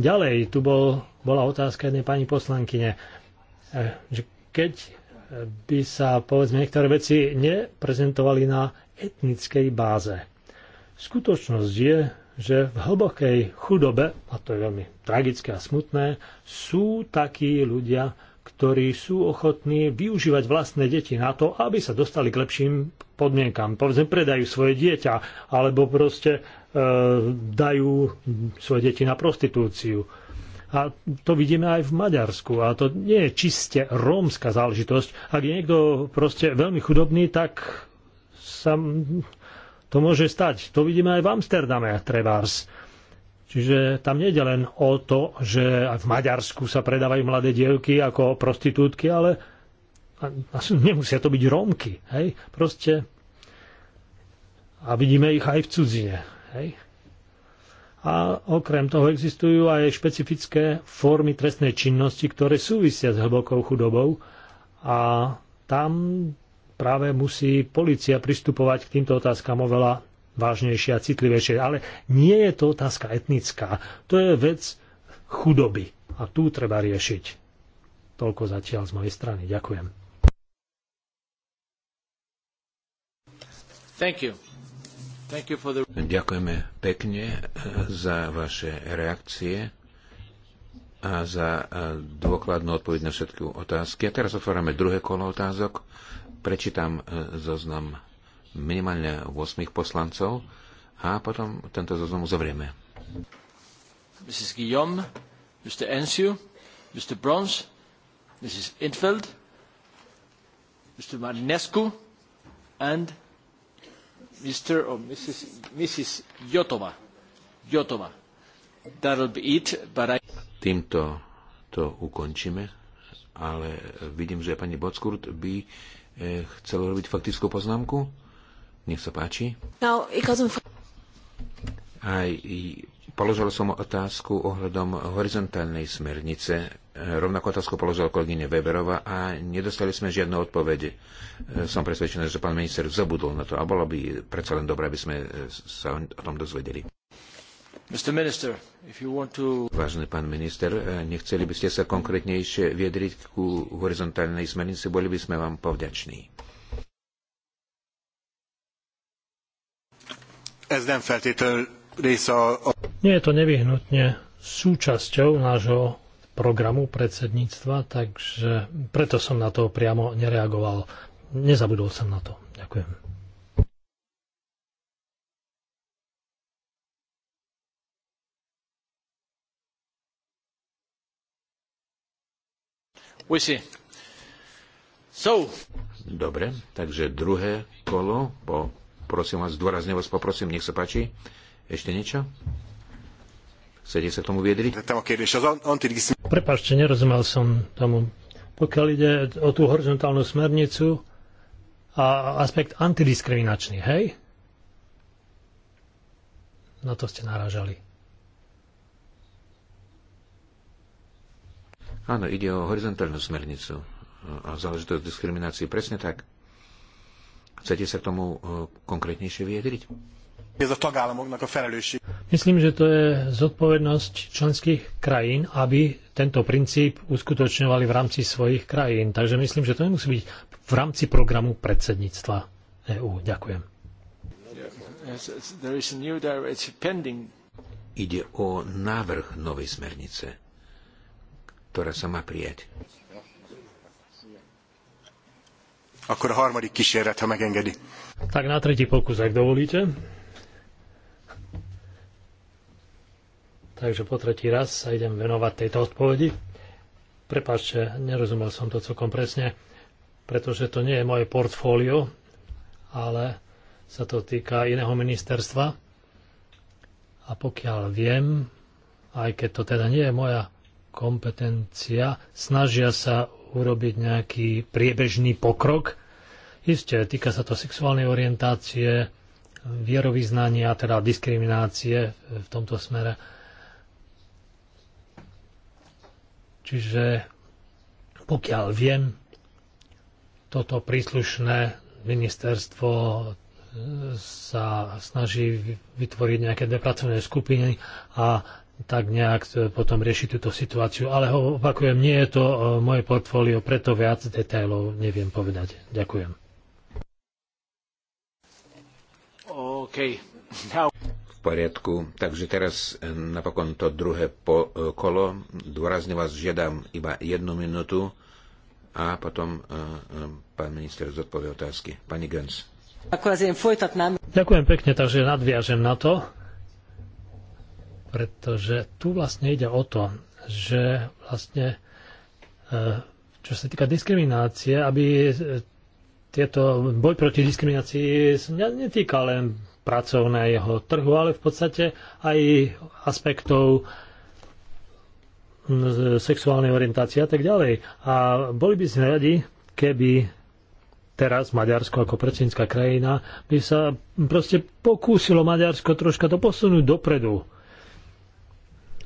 Ďalej, tu bol, bola otázka jednej pani poslankyne, eh, že keď by sa, povedzme, niektoré veci neprezentovali na etnickej báze. Skutočnosť je, že v hlbokej chudobe, a to je veľmi tragické a smutné, sú takí ľudia, ktorí sú ochotní využívať vlastné deti na to, aby sa dostali k lepším podmienkam. Povedzme, predajú svoje dieťa, alebo proste e, dajú svoje deti na prostitúciu a to vidíme aj v Maďarsku. A to nie je čiste rómska záležitosť. Ak je niekto proste veľmi chudobný, tak sa to môže stať. To vidíme aj v Amsterdame, trebárs. Čiže tam nie je len o to, že v Maďarsku sa predávajú mladé dievky ako prostitútky, ale nemusia to byť Rómky. Hej? Proste a vidíme ich aj v cudzine. Hej? a okrem toho existujú aj špecifické formy trestnej činnosti, ktoré súvisia s hlbokou chudobou a tam práve musí policia pristupovať k týmto otázkam oveľa vážnejšie a citlivejšie. Ale nie je to otázka etnická. To je vec chudoby. A tu treba riešiť. Toľko zatiaľ z mojej strany. Ďakujem. Thank you. Ďakujeme pekne eh, za vaše reakcie a za eh, dôkladnú odpoveď na všetky otázky. A teraz otvárame druhé kolo otázok. Prečítam eh, zoznam minimálne 8 poslancov a potom tento zoznam uzavrieme. Mrs. Guillaume, Mr. Ensiu, Mr. Brons, Mrs. Infeld, Mr. Marinescu and Mr. Týmto to ukončíme, ale vidím, že pani Bockurt by eh, chcela robiť faktickú poznámku. Nech sa páči. Aj Položil som otázku ohľadom horizontálnej smernice. Rovnako otázku položila kolegyne Weberova a nedostali sme žiadnu odpovede. Som presvedčený, že pán minister zabudol na to a bolo by predsa len dobré, aby sme sa o tom dozvedeli. Minister, to... Vážený pán minister, nechceli by ste sa konkrétnejšie viedriť ku horizontálnej smernici, boli by sme vám povďační. Ez nem feltétlenül nie je to nevyhnutne súčasťou nášho programu predsedníctva, takže preto som na to priamo nereagoval. Nezabudol som na to. Ďakujem. Dobre, takže druhé kolo, po, prosím vás, dôrazne vás poprosím, nech sa páči. Ešte niečo? Chcete sa k tomu viedriť? Prepašte, nerozumel som tomu. Pokiaľ ide o tú horizontálnu smernicu a aspekt antidiskriminačný, hej? Na to ste narážali. Áno, ide o horizontálnu smernicu a záležitosť diskriminácie. Presne tak. Chcete sa k tomu e, konkrétnejšie vyjadriť? Myslím, že to je zodpovednosť členských krajín, aby tento princíp uskutočňovali v rámci svojich krajín. Takže myslím, že to nemusí byť v rámci programu predsedníctva EÚ. Ďakujem. Ide o návrh novej smernice, ktorá sa má prijať. Akkor a harmadik kísérlet, ha megengedi. Tak na tretí pokus, ak dovolíte. takže po tretí raz sa idem venovať tejto odpovedi. Prepáčte, nerozumel som to celkom presne, pretože to nie je moje portfólio, ale sa to týka iného ministerstva. A pokiaľ viem, aj keď to teda nie je moja kompetencia, snažia sa urobiť nejaký priebežný pokrok. Isté, týka sa to sexuálnej orientácie, vierovýznania, teda diskriminácie v tomto smere. Čiže pokiaľ viem, toto príslušné ministerstvo e, sa snaží vytvoriť nejaké dve pracovné skupiny a tak nejak e, potom riešiť túto situáciu. Ale ho opakujem, nie je to e, moje portfólio, preto viac detailov neviem povedať. Ďakujem. Okay. Now poriadku. Takže teraz eh, napokon to druhé po, eh, kolo. Dôrazne vás žiadam iba jednu minútu a potom eh, pán minister zodpovie otázky. Pani Gens. Ďakujem pekne, takže nadviažem na to, pretože tu vlastne ide o to, že vlastne čo sa týka diskriminácie, aby tieto boj proti diskriminácii netýka len pracovného trhu, ale v podstate aj aspektov sexuálnej orientácie a tak ďalej. A boli by sme radi, keby teraz Maďarsko ako predsednická krajina by sa proste pokúsilo Maďarsko troška to posunúť dopredu.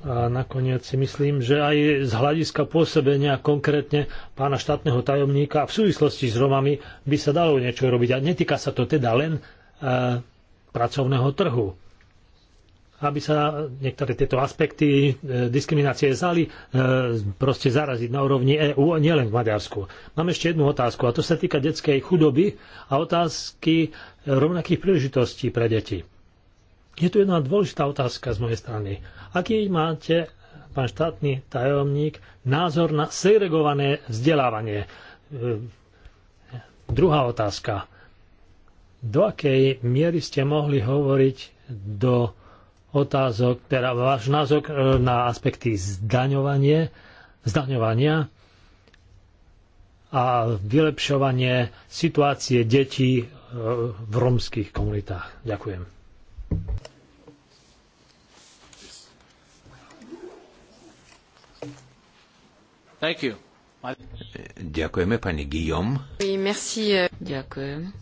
A nakoniec si myslím, že aj z hľadiska pôsobenia konkrétne pána štátneho tajomníka v súvislosti s Romami by sa dalo niečo robiť. A netýka sa to teda len eh, pracovného trhu. Aby sa niektoré tieto aspekty e, diskriminácie zali e, proste zaraziť na úrovni EÚ, nielen v Maďarsku. Mám ešte jednu otázku, a to sa týka detskej chudoby a otázky e, rovnakých príležitostí pre deti. Je tu jedna dôležitá otázka z mojej strany. Aký máte, pán štátny tajomník, názor na segregované vzdelávanie? Druhá otázka do akej miery ste mohli hovoriť do otázok, teda váš názor e, na aspekty zdaňovanie, zdaňovania a vylepšovanie situácie detí e, v romských komunitách. Ďakujem. Thank you. Ďakujeme pani Guillaume. Oui, merci. Euh. Ďakujem.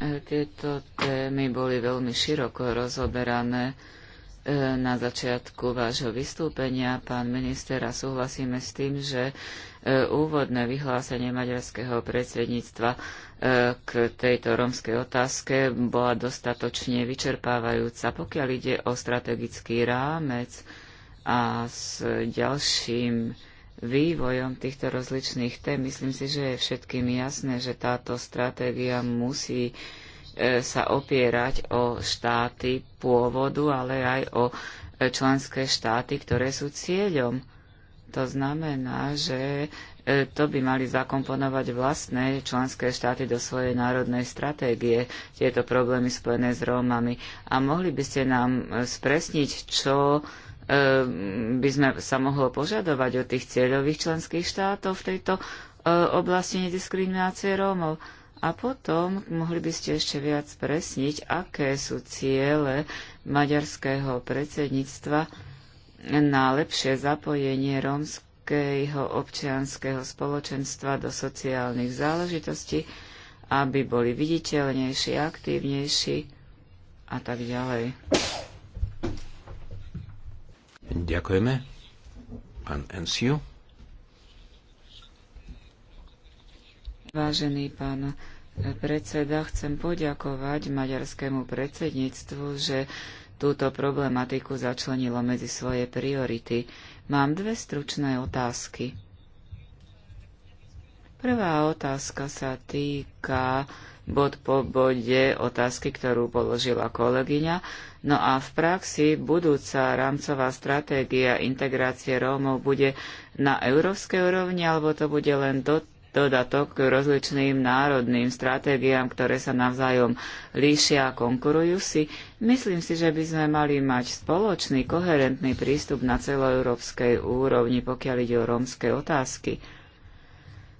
E, tieto témy boli veľmi široko rozoberané e, na začiatku vášho vystúpenia, pán minister, a súhlasíme s tým, že e, úvodné vyhlásenie maďarského predsedníctva k tejto romskej otázke bola dostatočne vyčerpávajúca. Pokiaľ ide o strategický rámec a s ďalším vývojom týchto rozličných tém, myslím si, že je všetkým jasné, že táto stratégia musí e, sa opierať o štáty pôvodu, ale aj o e, členské štáty, ktoré sú cieľom. To znamená, že e, to by mali zakomponovať vlastné členské štáty do svojej národnej stratégie, tieto problémy spojené s Rómami. A mohli by ste nám spresniť, čo Ehm, by sme sa mohlo požadovať od tých cieľových členských štátov v tejto e, oblasti nediskriminácie Rómov. A potom mohli by ste ešte viac presniť, aké sú ciele maďarského predsedníctva na lepšie zapojenie rómskeho občianskeho spoločenstva do sociálnych záležitostí, aby boli viditeľnejší, aktívnejší a tak ďalej. Ďakujeme. Pán Ensiu. Vážený pán predseda, chcem poďakovať maďarskému predsedníctvu, že túto problematiku začlenilo medzi svoje priority. Mám dve stručné otázky. Prvá otázka sa týka bod po bode otázky, ktorú položila kolegyňa. No a v praxi budúca rámcová stratégia integrácie Rómov bude na európskej úrovni, alebo to bude len do, dodatok k rozličným národným stratégiám, ktoré sa navzájom líšia a konkurujú si. Myslím si, že by sme mali mať spoločný, koherentný prístup na celoeurópskej úrovni, pokiaľ ide o rómske otázky.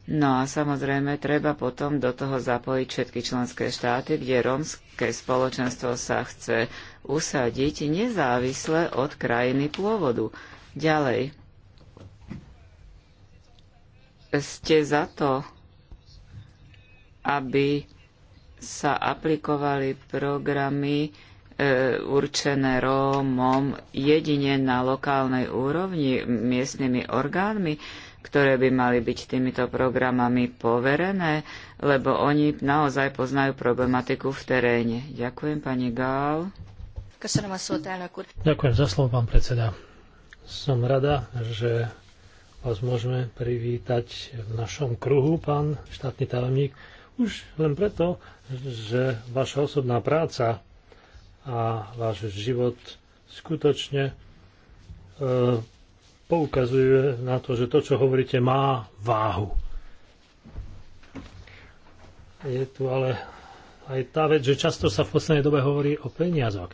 No a samozrejme treba potom do toho zapojiť všetky členské štáty, kde rómske spoločenstvo sa chce usadiť nezávisle od krajiny pôvodu. Ďalej. Ste za to, aby sa aplikovali programy e, určené Rómom jedine na lokálnej úrovni miestnymi orgánmi, ktoré by mali byť týmito programami poverené, lebo oni naozaj poznajú problematiku v teréne. Ďakujem, pani Gál. Ďakujem za slovo, pán predseda. Som rada, že vás môžeme privítať v našom kruhu, pán štátny tajomník, už len preto, že vaša osobná práca a váš život skutočne e, poukazuje na to, že to, čo hovoríte, má váhu. Je tu ale aj tá vec, že často sa v poslednej dobe hovorí o peniazoch.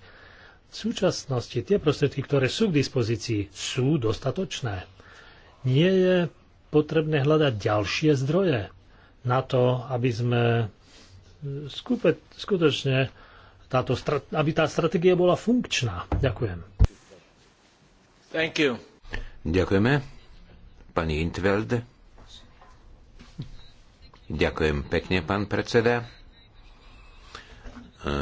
V súčasnosti tie prostriedky, ktoré sú k dispozícii, sú dostatočné. Nie je potrebné hľadať ďalšie zdroje na to, aby sme skupe, skutočne táto, aby tá stratégia bola funkčná. Ďakujem. Thank you. Ďakujeme. Pani Intveld. Ďakujem pekne, pán predseda. E,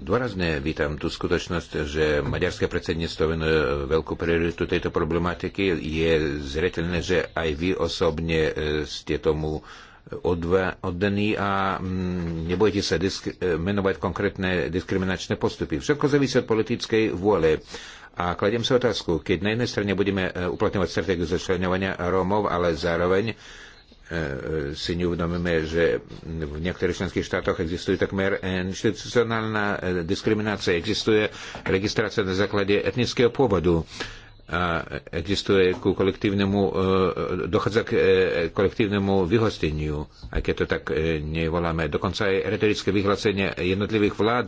dôrazne vítam tú skutočnosť, že maďarské predsedníctvo venuje veľkú prioritu tejto problematiky. Je zretelné, že aj vy osobne e, ste tomu oddaní a mm, nebojte sa disk- e, menovať konkrétne diskriminačné postupy. Všetko závisí od politickej vôle. A kladiem sa otázku, keď na jednej strane budeme e, uplatňovať stratégiu začlenovania Rómov, ale zároveň e, si neuvedomíme, že v niektorých členských štátoch existuje takmer institucionálna e, diskriminácia, existuje registrácia na základe etnického pôvodu a existuje ku kolektívnemu, dochádza k kolektívnemu vyhosteniu, aj keď to tak nevoláme. Dokonca aj retorické vyhlásenie jednotlivých vlád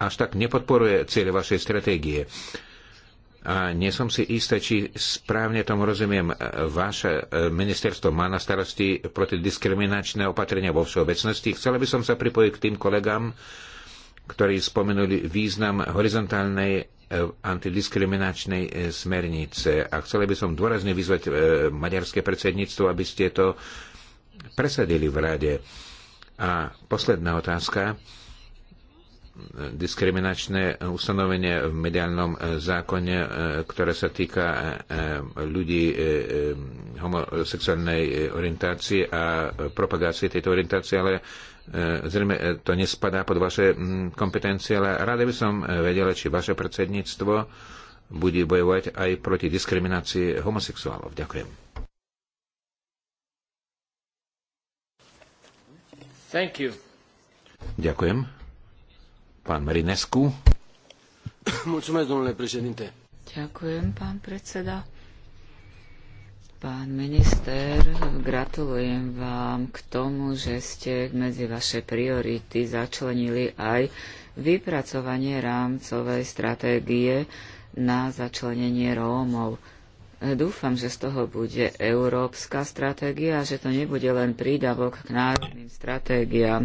až tak nepodporuje cieľe vašej stratégie. Uh, a nie som si istý, či správne tomu rozumiem. Vaše e, ministerstvo má na starosti protidiskriminačné opatrenia vo všeobecnosti. Chcela by som sa pripojiť k tým kolegám, ktorí spomenuli význam horizontálnej e, antidiskriminačnej e, smernice. A chcela by som dôrazne vyzvať maďarské predsedníctvo, aby ste to presadili v rade. A posledná otázka diskriminačné ustanovenie v mediálnom e, zákone, e, ktoré sa týka e, ľudí homosexuálnej orientácie a propagácie tejto orientácie, ale zrejme to nespadá pod vaše kompetencie, ale rada by som vedela, či vaše predsedníctvo bude bojovať aj proti diskriminácii homosexuálov. Ďakujem. Thank you. Ďakujem. Pán Marinescu. Mulțumesc, domnule președinte. Ďakujem, pán predseda. Pán minister, gratulujem vám k tomu, že ste medzi vaše priority začlenili aj vypracovanie rámcovej stratégie na začlenenie Rómov. Dúfam, že z toho bude európska stratégia, že to nebude len prídavok k národným stratégiám.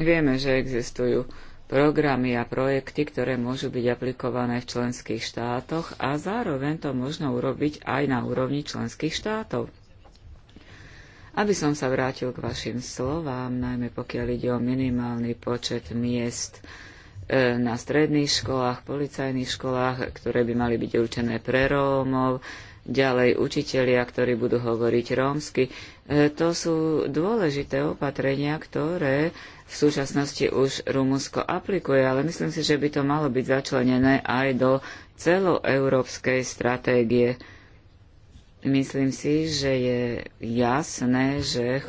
Vieme, že existujú programy a projekty, ktoré môžu byť aplikované v členských štátoch a zároveň to možno urobiť aj na úrovni členských štátov. Aby som sa vrátil k vašim slovám, najmä pokiaľ ide o minimálny počet miest e, na stredných školách, policajných školách, ktoré by mali byť určené pre Rómov, ďalej učitelia, ktorí budú hovoriť rómsky. E, to sú dôležité opatrenia, ktoré v súčasnosti už Rumunsko aplikuje, ale myslím si, že by to malo byť začlenené aj do celoeurópskej stratégie. Myslím si, že je jasné, že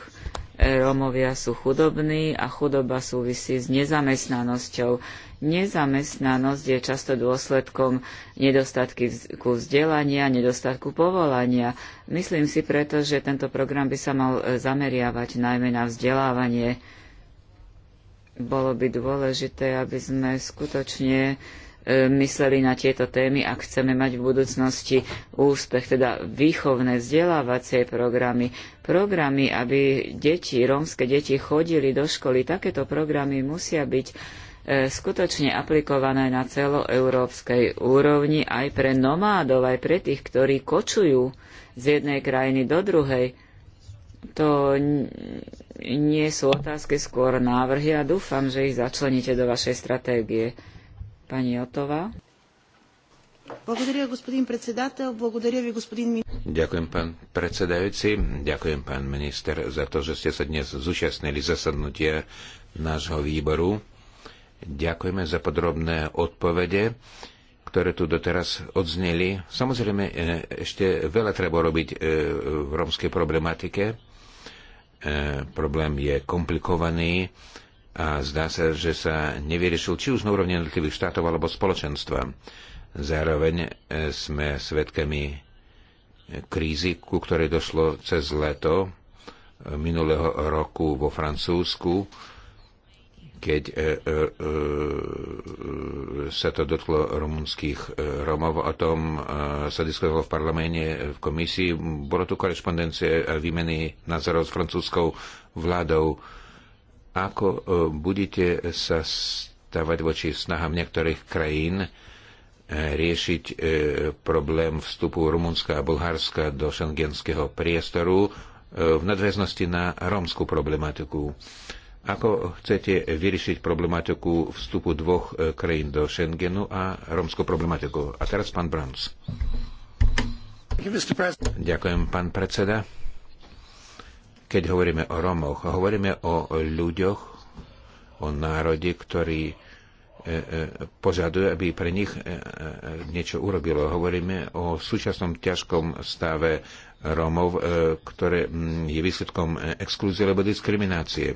Rómovia sú chudobní a chudoba súvisí s nezamestnanosťou. Nezamestnanosť je často dôsledkom nedostatku vzdelania, nedostatku povolania. Myslím si preto, že tento program by sa mal e, zameriavať najmä na vzdelávanie bolo by dôležité, aby sme skutočne e, mysleli na tieto témy, a chceme mať v budúcnosti úspech, teda výchovné vzdelávacie programy, programy, aby deti, rómske deti chodili do školy. Takéto programy musia byť e, skutočne aplikované na celoeurópskej úrovni aj pre nomádov, aj pre tých, ktorí kočujú z jednej krajiny do druhej. To nie sú otázky, skôr návrhy a dúfam, že ich začleníte do vašej stratégie. Pani Otová. Ďakujem, pán predsedajúci. Ďakujem, pán minister, za to, že ste sa dnes zúčastnili zasadnutia nášho výboru. Ďakujeme za podrobné odpovede, ktoré tu doteraz odzneli. Samozrejme, e, ešte veľa treba robiť e, v rómskej problematike E, problém je komplikovaný a zdá sa, že sa nevyriešil či už na úrovni jednotlivých štátov alebo spoločenstva. Zároveň e, sme svedkami e, krízy, ku ktorej došlo cez leto minulého roku vo Francúzsku keď e, e, e, sa to dotklo rumunských Romov. O tom sa diskutovalo v parlamente, v komisii. Bolo tu korespondencie a výmeny názorov s francúzskou vládou. Ako budete sa stavať voči snahám niektorých krajín riešiť problém vstupu Rumunska a Bulharska do šengenského priestoru v nadväznosti na romskú problematiku? Ako chcete vyriešiť problematiku vstupu dvoch e, krajín do Schengenu a Romskú problematiku? A teraz pán Brans. Ďakujem, pán predseda. Keď hovoríme o Romoch, hovoríme o ľuďoch, o národe, ktorý e, e, požaduje, aby pre nich niečo urobilo. Hovoríme o súčasnom ťažkom stave Rómov, ktoré je výsledkom exklúzie alebo diskriminácie.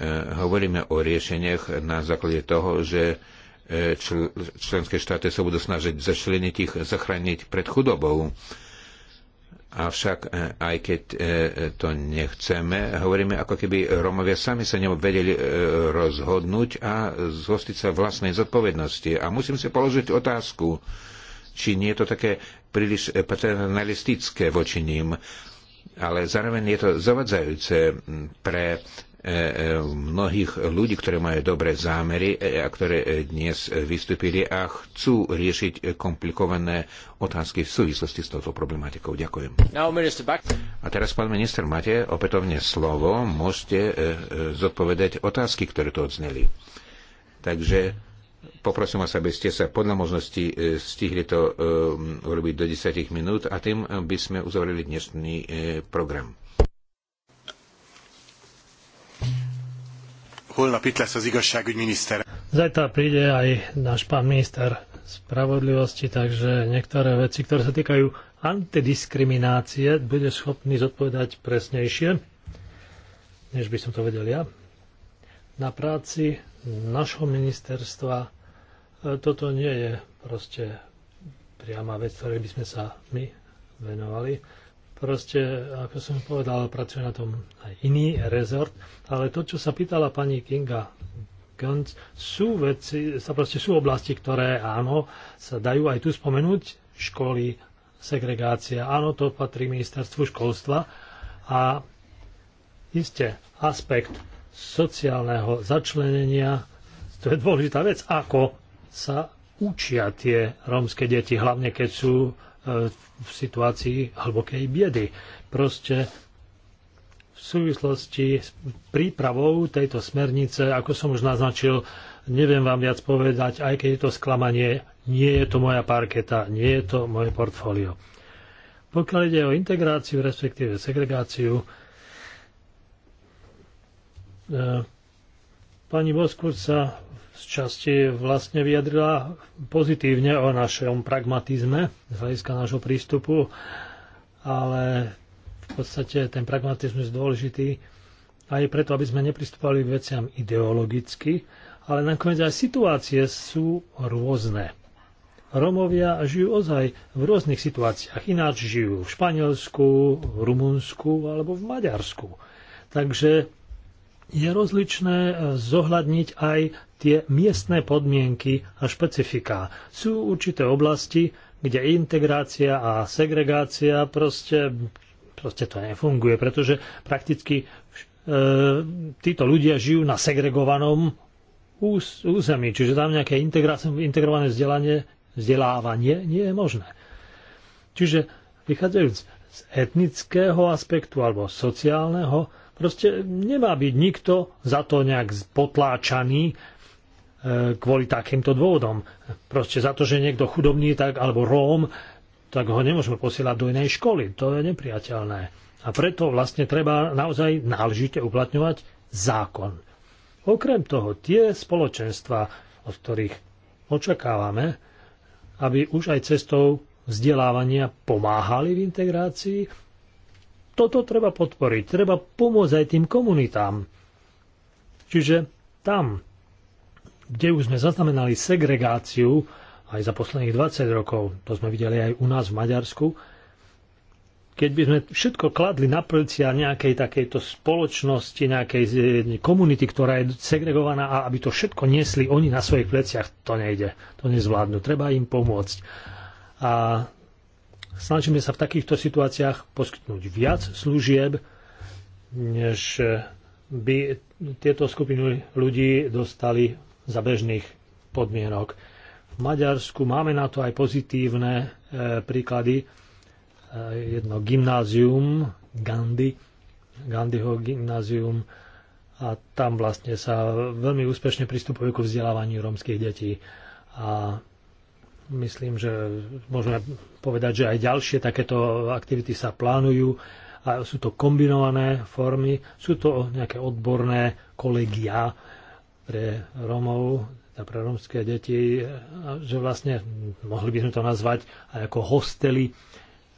E, hovoríme o riešeniach na základe toho, že e, čl- členské štáty sa budú snažiť zašleniť ich, zachrániť pred chudobou. Avšak e, aj keď to nechceme, hovoríme ako keby Romovia sami sa nevedeli rozhodnúť a zhostiť sa vlastnej zodpovednosti. A musím si položiť otázku, či nie je to také príliš paternalistické voči ním, ale zároveň je to zavadzajúce pre E, e, mnohých ľudí, ktorí majú dobré zámery e, a ktoré dnes vystúpili a chcú riešiť komplikované otázky v súvislosti s touto problematikou. Ďakujem. A teraz, pán minister, máte opätovne slovo. Môžete zodpovedať otázky, ktoré tu odzneli. Takže poprosím vás, aby ste sa podľa možnosti stihli to urobiť do 10 minút a tým by sme uzavreli dnešný program. holnap itt lesz az Zajtra príde aj náš pán minister spravodlivosti, takže niektoré veci, ktoré sa týkajú antidiskriminácie, bude schopný zodpovedať presnejšie, než by som to vedel ja. Na práci našho ministerstva e, toto nie je proste priama vec, ktorej by sme sa my venovali Proste, ako som povedal, pracuje na tom aj iný rezort, ale to, čo sa pýtala pani Kinga Gunz, sú veci, sa proste sú oblasti, ktoré áno, sa dajú aj tu spomenúť, školy, segregácia, áno, to patrí ministerstvu školstva a isté aspekt sociálneho začlenenia, to je dôležitá vec, ako sa učia tie rómske deti, hlavne keď sú v situácii hlbokej biedy. Proste v súvislosti s prípravou tejto smernice, ako som už naznačil, neviem vám viac povedať, aj keď je to sklamanie, nie je to moja parketa, nie je to moje portfólio. Pokiaľ ide o integráciu, respektíve segregáciu, eh, pani Boskúr sa z časti vlastne vyjadrila pozitívne o našom pragmatizme z hľadiska nášho prístupu, ale v podstate ten pragmatizmus je dôležitý aj preto, aby sme nepristupovali k veciam ideologicky, ale nakoniec aj situácie sú rôzne. Romovia žijú ozaj v rôznych situáciách. Ináč žijú v Španielsku, v Rumunsku alebo v Maďarsku. Takže je rozličné e, zohľadniť aj tie miestne podmienky a špecifiká. Sú určité oblasti, kde integrácia a segregácia proste, proste to nefunguje, pretože prakticky e, títo ľudia žijú na segregovanom území, čiže tam nejaké integrované vzdelanie, vzdelávanie nie je možné. Čiže vychádzajúc z etnického aspektu alebo sociálneho, Proste nemá byť nikto za to nejak potláčaný e, kvôli takýmto dôvodom. Proste za to, že niekto chudobný tak, alebo Róm, tak ho nemôžeme posielať do inej školy. To je nepriateľné. A preto vlastne treba naozaj náležite uplatňovať zákon. Okrem toho, tie spoločenstva, od ktorých očakávame, aby už aj cestou vzdelávania pomáhali v integrácii, toto treba podporiť. Treba pomôcť aj tým komunitám. Čiže tam, kde už sme zaznamenali segregáciu aj za posledných 20 rokov, to sme videli aj u nás v Maďarsku, keď by sme všetko kladli na plecia nejakej takejto spoločnosti, nejakej eh, komunity, ktorá je segregovaná a aby to všetko niesli oni na svojich pleciach, to nejde. To nezvládnu. Treba im pomôcť. A snažíme sa v takýchto situáciách poskytnúť viac služieb, než by tieto skupiny ľudí dostali za bežných podmienok. V Maďarsku máme na to aj pozitívne e, príklady. E, jedno gymnázium Gandhi, Gandhiho gymnázium a tam vlastne sa veľmi úspešne pristupuje ku vzdelávaniu rómskych detí. A Myslím, že môžeme povedať, že aj ďalšie takéto aktivity sa plánujú a sú to kombinované formy, sú to nejaké odborné kolegia pre Romov, teda pre romské deti, že vlastne mohli by sme to nazvať aj ako hostely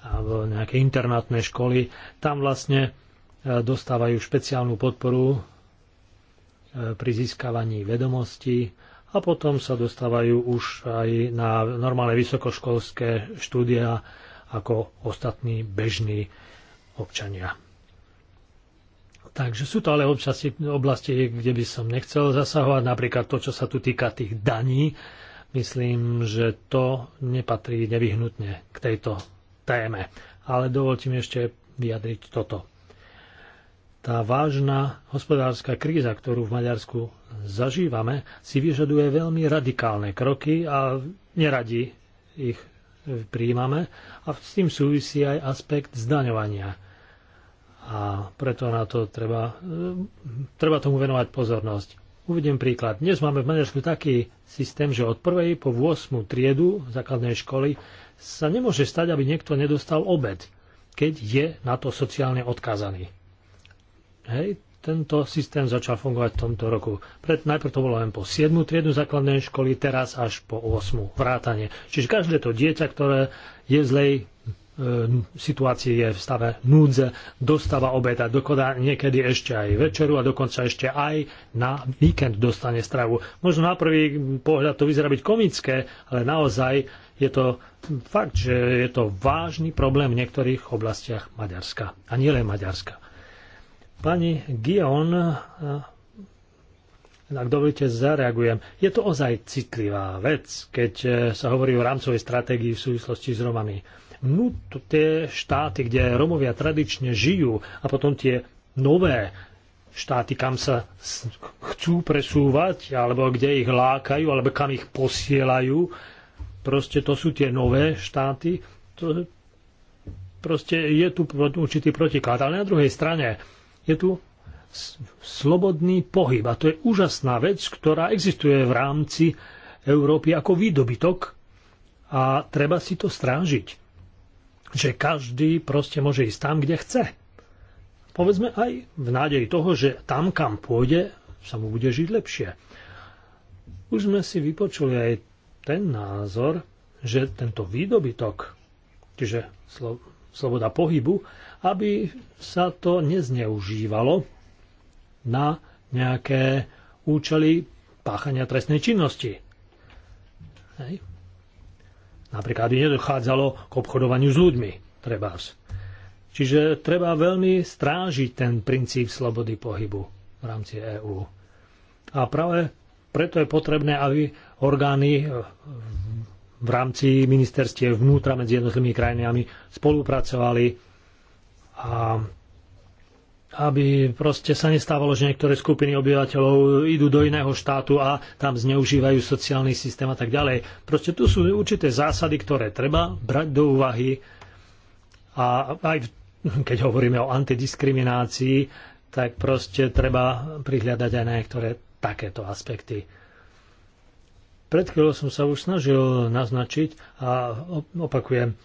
alebo nejaké internátne školy. Tam vlastne e, dostávajú špeciálnu podporu e, pri získavaní vedomostí a potom sa dostávajú už aj na normálne vysokoškolské štúdia ako ostatní bežní občania. Takže sú to ale občasí oblasti, kde by som nechcel zasahovať, napríklad to, čo sa tu týka tých daní. Myslím, že to nepatrí nevyhnutne k tejto téme. Ale dovolte mi ešte vyjadriť toto. Tá vážna hospodárska kríza, ktorú v Maďarsku zažívame, si vyžaduje veľmi radikálne kroky a neradi ich príjmame a s tým súvisí aj aspekt zdaňovania. A preto na to treba, e, treba tomu venovať pozornosť. Uvediem príklad. Dnes máme v Maďarsku taký systém, že od 1. po 8. triedu základnej školy sa nemôže stať, aby niekto nedostal obed, keď je na to sociálne odkázaný. Hej, tento systém začal fungovať v tomto roku. Pred, najprv to bolo len po 7. triedu základnej školy, teraz až po 8. vrátane. Čiže každé to dieťa, ktoré je v zlej e, situácii, je v stave núdze, dostáva a dokoná niekedy ešte aj večeru a dokonca ešte aj na víkend dostane stravu. Možno na prvý pohľad to vyzerá byť komické, ale naozaj je to fakt, že je to vážny problém v niektorých oblastiach Maďarska. A nielen Maďarska. Pani Gion, eh, ak dovolíte, zareagujem. Je to ozaj citlivá vec, keď eh, sa hovorí o rámcovej stratégii v súvislosti s Romami. No, tie štáty, kde Romovia tradične žijú a potom tie nové štáty, kam sa chcú presúvať, alebo kde ich lákajú, alebo kam ich posielajú, proste to sú tie nové štáty, to, proste je tu určitý protiklad. Ale na druhej strane, je tu slobodný pohyb. A to je úžasná vec, ktorá existuje v rámci Európy ako výdobytok a treba si to strážiť. Že každý proste môže ísť tam, kde chce. Povedzme aj v nádeji toho, že tam, kam pôjde, sa mu bude žiť lepšie. Už sme si vypočuli aj ten názor, že tento výdobytok, čiže sloboda pohybu, aby sa to nezneužívalo na nejaké účely páchania trestnej činnosti. Hej. Napríklad by nedochádzalo k obchodovaniu s ľuďmi, trebárs. Čiže treba veľmi strážiť ten princíp slobody pohybu v rámci EÚ. A práve preto je potrebné, aby orgány eh, v rámci ministerstiev vnútra medzi jednotlivými krajinami spolupracovali a aby proste sa nestávalo, že niektoré skupiny obyvateľov idú do iného štátu a tam zneužívajú sociálny systém a tak ďalej. Proste tu sú určité zásady, ktoré treba brať do úvahy a aj keď hovoríme o antidiskriminácii, tak proste treba prihľadať aj na niektoré takéto aspekty. Pred chvíľou som sa už snažil naznačiť a opakujem,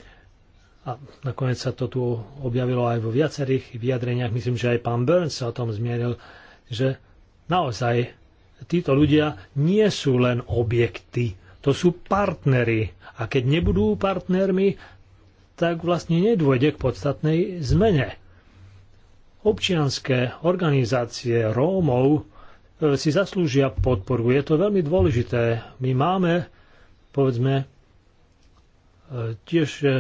a nakoniec sa to tu objavilo aj vo viacerých vyjadreniach, myslím, že aj pán Burns sa o tom zmieril, že naozaj títo ľudia nie sú len objekty, to sú partnery. A keď nebudú partnermi, tak vlastne nedôjde k podstatnej zmene. Občianské organizácie Rómov e, si zaslúžia podporu. Je to veľmi dôležité. My máme, povedzme, e, tiež e,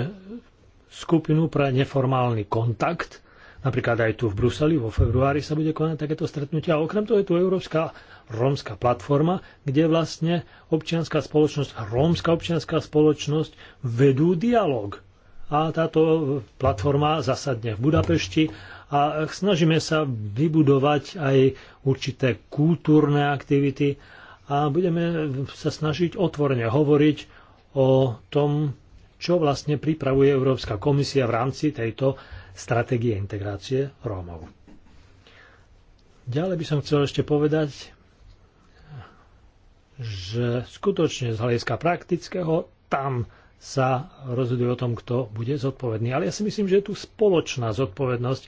skupinu pre neformálny kontakt. Napríklad aj tu v Bruseli vo februári sa bude konať takéto stretnutie. A okrem toho je tu Európska rómska platforma, kde vlastne občianská spoločnosť a rómska občianská spoločnosť vedú dialog. A táto platforma zasadne v Budapešti a snažíme sa vybudovať aj určité kultúrne aktivity a budeme sa snažiť otvorene hovoriť o tom, čo vlastne pripravuje Európska komisia v rámci tejto stratégie integrácie Rómov. Ďalej by som chcel ešte povedať, že skutočne z hľadiska praktického tam sa rozhoduje o tom, kto bude zodpovedný. Ale ja si myslím, že je tu spoločná zodpovednosť.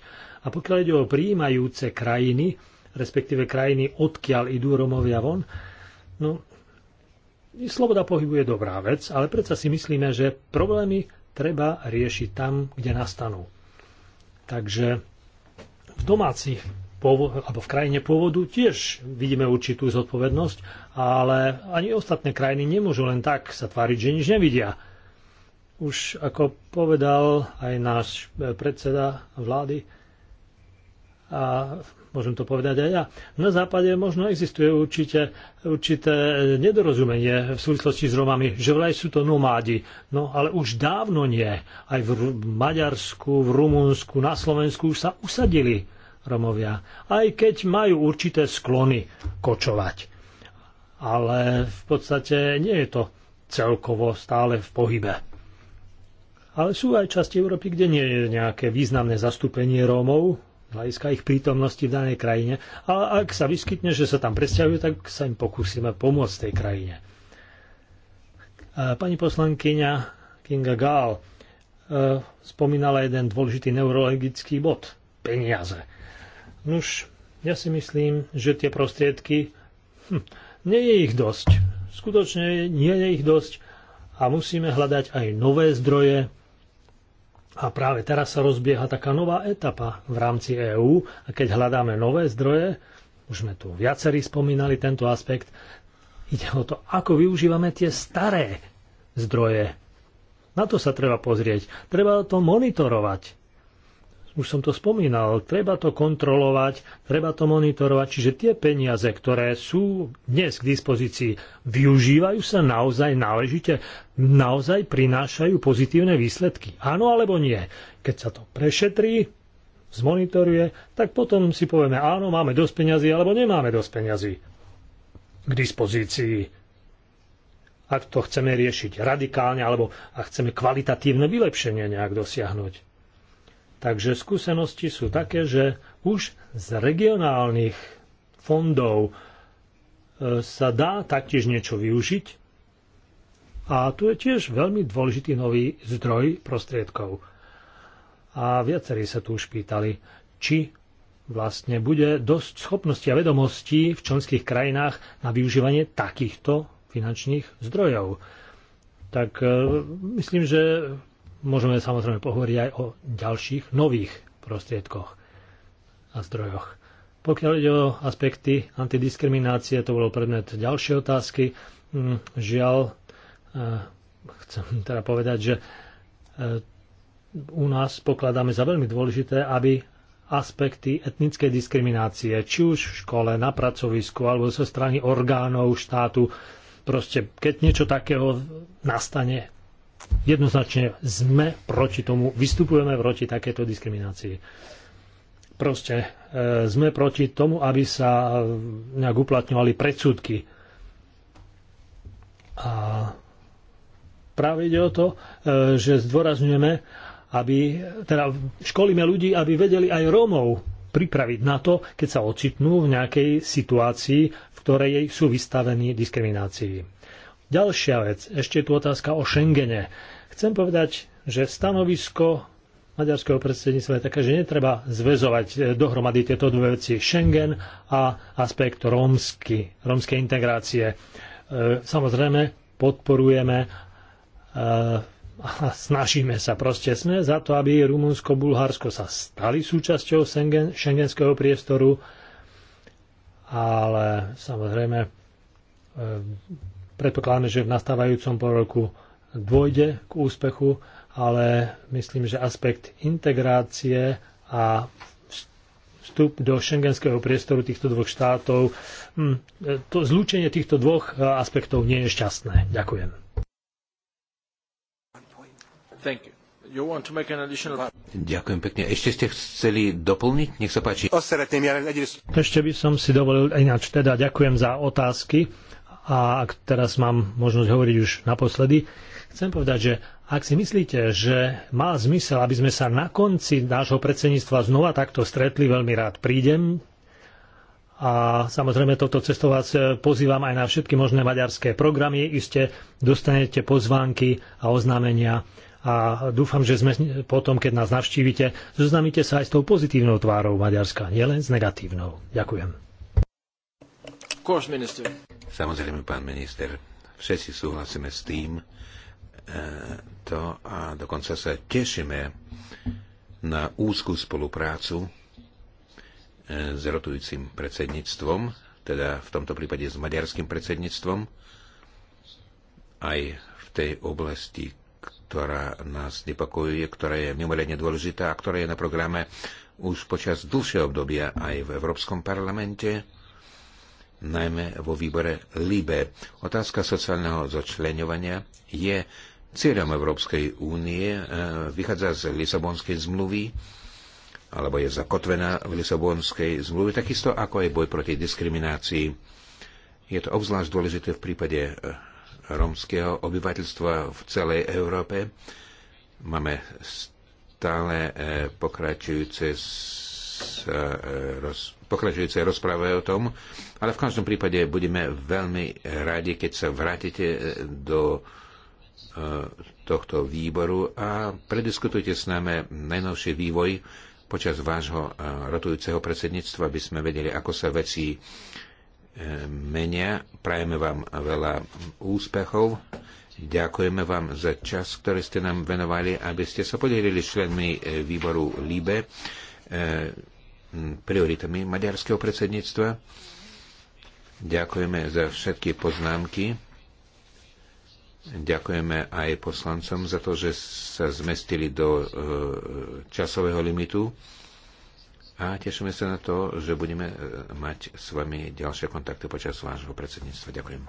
A pokiaľ ide o príjmajúce krajiny, respektíve krajiny, odkiaľ idú Romovia von, no sloboda pohybu je dobrá vec, ale predsa si myslíme, že problémy treba riešiť tam, kde nastanú. Takže v domácich alebo v krajine pôvodu tiež vidíme určitú zodpovednosť, ale ani ostatné krajiny nemôžu len tak sa tváriť, že nič nevidia. Už ako povedal aj náš eh, predseda vlády, a môžem to povedať aj ja. Na západe možno existuje určite, určité nedorozumenie v súvislosti s Romami, že vraj sú to nomádi. No ale už dávno nie. Aj v Maďarsku, v Rumunsku, na Slovensku už sa usadili Romovia. Aj keď majú určité sklony kočovať. Ale v podstate nie je to celkovo stále v pohybe. Ale sú aj časti Európy, kde nie je nejaké významné zastúpenie Rómov hľadiska ich prítomnosti v danej krajine. A ak sa vyskytne, že sa tam presťahujú, tak sa im pokúsime pomôcť tej krajine. Pani poslankyňa Kinga Gál e, spomínala jeden dôležitý neurologický bod. Peniaze. Nuž, ja si myslím, že tie prostriedky, hm, nie je ich dosť. Skutočne nie je ich dosť a musíme hľadať aj nové zdroje, a práve teraz sa rozbieha taká nová etapa v rámci EÚ a keď hľadáme nové zdroje, už sme tu viacerí spomínali tento aspekt, ide o to, ako využívame tie staré zdroje. Na to sa treba pozrieť. Treba to monitorovať už som to spomínal, treba to kontrolovať, treba to monitorovať, čiže tie peniaze, ktoré sú dnes k dispozícii, využívajú sa naozaj náležite, naozaj prinášajú pozitívne výsledky. Áno alebo nie? Keď sa to prešetrí, zmonitoruje, tak potom si povieme, áno, máme dosť peniazy alebo nemáme dosť peniazy k dispozícii ak to chceme riešiť radikálne alebo ak chceme kvalitatívne vylepšenie nejak dosiahnuť. Takže skúsenosti sú také, že už z regionálnych fondov e, sa dá taktiež niečo využiť a tu je tiež veľmi dôležitý nový zdroj prostriedkov. A viacerí sa tu už pýtali, či vlastne bude dosť schopností a vedomostí v členských krajinách na využívanie takýchto finančných zdrojov. Tak e, myslím, že Môžeme samozrejme pohovoriť aj o ďalších nových prostriedkoch a zdrojoch. Pokiaľ ide o aspekty antidiskriminácie, to bolo predmet ďalšie otázky. Mm, žiaľ, e, chcem teda povedať, že e, u nás pokladáme za veľmi dôležité, aby aspekty etnickej diskriminácie, či už v škole, na pracovisku alebo zo strany orgánov štátu, proste keď niečo takého nastane, jednoznačne sme proti tomu, vystupujeme proti takéto diskriminácii. Proste e, sme proti tomu, aby sa e, nejak uplatňovali predsudky. A práve ide o to, e, že zdôrazňujeme, aby, teda školíme ľudí, aby vedeli aj Rómov pripraviť na to, keď sa ocitnú v nejakej situácii, v ktorej sú vystavení diskriminácii. Ďalšia vec, ešte je tu otázka o Schengene. Chcem povedať, že stanovisko maďarského predsedníctva je také, že netreba zväzovať eh, dohromady tieto dve veci Schengen a aspekt rómsky, rómskej integrácie. Eh, samozrejme, podporujeme eh, a snažíme sa proste. Sme za to, aby Rumunsko, Bulharsko sa stali súčasťou Schengen, šengenského priestoru, ale samozrejme Predpokladáme, že v nastávajúcom roku dôjde k úspechu, ale myslím, že aspekt integrácie a vstup do šengenského priestoru týchto dvoch štátov, hm, to zlúčenie týchto dvoch eh, aspektov nie je šťastné. Ďakujem. Additional... Ďakujem pekne. Ešte ste chceli doplniť? Nech sa páči. Ešte by som si dovolil, ináč teda ďakujem za otázky a ak teraz mám možnosť hovoriť už naposledy, chcem povedať, že ak si myslíte, že má zmysel, aby sme sa na konci nášho predsedníctva znova takto stretli, veľmi rád prídem. A samozrejme toto cestou vás e, pozývam aj na všetky možné maďarské programy. Iste dostanete pozvánky a oznámenia a dúfam, že sme potom, keď nás navštívite, zoznamíte sa aj s tou pozitívnou tvárou Maďarska, nielen s negatívnou. Ďakujem. Samozrejme, pán minister, všetci súhlasíme s tým, e, to a dokonca sa tešíme na úzkú spoluprácu e, s rotujúcim predsedníctvom, teda v tomto prípade s maďarským predsedníctvom, aj v tej oblasti, ktorá nás nepokojuje, ktorá je mimoriadne dôležitá a ktorá je na programe už počas dlhšieho obdobia aj v Európskom parlamente najmä vo výbore LIBE. Otázka sociálneho začleňovania je cieľom Európskej únie, e, vychádza z Lisabonskej zmluvy, alebo je zakotvená v Lisabonskej zmluve, takisto ako aj boj proti diskriminácii. Je to obzvlášť dôležité v prípade e, romského obyvateľstva v celej Európe. Máme stále e, pokračujúce s, roz, pokračujúcej rozprave o tom, ale v každom prípade budeme veľmi radi, keď sa vrátite e, do e, tohto výboru a prediskutujte s nami najnovší vývoj počas vášho e, rotujúceho predsedníctva, aby sme vedeli, ako sa veci menia. Prajeme vám veľa úspechov. Ďakujeme vám za čas, ktorý ste nám venovali, aby ste sa podelili členmi výboru LIBE prioritami maďarského predsedníctva. Ďakujeme za všetky poznámky. Ďakujeme aj poslancom za to, že sa zmestili do e, časového limitu a tešíme sa na to, že budeme e, mať s vami ďalšie kontakty počas vášho predsedníctva. Ďakujem.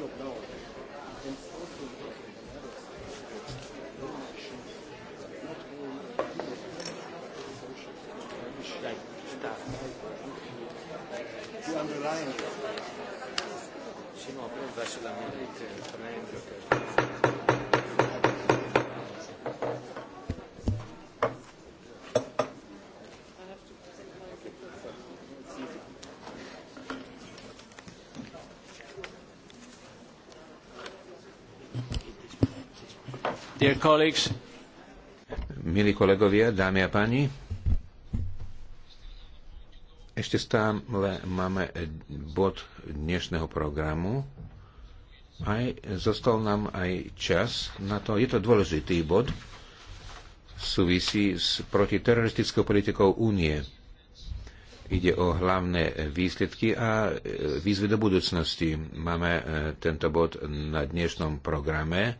job now. And also Like stuff. The underlying. Sì, no, però verso la mente, prendo. Milí kolegovia, dámy a páni, ešte stále máme bod dnešného programu. Aj, zostal nám aj čas na to. Je to dôležitý bod. Súvisí s protiteroristickou politikou únie. Ide o hlavné výsledky a e, výzvy do budúcnosti. Máme e, tento bod na dnešnom programe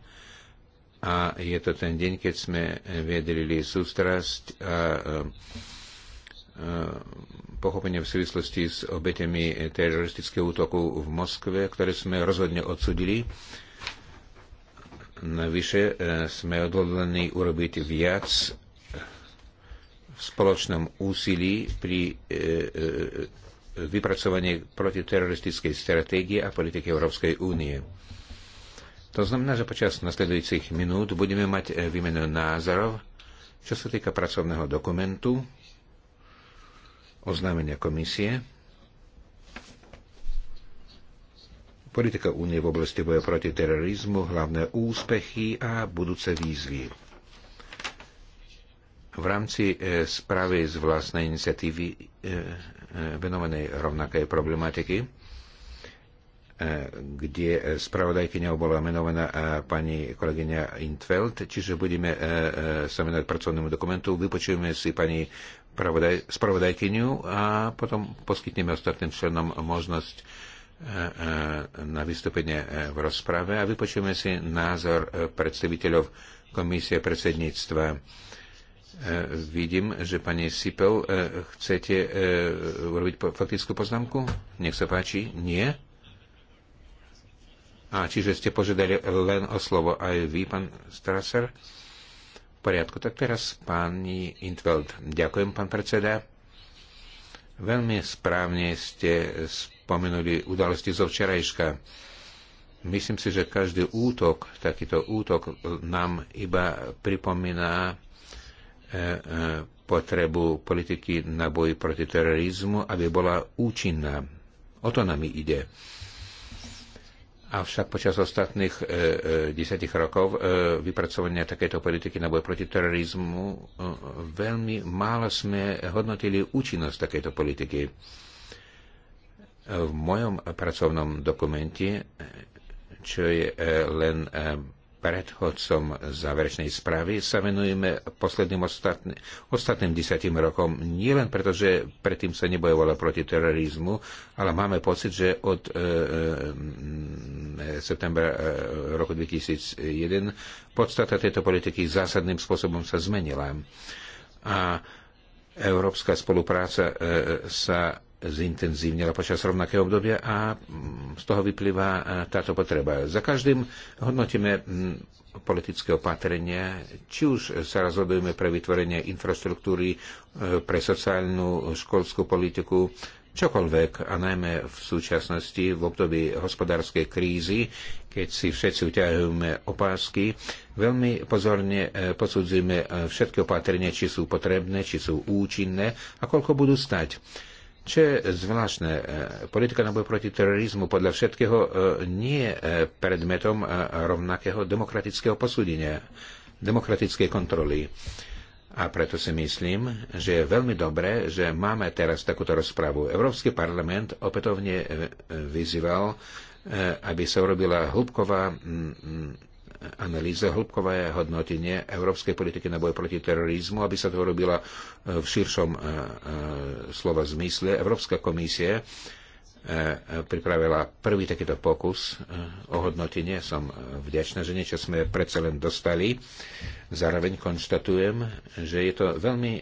a je to ten deň, keď sme eh, viedrili sústrasť a eh, eh, pochopenie v súvislosti s obetemi teroristického útoku v Moskve, ktoré sme rozhodne odsudili. Navyše sme odhodlení urobiť viac v spoločnom úsilí pri vypracovaní protiteroristickej stratégie a politiky Európskej únie. To znamená, že počas nasledujúcich minút budeme mať e, výmenu názorov, čo sa týka pracovného dokumentu, oznámenia komisie, politika únie v oblasti boja proti terorizmu, hlavné úspechy a budúce výzvy. V rámci e, správy z vlastnej iniciatívy e, venovanej rovnakej problematiky E, kde spravodajkyňa bola menovaná e, pani kolegyňa Intveld, čiže budeme e, sa menovať pracovnému dokumentu, vypočujeme si pani spravodajkyňu a potom poskytneme ostatným členom možnosť na vystúpenie v rozprave a vypočujeme si názor predstaviteľov komisie predsedníctva. Vidím, že pani Sipel, chcete urobiť faktickú poznámku? Nech sa páči. Nie? A čiže ste požiadali len o slovo aj vy, pán Strasser? V poriadku. Tak teraz pani Intveld. Ďakujem, pán predseda. Veľmi správne ste spomenuli udalosti zo včerajška. Myslím si, že každý útok, takýto útok nám iba pripomína e, e, potrebu politiky na boji proti terorizmu, aby bola účinná. O to nám ide Avšak počas ostatných e, e, desiatich rokov e, vypracovania takéto politiky na boj proti terorizmu e, veľmi málo sme hodnotili účinnosť takejto politiky. E, v mojom pracovnom dokumente, e, čo je e, len e, predchodcom záverečnej správy sa venujeme posledným ostatný, ostatným desiatým rokom. Nie len preto, že predtým sa nebojovalo proti terorizmu, ale máme pocit, že od e, e, septembra e, roku 2001 podstata tejto politiky zásadným spôsobom sa zmenila. A európska spolupráca e, sa zintenzívnila počas rovnakého obdobia a mm, z toho vyplýva e, táto potreba. Za každým hodnotíme mm, politické opatrenia, či už sa rozhodujeme pre vytvorenie infraštruktúry, e, pre sociálnu, školskú politiku, čokoľvek, a najmä v súčasnosti, v období hospodárskej krízy, keď si všetci uťahujeme opásky, veľmi pozorne e, posudzujeme všetky opatrenia, či sú potrebné, či sú účinné a koľko budú stať. Čo je zvláštne, e, politika na boj proti terorizmu podľa všetkého e, nie je e, predmetom rovnakého demokratického posúdenia, demokratickej kontroly. A preto si myslím, že je veľmi dobré, že máme teraz takúto rozpravu. Európsky parlament opätovne vyzýval, aby sa urobila hĺbková analýze hĺbkové hodnotenie európskej politiky na boj proti terorizmu, aby sa to robila e, v širšom e, e, slova zmysle. Európska komisia pripravila prvý takýto pokus o hodnotenie. Som vďačná, že niečo sme predsa len dostali. Zároveň konštatujem, že je to veľmi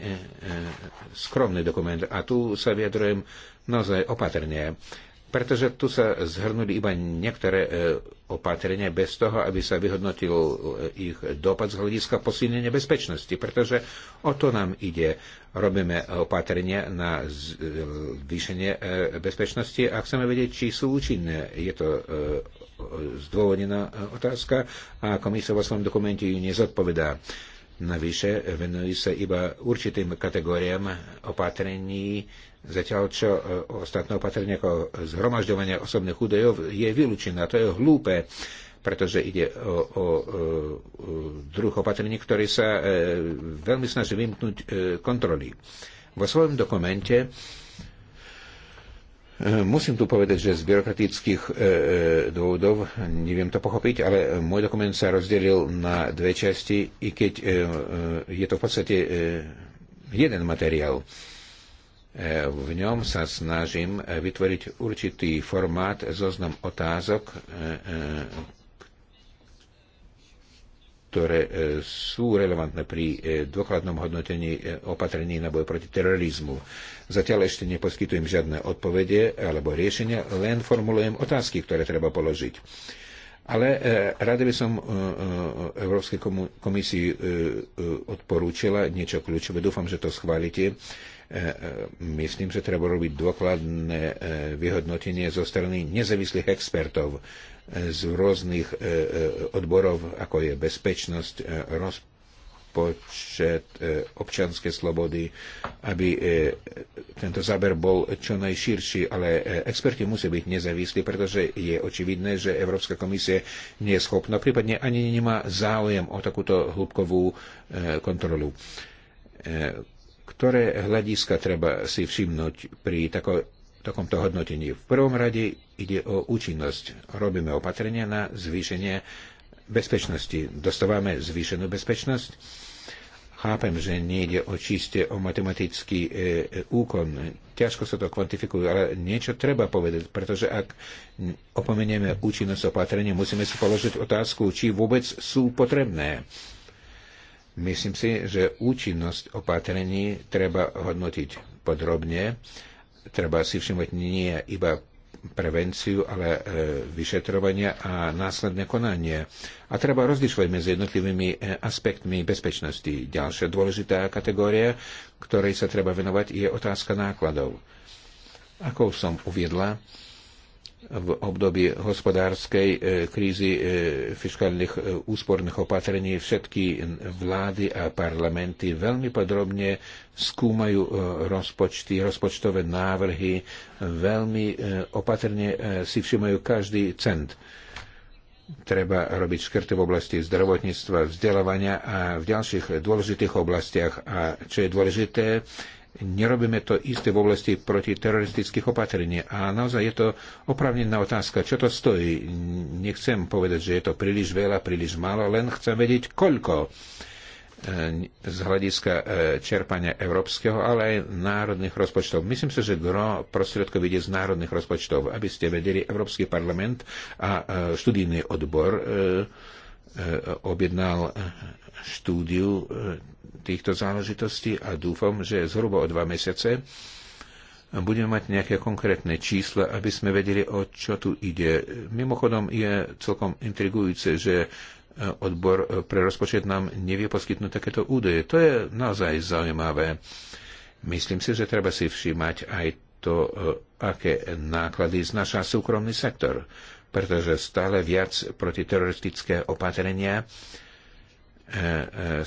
skromný dokument a tu sa vyjadrujem naozaj opatrne pretože tu sa zhrnuli iba niektoré e, opatrenia bez toho, aby sa vyhodnotil e, ich dopad z hľadiska posilnenia bezpečnosti, pretože o to nám ide. Robíme opatrenia na e, zvýšenie bezpečnosti a chceme vedieť, či sú účinné. Je to zdôvodnená otázka a komisia vo svojom dokumente ju nezodpovedá. Navyše venujú sa iba určitým kategóriám opatrení, zatiaľ čo e, ostatné opatrenie ako zhromažďovanie osobných údajov je vylúčené. To je hlúpe, pretože ide o, o, e, o druh opatrení, ktorý sa e, veľmi snaží vymknúť kontroly. Vo svojom dokumente Musím tu povedať, že z byrokratických e, e, dôvodov neviem to pochopiť, ale môj dokument sa rozdelil na dve časti, i keď e, je to v podstate jeden materiál. v ňom sa snažím vytvoriť určitý formát, zoznam otázok, ktoré e, sú relevantné pri e, dôkladnom hodnotení e, opatrení na boj proti terorizmu. Zatiaľ ešte neposkytujem žiadne odpovede alebo riešenia, len formulujem otázky, ktoré treba položiť. Ale rada by som Európskej komisii odporúčila niečo kľúčové. Dúfam, že to schválite. Myslím, že treba robiť dôkladné vyhodnotenie zo strany nezávislých expertov E, z rôznych e, e, odborov, ako je bezpečnosť, rozpočet, občanské slobody, aby tento záber bol čo najširší, ale experti musí byť nezávislí, pretože je očividné, že Európska komisie nie je schopná, prípadne ani nemá záujem o takúto hĺbkovú kontrolu ktoré hľadiska treba si všimnúť pri tako, takomto hodnotení. V prvom rade ide o účinnosť. Robíme opatrenia na zvýšenie bezpečnosti. Dostávame zvýšenú bezpečnosť. Chápem, že nejde o čiste o matematický e, e, úkon. Ťažko sa to kvantifikuje, ale niečo treba povedať, pretože ak opomenieme účinnosť opatrenia, musíme si položiť otázku, či vôbec sú potrebné. Myslím si, že účinnosť opatrení treba hodnotiť podrobne treba si všimnúť nie iba prevenciu, ale e, vyšetrovania a následné konanie. A treba rozlišovať medzi jednotlivými e, aspektmi bezpečnosti. Ďalšia dôležitá kategória, ktorej sa treba venovať, je otázka nákladov. Ako som uviedla, e, v období hospodárskej e, krízy e, fiskálnych e, úsporných opatrení všetky vlády a parlamenty veľmi podrobne skúmajú rozpočty, rozpočtové návrhy, veľmi opatrne si všimajú každý cent. Treba robiť škrty v oblasti zdravotníctva, vzdelávania a v ďalších dôležitých oblastiach. A čo je dôležité, nerobíme to isté v oblasti protiteroristických opatrení. A naozaj je to opravnená otázka, čo to stojí. Nechcem povedať, že je to príliš veľa, príliš málo, len chcem vedieť, koľko e, z hľadiska e, čerpania európskeho, ale aj národných rozpočtov. Myslím si, že gro prostriedkov ide z národných rozpočtov, aby ste vedeli Európsky parlament a e, študijný odbor objednal štúdiu týchto záležitostí a dúfam, že zhruba o dva mesiace budeme mať nejaké konkrétne čísla, aby sme vedeli, o čo tu ide. Mimochodom je celkom intrigujúce, že odbor pre rozpočet nám nevie poskytnúť takéto údaje. To je naozaj zaujímavé. Myslím si, že treba si všímať aj to, aké náklady znaša súkromný sektor, pretože stále viac protiteroristické opatrenia E, e,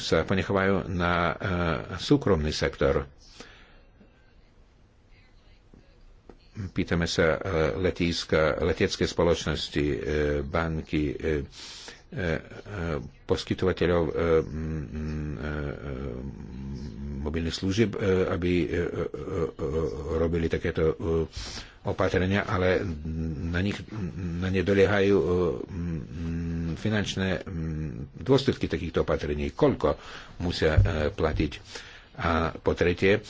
sa ponechovajú na e, súkromný sektor. Pýtame sa letíska, letecké spoločnosti, banky, poskytovateľov mobilných služieb, aby robili takéto opatrenia, ale na, nich, na ne doliehajú e, finančné dôsledky takýchto opatrení. Koľko musia e, platiť? A po tretie,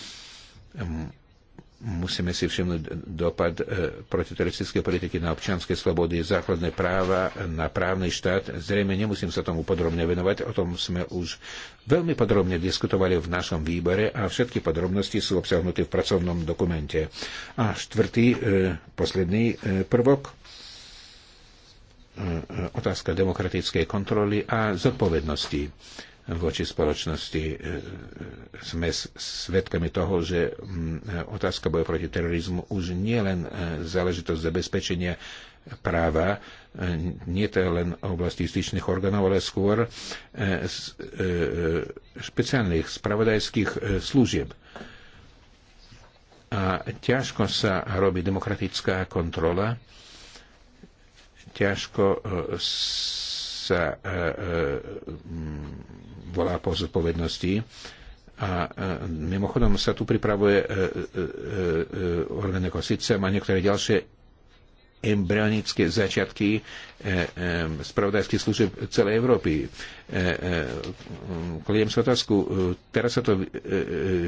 musíme si všimnúť dopad e, protiteroristickej politiky na občianske slobody, základné práva, na právny štát. Zrejme nemusím sa tomu podrobne venovať, o tom sme už veľmi podrobne diskutovali v našom výbore a všetky podrobnosti sú obsahnuté v pracovnom dokumente. A štvrtý, e, posledný e, prvok, otázka demokratickej kontroly a zodpovednosti voči spoločnosti. E, e, sme svedkami toho, že otázka boja proti terorizmu už nie len e, záležitosť zabezpečenia práva, nie to len oblasti justičných orgánov, ale skôr špeciálnych spravodajských služieb. A ťažko sa robí demokratická kontrola, ťažko sa volá po zodpovednosti. A e, mimochodom sa tu pripravuje e, e, orgán ako SICEM a niektoré ďalšie embryonické začiatky spravodajských služieb celej Európy. Kladiem sa otázku, teraz sa to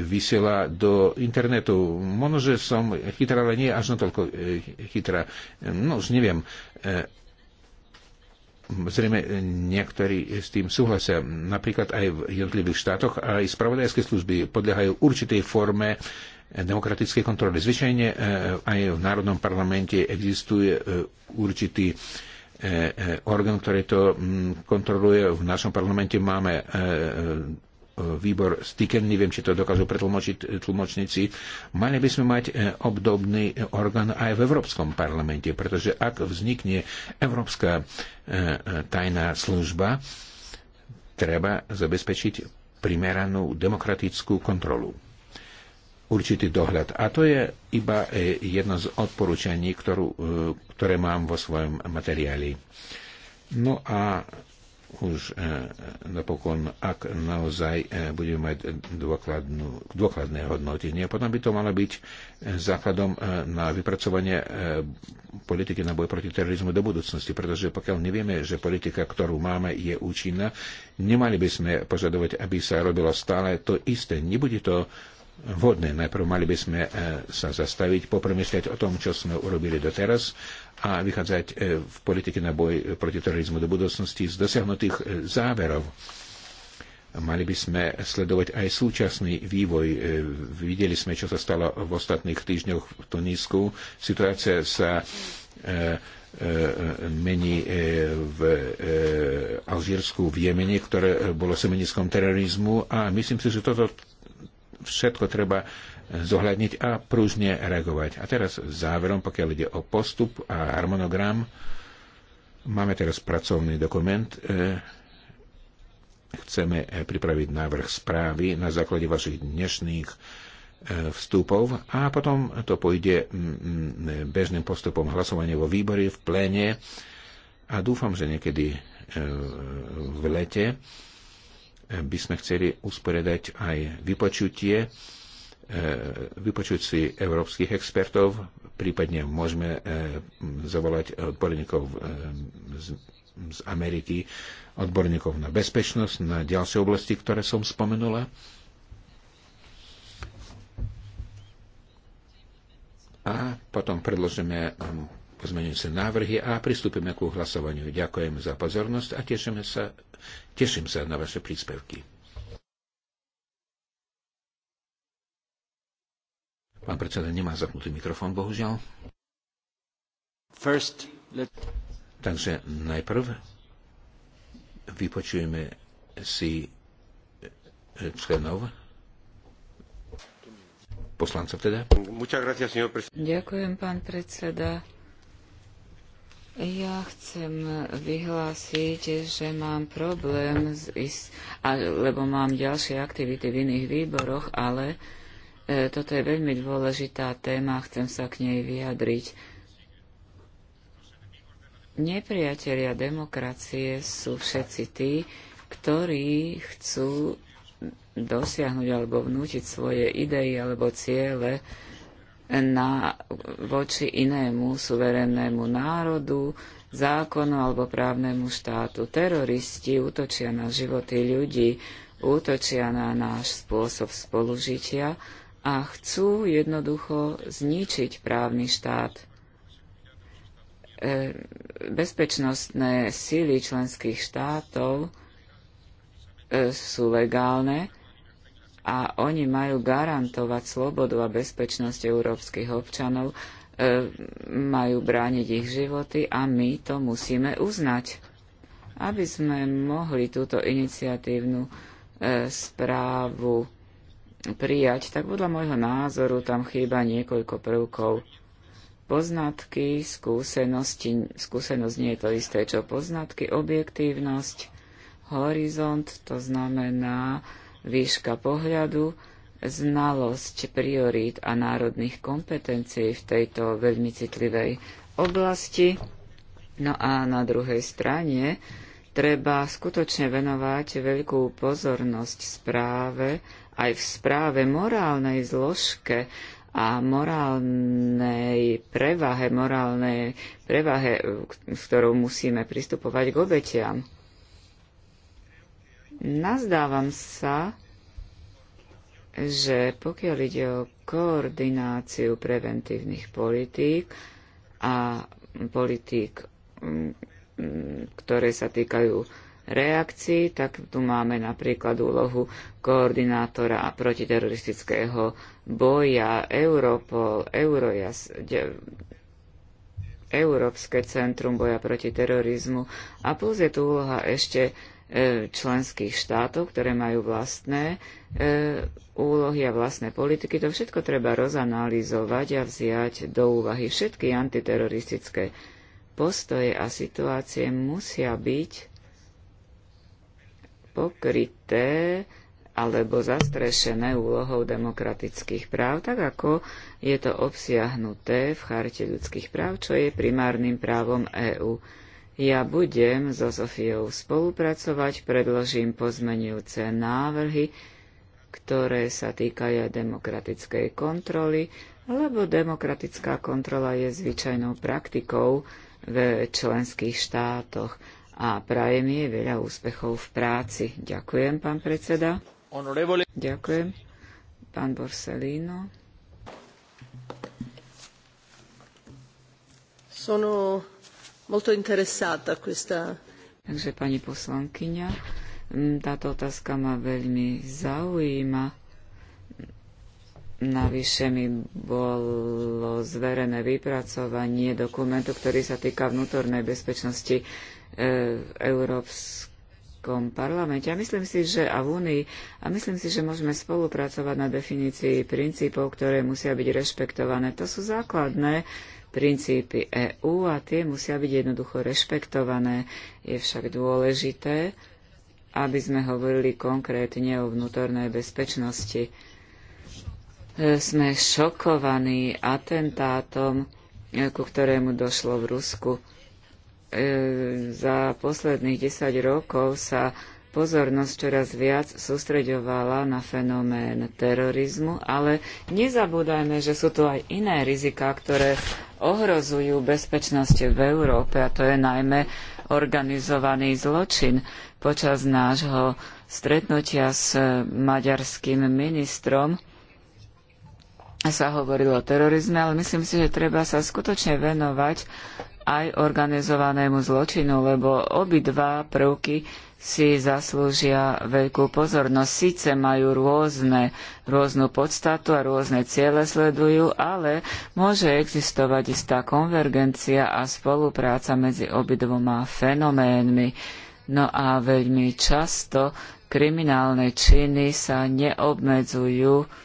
vysiela do internetu. Možno, že som chytrá, ale nie až natoľko chytrá. No už neviem. Zrejme e, niektorí s tým súhlasia. Napríklad aj v jednotlivých štátoch aj spravodajské služby podliehajú určitej forme demokratickej kontroly. Zvyčajne e, aj v Národnom parlamente existuje e, určitý orgán, ktorý to mm, kontroluje. V našom parlamente máme výbor stiken, neviem, či to dokážu pretlmočiť tlmočníci, mali by sme mať e, obdobný orgán aj v Európskom parlamente, pretože ak vznikne Európska e, e, tajná služba, treba zabezpečiť primeranú demokratickú kontrolu určitý dohľad. A to je iba jedno z odporúčaní, ktorú, ktoré mám vo svojom materiáli. No a už e, napokon, ak naozaj e, budeme mať dôkladnú, dôkladné hodnotenie, potom by to malo byť e, základom na vypracovanie politiky na boj proti terorizmu do budúcnosti, pretože pokiaľ nevieme, že politika, ktorú máme, je účinná, nemali by sme požadovať, aby sa robilo stále to isté. Nebude to vhodné. Najprv mali by sme sa zastaviť, popremyslieť o tom, čo sme urobili doteraz a vychádzať e, v politike na boj e, proti terorizmu do budúcnosti z dosiahnutých e, záverov. Mali by sme sledovať aj súčasný vývoj. Videli sme, čo sa stalo v ostatných týždňoch v Tunísku. Situácia sa mení v Alžírsku, v Jemene, ktoré bolo semeniskom terorizmu a myslím si, že toto všetko treba zohľadniť a prúžne reagovať. A teraz záverom, pokiaľ ide o postup a harmonogram, máme teraz pracovný dokument. E, chceme e, pripraviť návrh správy na základe vašich dnešných e, vstupov a potom to pôjde bežným postupom hlasovania vo výbore, v pléne a dúfam, že niekedy v lete by sme chceli usporiadať aj vypočutie E, vypočuť si európskych expertov, prípadne môžeme e, zavolať odborníkov e, z Ameriky, odborníkov na bezpečnosť, na ďalšie oblasti, ktoré som spomenula. A potom predložíme um, pozmeňujúce návrhy a pristúpime ku hlasovaniu. Ďakujem za pozornosť a teším sa, teším sa na vaše príspevky. Pán predseda nemá zapnutý mikrofón, bohužiaľ. First, let... Takže najprv vypočujeme si eh, členov poslancov teda. Ďakujem, pán predseda. Ja chcem vyhlásiť, že mám problém, s, is... a, lebo mám ďalšie aktivity v iných výboroch, ale E, toto je veľmi dôležitá téma, chcem sa k nej vyjadriť. Nepriatelia demokracie sú všetci tí, ktorí chcú dosiahnuť alebo vnútiť svoje idei alebo ciele na, voči inému suverennému národu, zákonu alebo právnemu štátu. Teroristi útočia na životy ľudí, útočia na náš spôsob spolužitia, a chcú jednoducho zničiť právny štát. E, bezpečnostné síly členských štátov e, sú legálne a oni majú garantovať slobodu a bezpečnosť európskych občanov, e, majú brániť ich životy a my to musíme uznať. Aby sme mohli túto iniciatívnu správu prijať, tak podľa môjho názoru tam chýba niekoľko prvkov. Poznatky, skúsenosti, skúsenosť nie je to isté, čo poznatky, objektívnosť, horizont, to znamená výška pohľadu, znalosť priorít a národných kompetencií v tejto veľmi citlivej oblasti. No a na druhej strane treba skutočne venovať veľkú pozornosť správe aj v správe morálnej zložke a morálnej prevahe, morálnej prevahe, s ktorou musíme pristupovať k obetiam. Nazdávam sa, že pokiaľ ide o koordináciu preventívnych politík a politík, mm, mm, ktoré sa týkajú reakcií, tak tu máme napríklad úlohu koordinátora protiteroristického boja Europol, Eurojas, Európske centrum boja proti terorizmu a plus je tu úloha ešte e, členských štátov, ktoré majú vlastné e, úlohy a vlastné politiky. To všetko treba rozanalýzovať a vziať do úvahy. Všetky antiteroristické postoje a situácie musia byť pokryté alebo zastrešené úlohou demokratických práv, tak ako je to obsiahnuté v Charte ľudských práv, čo je primárnym právom EÚ. Ja budem so Sofiou spolupracovať, predložím pozmenujúce návrhy, ktoré sa týkajú demokratickej kontroly, lebo demokratická kontrola je zvyčajnou praktikou v členských štátoch a prajem jej veľa úspechov v práci. Ďakujem, pán predseda. Ďakujem. Pán Borsellino. Sono molto interessata questa... Takže pani poslankyňa, táto otázka ma veľmi zaujíma. Navyše mi bolo zverené vypracovanie dokumentu, ktorý sa týka vnútornej bezpečnosti E, v Európskom parlamente. A myslím si, že a v Únii, a myslím si, že môžeme spolupracovať na definícii princípov, ktoré musia byť rešpektované. To sú základné princípy EÚ a tie musia byť jednoducho rešpektované. Je však dôležité, aby sme hovorili konkrétne o vnútornej bezpečnosti. E, sme šokovaní atentátom, e, ku ktorému došlo v Rusku. E, za posledných 10 rokov sa pozornosť čoraz viac sústreďovala na fenomén terorizmu, ale nezabúdajme, že sú tu aj iné riziká, ktoré ohrozujú bezpečnosť v Európe a to je najmä organizovaný zločin. Počas nášho stretnutia s maďarským ministrom sa hovorilo o terorizme, ale myslím si, že treba sa skutočne venovať aj organizovanému zločinu, lebo obidva prvky si zaslúžia veľkú pozornosť. Síce majú rôzne, rôznu podstatu a rôzne ciele sledujú, ale môže existovať istá konvergencia a spolupráca medzi obidvoma fenoménmi. No a veľmi často kriminálne činy sa neobmedzujú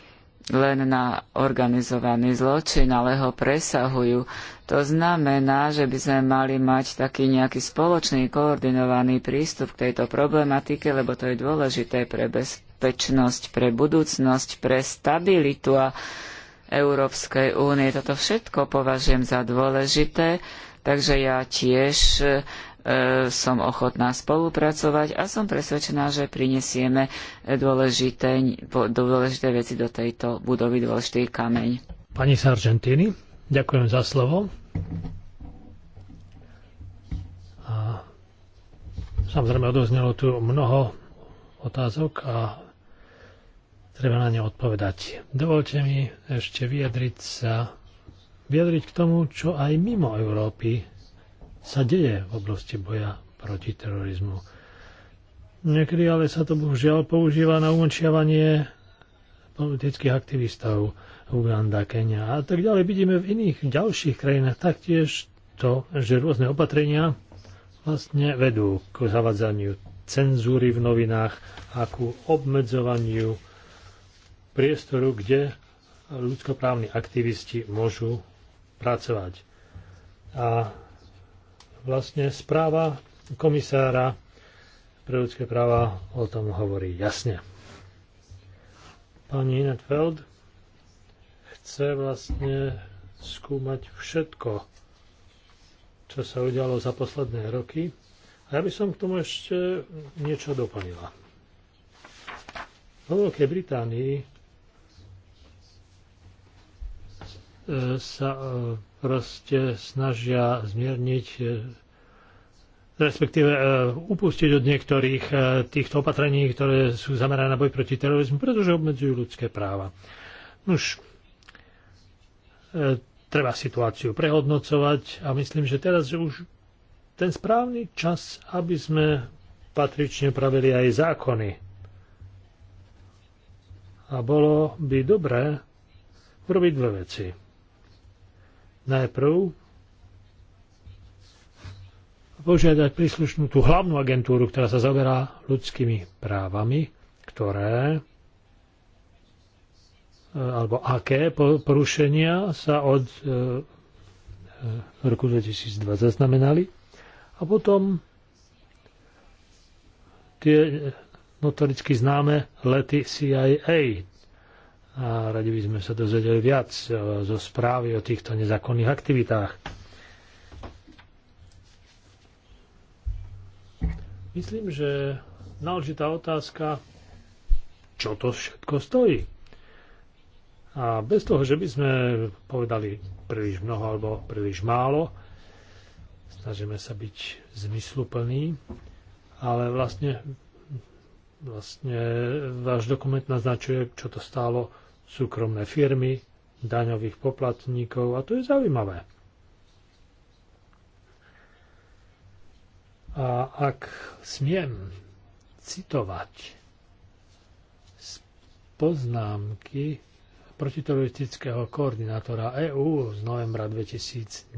len na organizovaný zločin, ale ho presahujú. To znamená, že by sme mali mať taký nejaký spoločný koordinovaný prístup k tejto problematike, lebo to je dôležité pre bezpečnosť, pre budúcnosť, pre stabilitu a Európskej únie. Toto všetko považujem za dôležité, takže ja tiež E, som ochotná spolupracovať a som presvedčená, že prinesieme dôležité, dôležité veci do tejto budovy, dôležitý kameň. Pani Sargentini, ďakujem za slovo. A samozrejme odoznelo tu mnoho otázok a treba na ne odpovedať. Dovolte mi ešte vyjadriť sa vyjadriť k tomu, čo aj mimo Európy sa deje v oblasti boja proti terorizmu. Niekedy ale sa to bohužiaľ používa na umočiavanie politických aktivistov Uganda, Kenia a tak ďalej. Vidíme v iných ďalších krajinách taktiež to, že rôzne opatrenia vlastne vedú k zavadzaniu cenzúry v novinách a ku obmedzovaniu priestoru, kde ľudskoprávni aktivisti môžu pracovať. A vlastne správa komisára pre ľudské práva o tom hovorí jasne. Pani Inetfeld chce vlastne skúmať všetko, čo sa udialo za posledné roky. A ja by som k tomu ešte niečo doplnila. Vo Veľkej Británii sa e, proste snažia zmierniť e, respektíve e, upustiť od niektorých týchto opatrení, ktoré sú zamerané na boj proti terorizmu, pretože obmedzujú ľudské práva. Už treba situáciu prehodnocovať a myslím, že teraz už ten správny čas, aby sme patrične pravili aj zákony. A bolo by dobré urobiť dve veci najprv požiadať príslušnú tú hlavnú agentúru, ktorá sa zaoberá ľudskými právami, ktoré e, alebo aké porušenia sa od e, e, roku 2020 znamenali. A potom tie notoricky známe lety CIA, a radi by sme sa dozvedeli viac e, zo správy o týchto nezákonných aktivitách. Myslím, že náležitá otázka, čo to všetko stojí. A bez toho, že by sme povedali príliš mnoho alebo príliš málo, snažíme sa byť zmysluplní, ale vlastne, vlastne váš dokument naznačuje, čo to stálo súkromné firmy, daňových poplatníkov a to je zaujímavé. A ak smiem citovať z poznámky protiteroristického koordinátora EÚ z novembra 2010,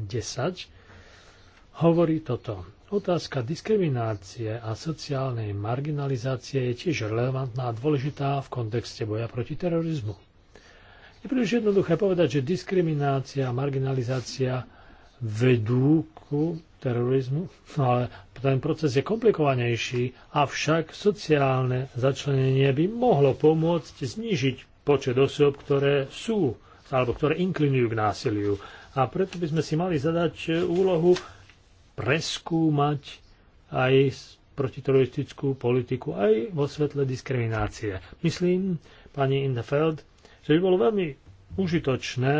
hovorí toto. Otázka diskriminácie a sociálnej marginalizácie je tiež relevantná a dôležitá v kontexte boja proti terorizmu. Je príliš jednoduché povedať, že diskriminácia a marginalizácia vedú ku terorizmu, no ale ten proces je komplikovanejší, avšak sociálne začlenenie by mohlo pomôcť znížiť počet osôb, ktoré sú alebo ktoré inklinujú k násiliu. A preto by sme si mali zadať úlohu preskúmať aj protiteroristickú politiku aj vo svetle diskriminácie. Myslím, pani Indefeld, že by bolo veľmi užitočné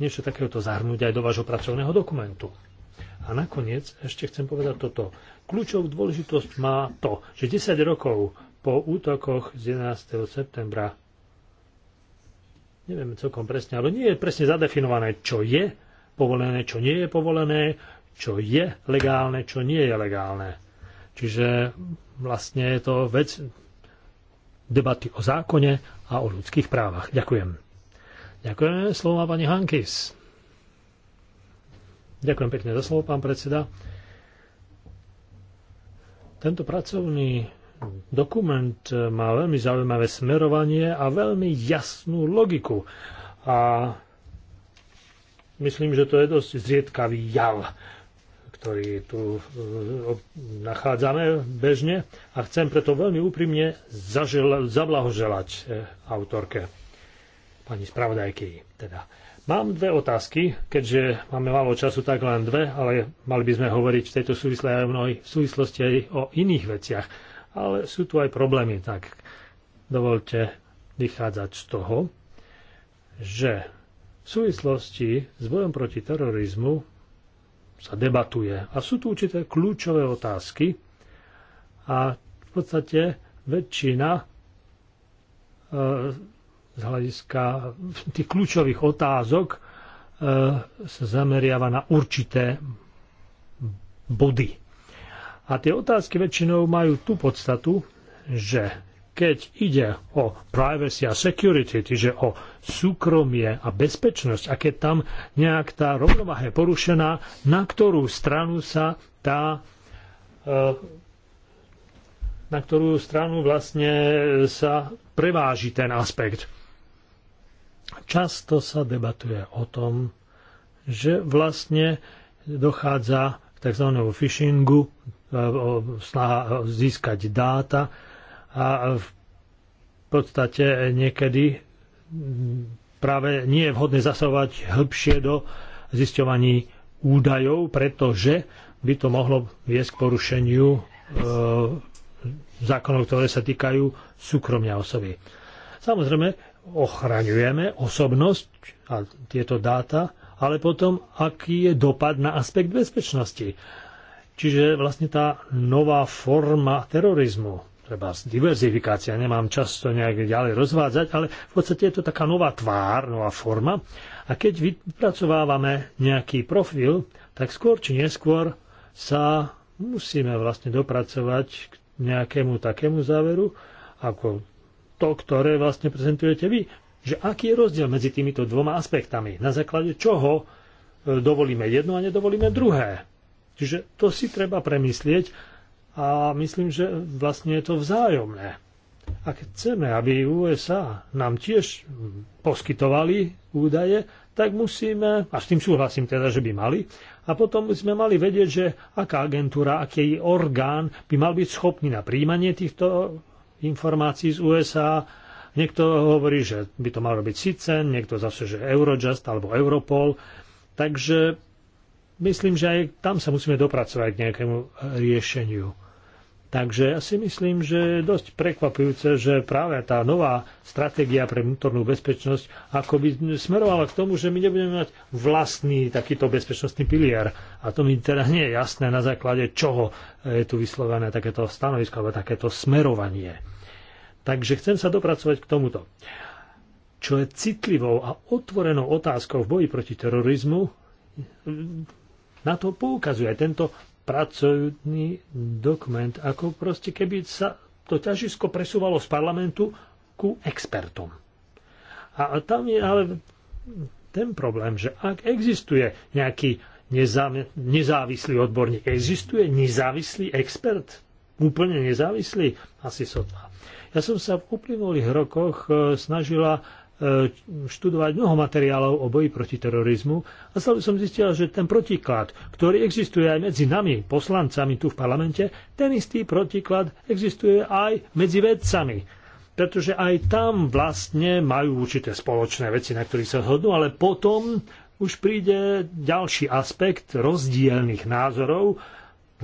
niečo takéhoto zahrnúť aj do vášho pracovného dokumentu. A nakoniec ešte chcem povedať toto. Kľúčovú dôležitosť má to, že 10 rokov po útokoch z 11. septembra neviem celkom presne, ale nie je presne zadefinované, čo je povolené, čo nie je povolené, čo je legálne, čo nie je legálne. Čiže vlastne je to vec debaty o zákone a o ľudských právach. Ďakujem. Ďakujem. má pani Hankis. Ďakujem pekne za slovo, pán predseda. Tento pracovný dokument má veľmi zaujímavé smerovanie a veľmi jasnú logiku. A myslím, že to je dosť zriedkavý jav ktorý tu e, nachádzame bežne a chcem preto veľmi úprimne zablahoželať e, autorke, pani spravodajky. Teda. Mám dve otázky, keďže máme málo času, tak len dve, ale mali by sme hovoriť v tejto súvislosti aj mnohých, v súvislosti aj o iných veciach. Ale sú tu aj problémy, tak dovolte vychádzať z toho, že v súvislosti s bojom proti terorizmu sa debatuje. A sú tu určité kľúčové otázky a v podstate väčšina e, z hľadiska tých kľúčových otázok e, sa zameriava na určité body. A tie otázky väčšinou majú tú podstatu, že keď ide o privacy a security, čiže o súkromie a bezpečnosť, a keď tam nejak tá rovnováha je porušená, na ktorú stranu sa tá eh, na ktorú stranu vlastne sa preváži ten aspekt. Často sa debatuje o tom, že vlastne dochádza k tzv. phishingu, eh, snaha získať dáta, a v podstate niekedy práve nie je vhodné zasahovať hĺbšie do zisťovaní údajov, pretože by to mohlo viesť k porušeniu e, zákonov, ktoré sa týkajú súkromia osoby. Samozrejme, ochraňujeme osobnosť a tieto dáta, ale potom, aký je dopad na aspekt bezpečnosti. Čiže vlastne tá nová forma terorizmu, treba diverzifikácia, nemám čas to nejak ďalej rozvádzať, ale v podstate je to taká nová tvár, nová forma. A keď vypracovávame nejaký profil, tak skôr či neskôr sa musíme vlastne dopracovať k nejakému takému záveru, ako to, ktoré vlastne prezentujete vy. Že aký je rozdiel medzi týmito dvoma aspektami? Na základe čoho e, dovolíme jedno a nedovolíme druhé? Čiže to si treba premyslieť a myslím, že vlastne je to vzájomné. Ak chceme, aby USA nám tiež poskytovali údaje, tak musíme, a s tým súhlasím teda, že by mali, a potom sme mali vedieť, že aká agentúra, aký orgán by mal byť schopný na príjmanie týchto informácií z USA. Niekto hovorí, že by to mal robiť SICEN, niekto zase, že Eurojust alebo Europol. Takže myslím, že aj tam sa musíme dopracovať k nejakému riešeniu. Takže ja si myslím, že je dosť prekvapujúce, že práve tá nová stratégia pre vnútornú bezpečnosť ako by smerovala k tomu, že my nebudeme mať vlastný takýto bezpečnostný pilier. A to mi teda nie je jasné, na základe čoho je tu vyslovené takéto stanovisko alebo takéto smerovanie. Takže chcem sa dopracovať k tomuto. Čo je citlivou a otvorenou otázkou v boji proti terorizmu, na to poukazuje tento pracovný dokument, ako proste keby sa to ťažisko presúvalo z parlamentu ku expertom. A tam je ale ten problém, že ak existuje nejaký nezávislý odborník, existuje nezávislý expert, úplne nezávislý, asi sotva. Ja som sa v uplynulých rokoch e, snažila E, študovať mnoho materiálov o boji proti terorizmu a stále som zistil, že ten protiklad, ktorý existuje aj medzi nami, poslancami tu v parlamente, ten istý protiklad existuje aj medzi vedcami. Pretože aj tam vlastne majú určité spoločné veci, na ktorých sa zhodnú, ale potom už príde ďalší aspekt rozdielných názorov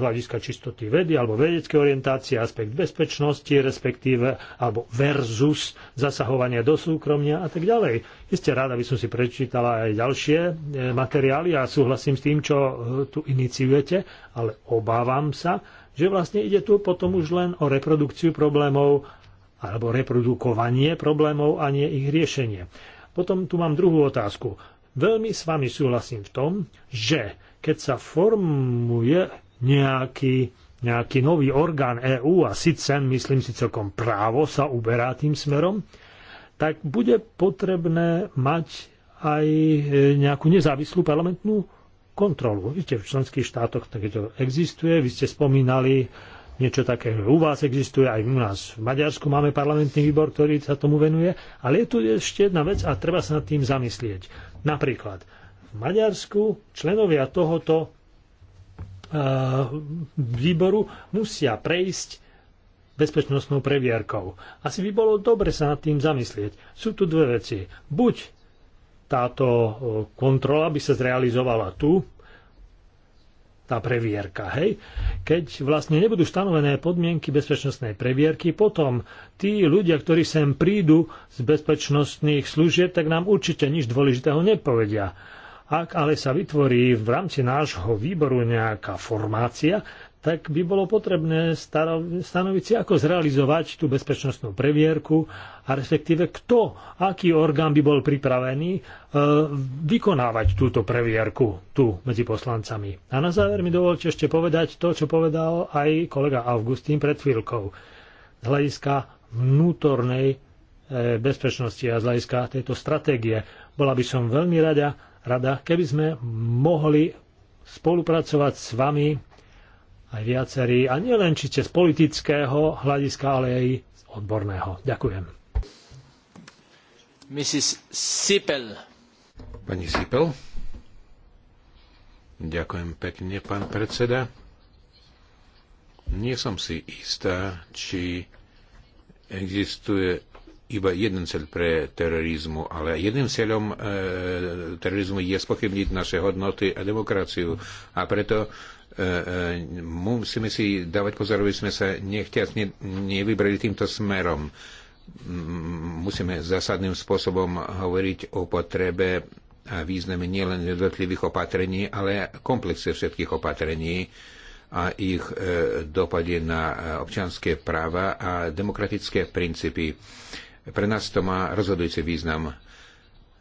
hľadiska čistoty vedy alebo vedecké orientácie, aspekt bezpečnosti, respektíve alebo versus zasahovania do súkromia a tak ďalej. Isté ráda by som si prečítala aj ďalšie e, materiály a súhlasím s tým, čo e, tu iniciujete, ale obávam sa, že vlastne ide tu potom už len o reprodukciu problémov alebo reprodukovanie problémov a nie ich riešenie. Potom tu mám druhú otázku. Veľmi s vami súhlasím v tom, že keď sa formuje nejaký, nejaký nový orgán EÚ a síce, myslím si celkom právo sa uberá tým smerom, tak bude potrebné mať aj e, nejakú nezávislú parlamentnú kontrolu. Viete, v členských štátoch takéto existuje. Vy ste spomínali niečo také, že u vás existuje, aj u nás v Maďarsku máme parlamentný výbor, ktorý sa tomu venuje, ale je tu ešte jedna vec a treba sa nad tým zamyslieť. Napríklad, v Maďarsku členovia tohoto Eh, výboru musia prejsť bezpečnostnou previerkou. Asi by bolo dobre sa nad tým zamyslieť. Sú tu dve veci. Buď táto eh, kontrola by sa zrealizovala tu, tá previerka, hej? Keď vlastne nebudú stanovené podmienky bezpečnostnej previerky, potom tí ľudia, ktorí sem prídu z bezpečnostných služieb, tak nám určite nič dôležitého nepovedia. Ak ale sa vytvorí v rámci nášho výboru nejaká formácia, tak by bolo potrebné stanoviť si, ako zrealizovať tú bezpečnostnú previerku a respektíve kto, aký orgán by bol pripravený e, vykonávať túto previerku tu medzi poslancami. A na záver mi dovolte ešte povedať to, čo povedal aj kolega Augustín pred chvíľkou. Z hľadiska vnútornej e, bezpečnosti a z hľadiska tejto stratégie. Bola by som veľmi rada, rada, keby sme mohli spolupracovať s vami aj viacerí, a nielen čiste z politického hľadiska, ale aj z odborného. Ďakujem. Mrs. Sipel. Pani Sipel. Ďakujem pekne, pán predseda. Nie som si istá, či existuje iba jeden cel pre terorizmu, ale jedným cieľom e, terorizmu je spochybniť naše hodnoty a demokraciu. A preto e, e, musíme si dávať pozor, aby sme sa nechťac ne, nevybrali týmto smerom. Musíme zásadným spôsobom hovoriť o potrebe a význame nielen jednotlivých opatrení, ale komplexe všetkých opatrení a ich e, dopade na občanské práva a demokratické princípy. E, pre nás to má rozhodujúci význam.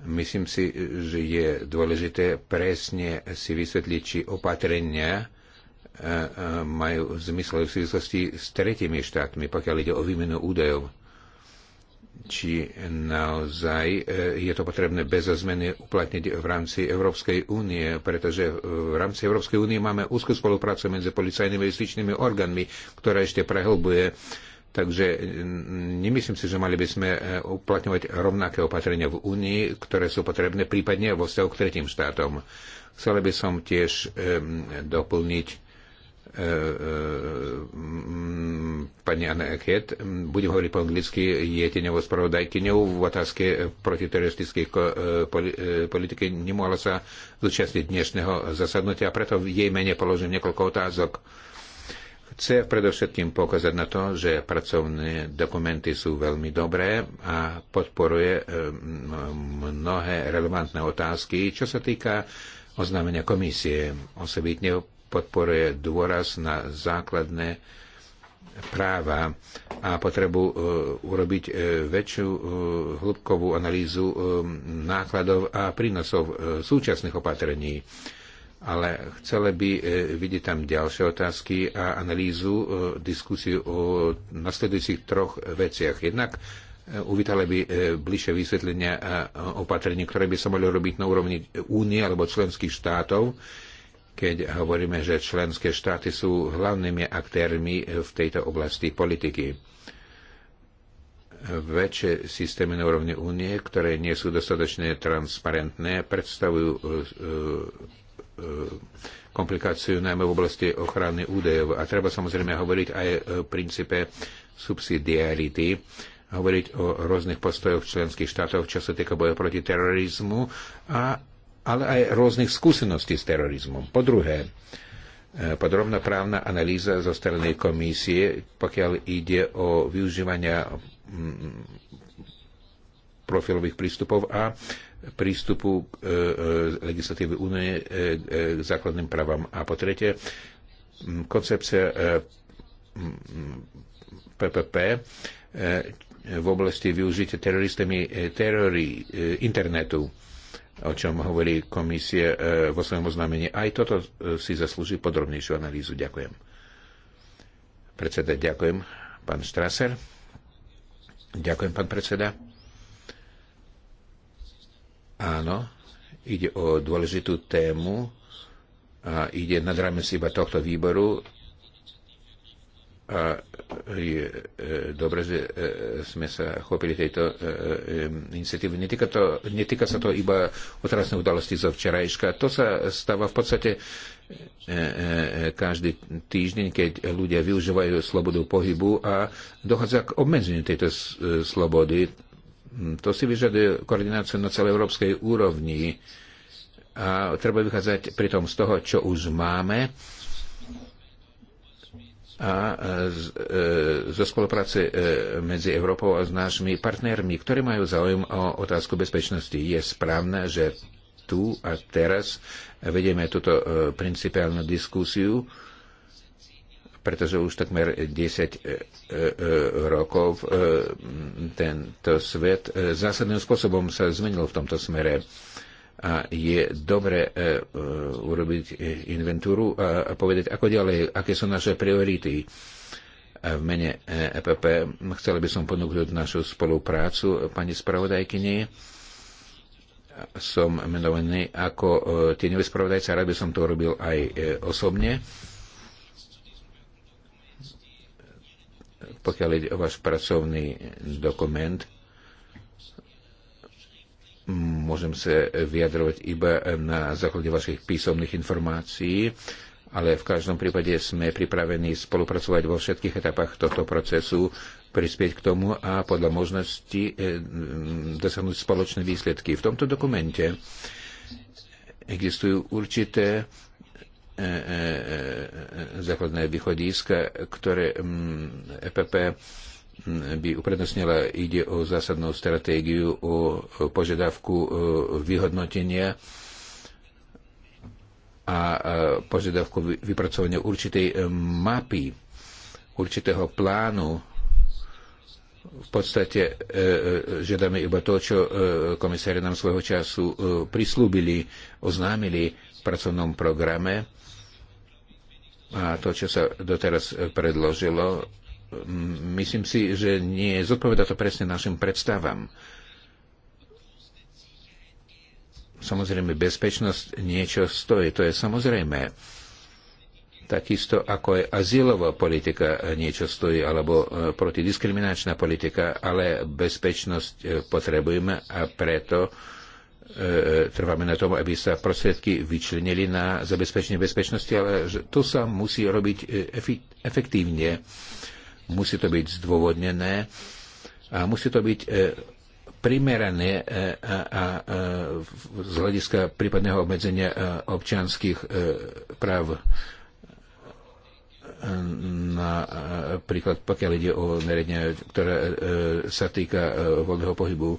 Myslím si, že je dôležité presne si vysvetliť, či opatrenia e, e, majú zmysel v súvislosti s tretimi štátmi, pokiaľ ide o výmenu údajov. Či naozaj e, je to potrebné bez zmeny uplatniť v rámci Európskej únie, pretože v rámci Európskej únie máme úzkú spoluprácu medzi policajnými a justičnými orgánmi, ktorá ešte prehlbuje uh, Takže nemyslím si, že mali by sme e, uplatňovať rovnaké opatrenia v Únii, ktoré sú potrebné prípadne vo vzťahu k tretím štátom. Chcel by som tiež doplniť e, e, pani Anna Eket. Budem hovoriť po anglicky, je teňovou spravodajkyňou v otázke protiteroristickej politiky. Nemohla sa zúčastniť dnešného zasadnutia, preto v jej mene položím niekoľko otázok Chce predovšetkým pokazať na to, že pracovné dokumenty sú veľmi dobré a podporuje eh, mnohé relevantné otázky, čo sa týka oznámenia komisie. Osobitne podporuje dôraz na základné práva a potrebu eh, urobiť eh, väčšiu hĺbkovú analýzu nákladov a prínosov súčasných opatrení ale chcela by e, vidieť tam ďalšie otázky a analýzu e, diskusiu o nasledujúcich troch veciach. Jednak e, uvítala by bližšie vysvetlenia a opatrení, ktoré by sa mali robiť na úrovni únie alebo členských štátov, keď hovoríme, že členské štáty sú hlavnými aktérmi v tejto oblasti politiky. Väčšie systémy na úrovni únie, ktoré nie sú dostatočne transparentné, predstavujú E, komplikáciu najmä v oblasti ochrany údajov. A treba samozrejme hovoriť aj o princípe subsidiarity, hovoriť o rôznych postojoch členských štátov, čo sa týka boja proti terorizmu, a, ale aj rôznych skúseností s terorizmom. Po druhé, e, podrobná právna analýza zo strany komisie, pokiaľ ide o využívania mm, profilových prístupov a prístupu k e, e, legislatívy únie e, k základným právam. A po tretie, koncepcia PPP v oblasti využitia teroristami e, internetu o čom hovorí komisie vo svojom oznámení. Aj toto si zaslúži podrobnejšiu analýzu. Ďakujem. Predseda, ďakujem. Pán Strasser. Ďakujem, pán predseda. Áno, ide o dôležitú tému a ide nad rámec iba tohto výboru. A je e, dobre, že e, sme sa chopili tejto e, iniciatívy. Netýka, to, netýka sa to iba otrasné udalosti zo včerajška. To sa stáva v podstate každý týždeň, keď ľudia využívajú slobodu pohybu a dochádza k obmedzeniu tejto slobody Hm, to si vyžaduje koordináciu na celej európskej úrovni a treba vychádzať pritom z toho, čo už máme a e, e, zo spolupráce e, medzi Európou a s našimi partnermi, ktorí majú záujem o otázku bezpečnosti. Je správne, že tu a teraz vedieme túto principiálnu diskusiu pretože už takmer 10 e, e, e, rokov tento svet zásadným spôsobom sa zmenil v tomto smere a je dobre urobiť inventúru a povedať, ako ďalej, aké sú naše priority. v mene EPP Chceli by som ponúknuť našu spoluprácu pani spravodajkyni. Som menovaný ako tieňový spravodajca, rád by som to robil aj osobne pokiaľ ide o váš pracovný dokument, môžem sa vyjadrovať iba na základe vašich písomných informácií, ale v každom prípade sme pripravení spolupracovať vo všetkých etapách tohto procesu, prispieť k tomu a podľa možnosti eh, dosiahnuť spoločné výsledky. V tomto dokumente existujú určité E, e, e, základné východiska, ktoré mm, EPP mm, by uprednostnila, ide o zásadnú stratégiu, o požiadavku vyhodnotenia a požiadavku vypracovania určitej mapy, určitého plánu. V podstate žiadame iba to, čo komisári nám svojho času prislúbili, oznámili v pracovnom programe a to, čo sa doteraz predložilo, myslím si, že nie zodpoveda to presne našim predstavám. Samozrejme, bezpečnosť niečo stojí, to je samozrejme. Takisto ako je azylová politika e, niečo stojí, alebo e, protidiskriminačná politika, ale bezpečnosť e, potrebujeme a preto uh, E, e, trváme na tom, aby sa prostriedky vyčlenili na zabezpečenie bezpečnosti, ale že to sa musí robiť e, efektívne. Musí to byť zdôvodnené a musí to byť primerané a, a, a z hľadiska prípadného obmedzenia občianských práv napríklad pokiaľ ide o neredenie, ktoré sa týka voľného pohybu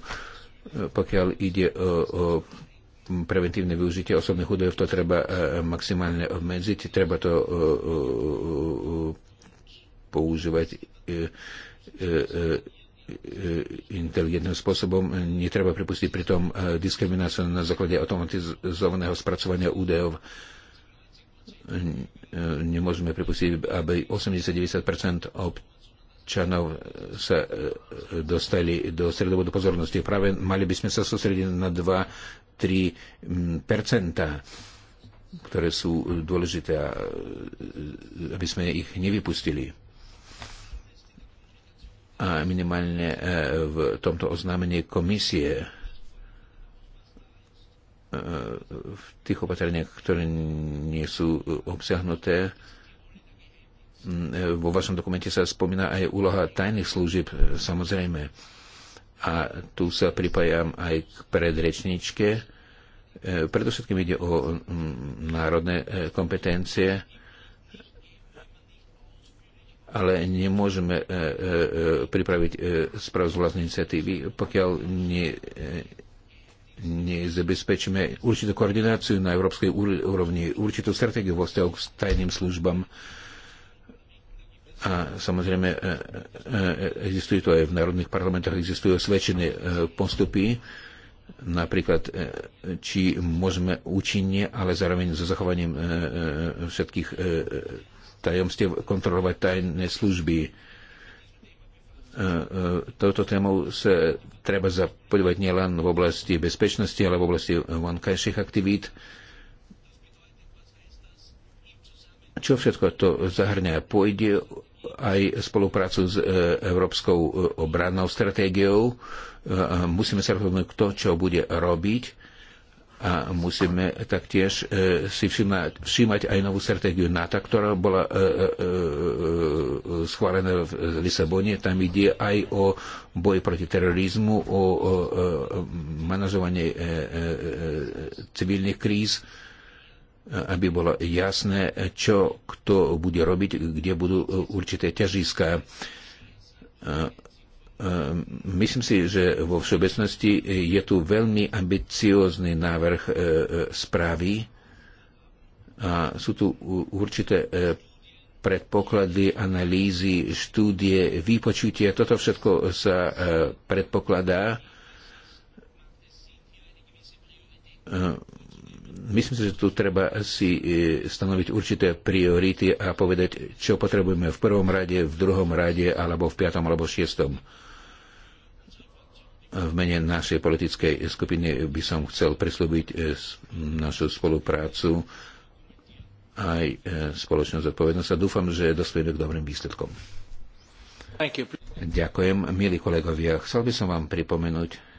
pokiaľ ide o, o preventívne využitie osobných údajov, to treba e, maximálne obmedziť, treba to e, e, používať inteligentným spôsobom. Netreba pripustiť pritom diskrimináciu na základe automatizovaného spracovania údajov. Nemôžeme pripustiť, aby 80-90% občanov sa e, dostali do stredovodu pozornosti. Práve mali by sme sa sústrediť na 2-3 ktoré sú dôležité, e, aby sme ich nevypustili. A minimálne e, v tomto oznámení komisie v tých opatreniach, ktoré nie sú obsiahnuté, vo vašom dokumente sa spomína aj úloha tajných služieb, samozrejme. A tu sa pripájam aj k predrečničke. E, predovšetkým ide o národné e, kompetencie, ale nemôžeme e, pripraviť správu z vlastnej iniciatívy, pokiaľ nie, nezabezpečíme určitú koordináciu na európskej úrovni, určitú stratégiu vo vzťahu k tajným službám a samozrejme, e, e, e, existujú to aj v národných parlamentoch, existujú osvedčené postupy, napríklad, či môžeme účinne, ale zároveň so zachovaním všetkých tajomstiev kontrolovať tajné služby. Touto témou sa treba zapodívať nielen v oblasti bezpečnosti, ale v oblasti vonkajších aktivít. Čo všetko to zahrňa? Pôjde aj spoluprácu s e, Európskou e, obrannou stratégiou. E, musíme sa rozhodnúť, kto čo bude robiť a musíme taktiež si všímať, všímať aj novú stratégiu NATO, ktorá bola schválená v Lisabone. Tam ide aj o boj proti terorizmu, o manažovanie civilných kríz aby bolo jasné, čo kto bude robiť, kde budú e, určité ťažiska. E, e, myslím si, že vo všeobecnosti je tu veľmi ambiciózny návrh správy a sú tu určité predpoklady, analýzy, štúdie, výpočutie. Toto všetko sa predpokladá myslím si, že tu treba si e, stanoviť určité priority a povedať, čo potrebujeme v prvom rade, v druhom rade, alebo v piatom, alebo v šiestom. V mene našej politickej skupiny by som chcel prislúbiť e, našu spoluprácu aj e, spoločnú zodpovednosť a dúfam, že dospejeme k dobrým výsledkom. Ďakujem, milí kolegovia. Chcel by som vám pripomenúť,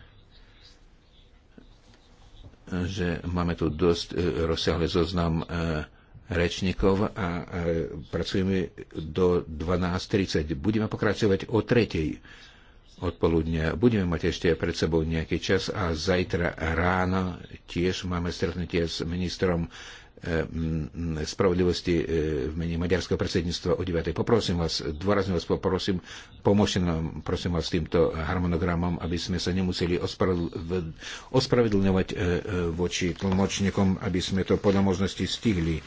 že máme tu dosť e, rozsiahle zoznam e, rečníkov a e, pracujeme do 12.30. Budeme pokračovať o tretej odpoludne. Budeme mať ešte pred sebou nejaký čas a zajtra ráno tiež máme stretnutie s ministrom Eh, spravodlivosti eh, v mene maďarského predsedníctva o 9. Poprosím vás, dôrazne vás poprosím, pomôžte nám, prosím vás, s týmto harmonogramom, aby sme sa nemuseli ospravedlňovať eh, voči tlmočníkom, aby sme to podľa možnosti stihli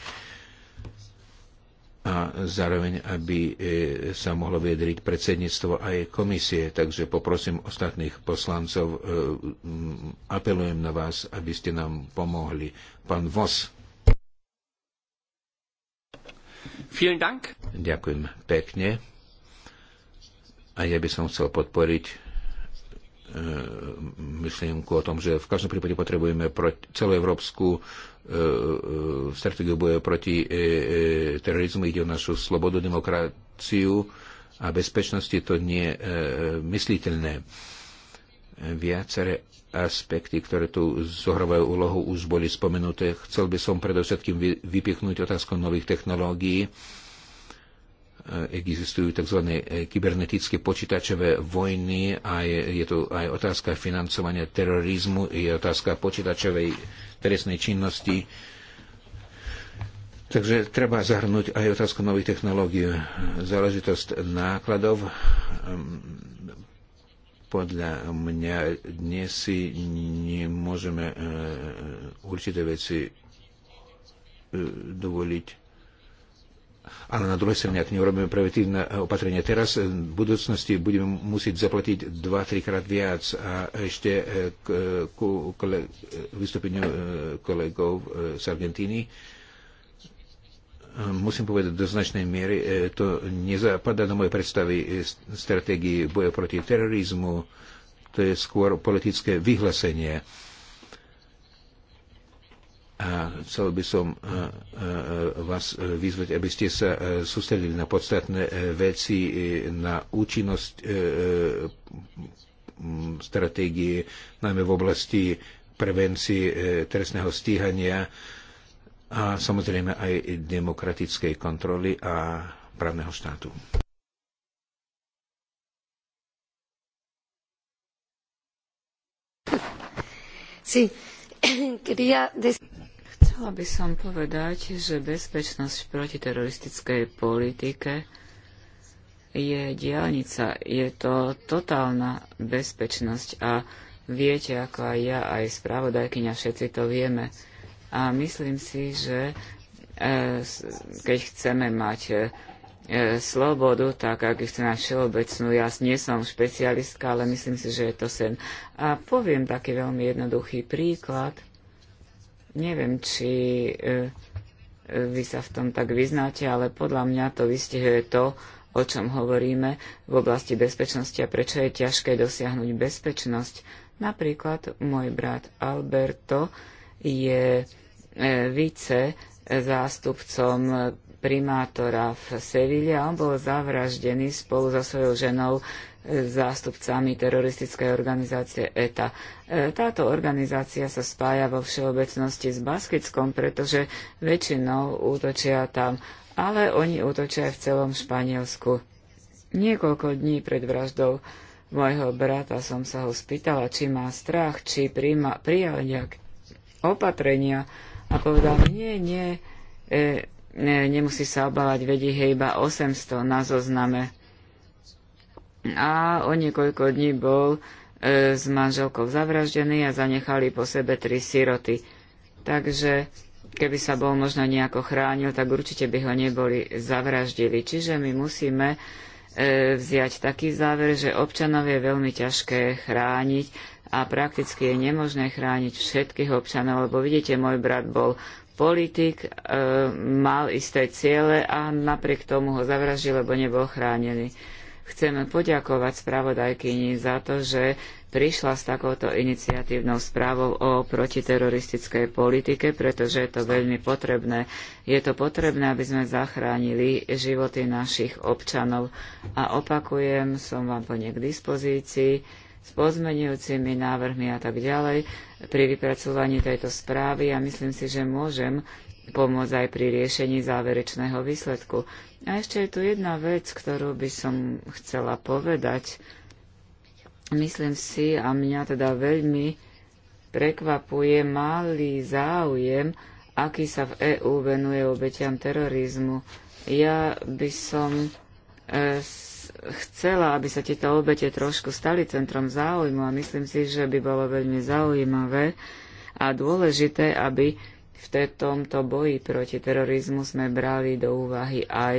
a zároveň, aby sa mohlo vyjadriť predsedníctvo aj komisie. Takže poprosím ostatných poslancov, apelujem na vás, aby ste nám pomohli. Pán Vos. Vielen Dank. Ďakujem pekne. A ja by som chcel podporiť e, myšlienku o tom, že v každom prípade potrebujeme celoevropskú celú európsku e, stratégiu boja proti e, e, terorizmu, ide o našu slobodu, demokraciu a bezpečnosti, to nie je e, mysliteľné. Viacere aspekty, ktoré tu zohrávajú úlohu, už boli spomenuté. Chcel by som predovšetkým vypichnúť otázku nových technológií. Existujú tzv. kybernetické počítačové vojny a je, je tu aj otázka financovania terorizmu, je otázka počítačovej trestnej činnosti. Takže treba zahrnúť aj otázku nových technológií, záležitosť nákladov podľa mňa dnes si nemôžeme e, určité veci e, dovoliť. Ale na druhej strane, ak neurobíme preventívne opatrenia teraz, e, v budúcnosti budeme musieť zaplatiť 2-3 krát viac. A ešte k, k, k vystúpeniu kolegov z Argentíny musím povedať, do značnej miery e, to nezapadá do mojej predstavy e, stratégii boja proti terorizmu. To je skôr politické vyhlásenie. A chcel by som e, vás vyzvať, aby ste sa sústredili na podstatné veci, na účinnosť stratégie, najmä v oblasti prevencie trestného stíhania, a samozrejme aj demokratickej kontroly a právneho štátu. Sí. Chcela by som povedať, že bezpečnosť v protiteroristickej politike je diálnica, je to totálna bezpečnosť a viete, ako aj ja, aj spravodajkyňa, všetci to vieme. A myslím si, že e, keď chceme mať e, e, slobodu, tak ak chcem mať všeobecnú, ja nie som špecialistka, ale myslím si, že je to sen. A poviem taký veľmi jednoduchý príklad. Neviem, či vy sa v tom tak vyznáte, ale podľa mňa to vystihuje to, o čom hovoríme v oblasti bezpečnosti a prečo je ťažké dosiahnuť bezpečnosť. Napríklad môj brat Alberto je e, vice zástupcom primátora v Seville a on bol zavraždený spolu so svojou ženou e, zástupcami teroristickej organizácie ETA. E, táto organizácia sa spája vo všeobecnosti s Baskickom, pretože väčšinou útočia tam, ale oni útočia aj v celom Španielsku. Niekoľko dní pred vraždou môjho brata som sa ho spýtala, či má strach, či prijal nejaké opatrenia. A povedal nie, nie, e, ne, nemusí sa obávať, vedí je iba 800 na zozname. A o niekoľko dní bol e, s manželkou zavraždený a zanechali po sebe tri siroty. Takže keby sa bol možno nejako chránil, tak určite by ho neboli zavraždili. Čiže my musíme e, vziať taký záver, že občanov je veľmi ťažké chrániť a prakticky je nemožné chrániť všetkých občanov, lebo vidíte, môj brat bol politik, e, mal isté ciele a napriek tomu ho zavraždil, lebo nebol chránený. Chceme poďakovať spravodajkyni za to, že prišla s takouto iniciatívnou správou o protiteroristickej politike, pretože je to veľmi potrebné. Je to potrebné, aby sme zachránili životy našich občanov. A opakujem, som vám plne k dispozícii s pozmenujúcimi návrhmi a tak ďalej pri vypracovaní tejto správy a myslím si, že môžem pomôcť aj pri riešení záverečného výsledku. A ešte je tu jedna vec, ktorú by som chcela povedať. Myslím si, a mňa teda veľmi prekvapuje malý záujem, aký sa v EÚ venuje obetiam terorizmu. Ja by som e, chcela, aby sa tieto obete trošku stali centrom záujmu a myslím si, že by bolo veľmi zaujímavé a dôležité, aby v tomto boji proti terorizmu sme brali do úvahy aj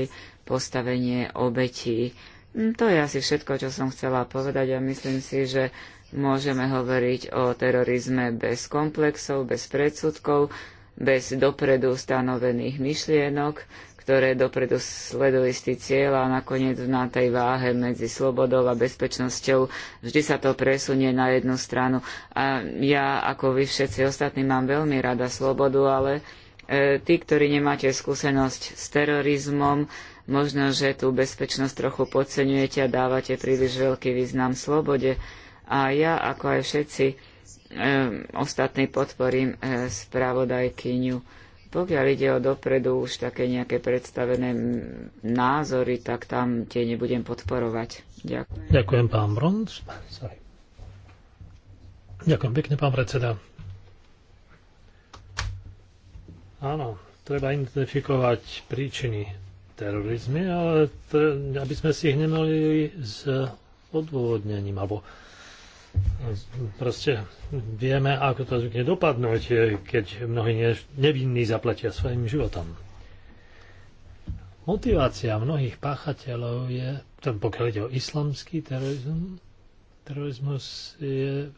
postavenie obetí. Mm, to je asi všetko, čo som chcela povedať a myslím si, že môžeme hovoriť o terorizme bez komplexov, bez predsudkov, bez dopredu stanovených myšlienok, ktoré dopredu sledujú istý cieľ a nakoniec na tej váhe medzi slobodou a bezpečnosťou vždy sa to presunie na jednu stranu. A ja, ako vy všetci ostatní, mám veľmi rada slobodu, ale e, tí, ktorí nemáte skúsenosť s terorizmom, možno, že tú bezpečnosť trochu podceňujete a dávate príliš veľký význam slobode. A ja, ako aj všetci e, ostatní, podporím e, spravodajkyňu pokiaľ ide o dopredu už také nejaké predstavené názory, tak tam tie nebudem podporovať. Ďakujem. Ďakujem, pán Bronc. Sorry. Ďakujem pekne, pán predseda. Áno, treba identifikovať príčiny terorizmy, ale aby sme si ich nemali s odôvodnením, alebo proste vieme, ako to zvykne dopadnúť, keď mnohí nevinní zaplatia svojim životom. Motivácia mnohých páchateľov je, pokiaľ ide o islamský terorizmus, terorizmus je,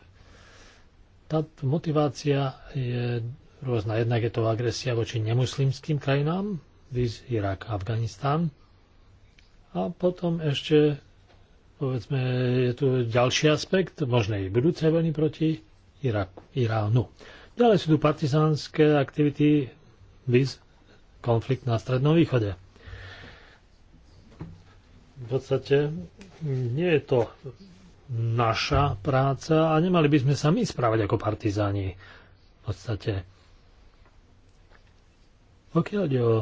tá motivácia je rôzna. Jednak je to agresia voči nemuslimským krajinám, viz Irak Afganistán. A potom ešte Povedzme, je tu ďalší aspekt možnej budúcej vojny proti Iraku, Iránu. Ďalej sú tu partizánske aktivity viz konflikt na Strednom východe. V podstate mm, nie je to naša práca a nemali by sme sa my správať ako partizáni. V podstate. Pokiaľ ide o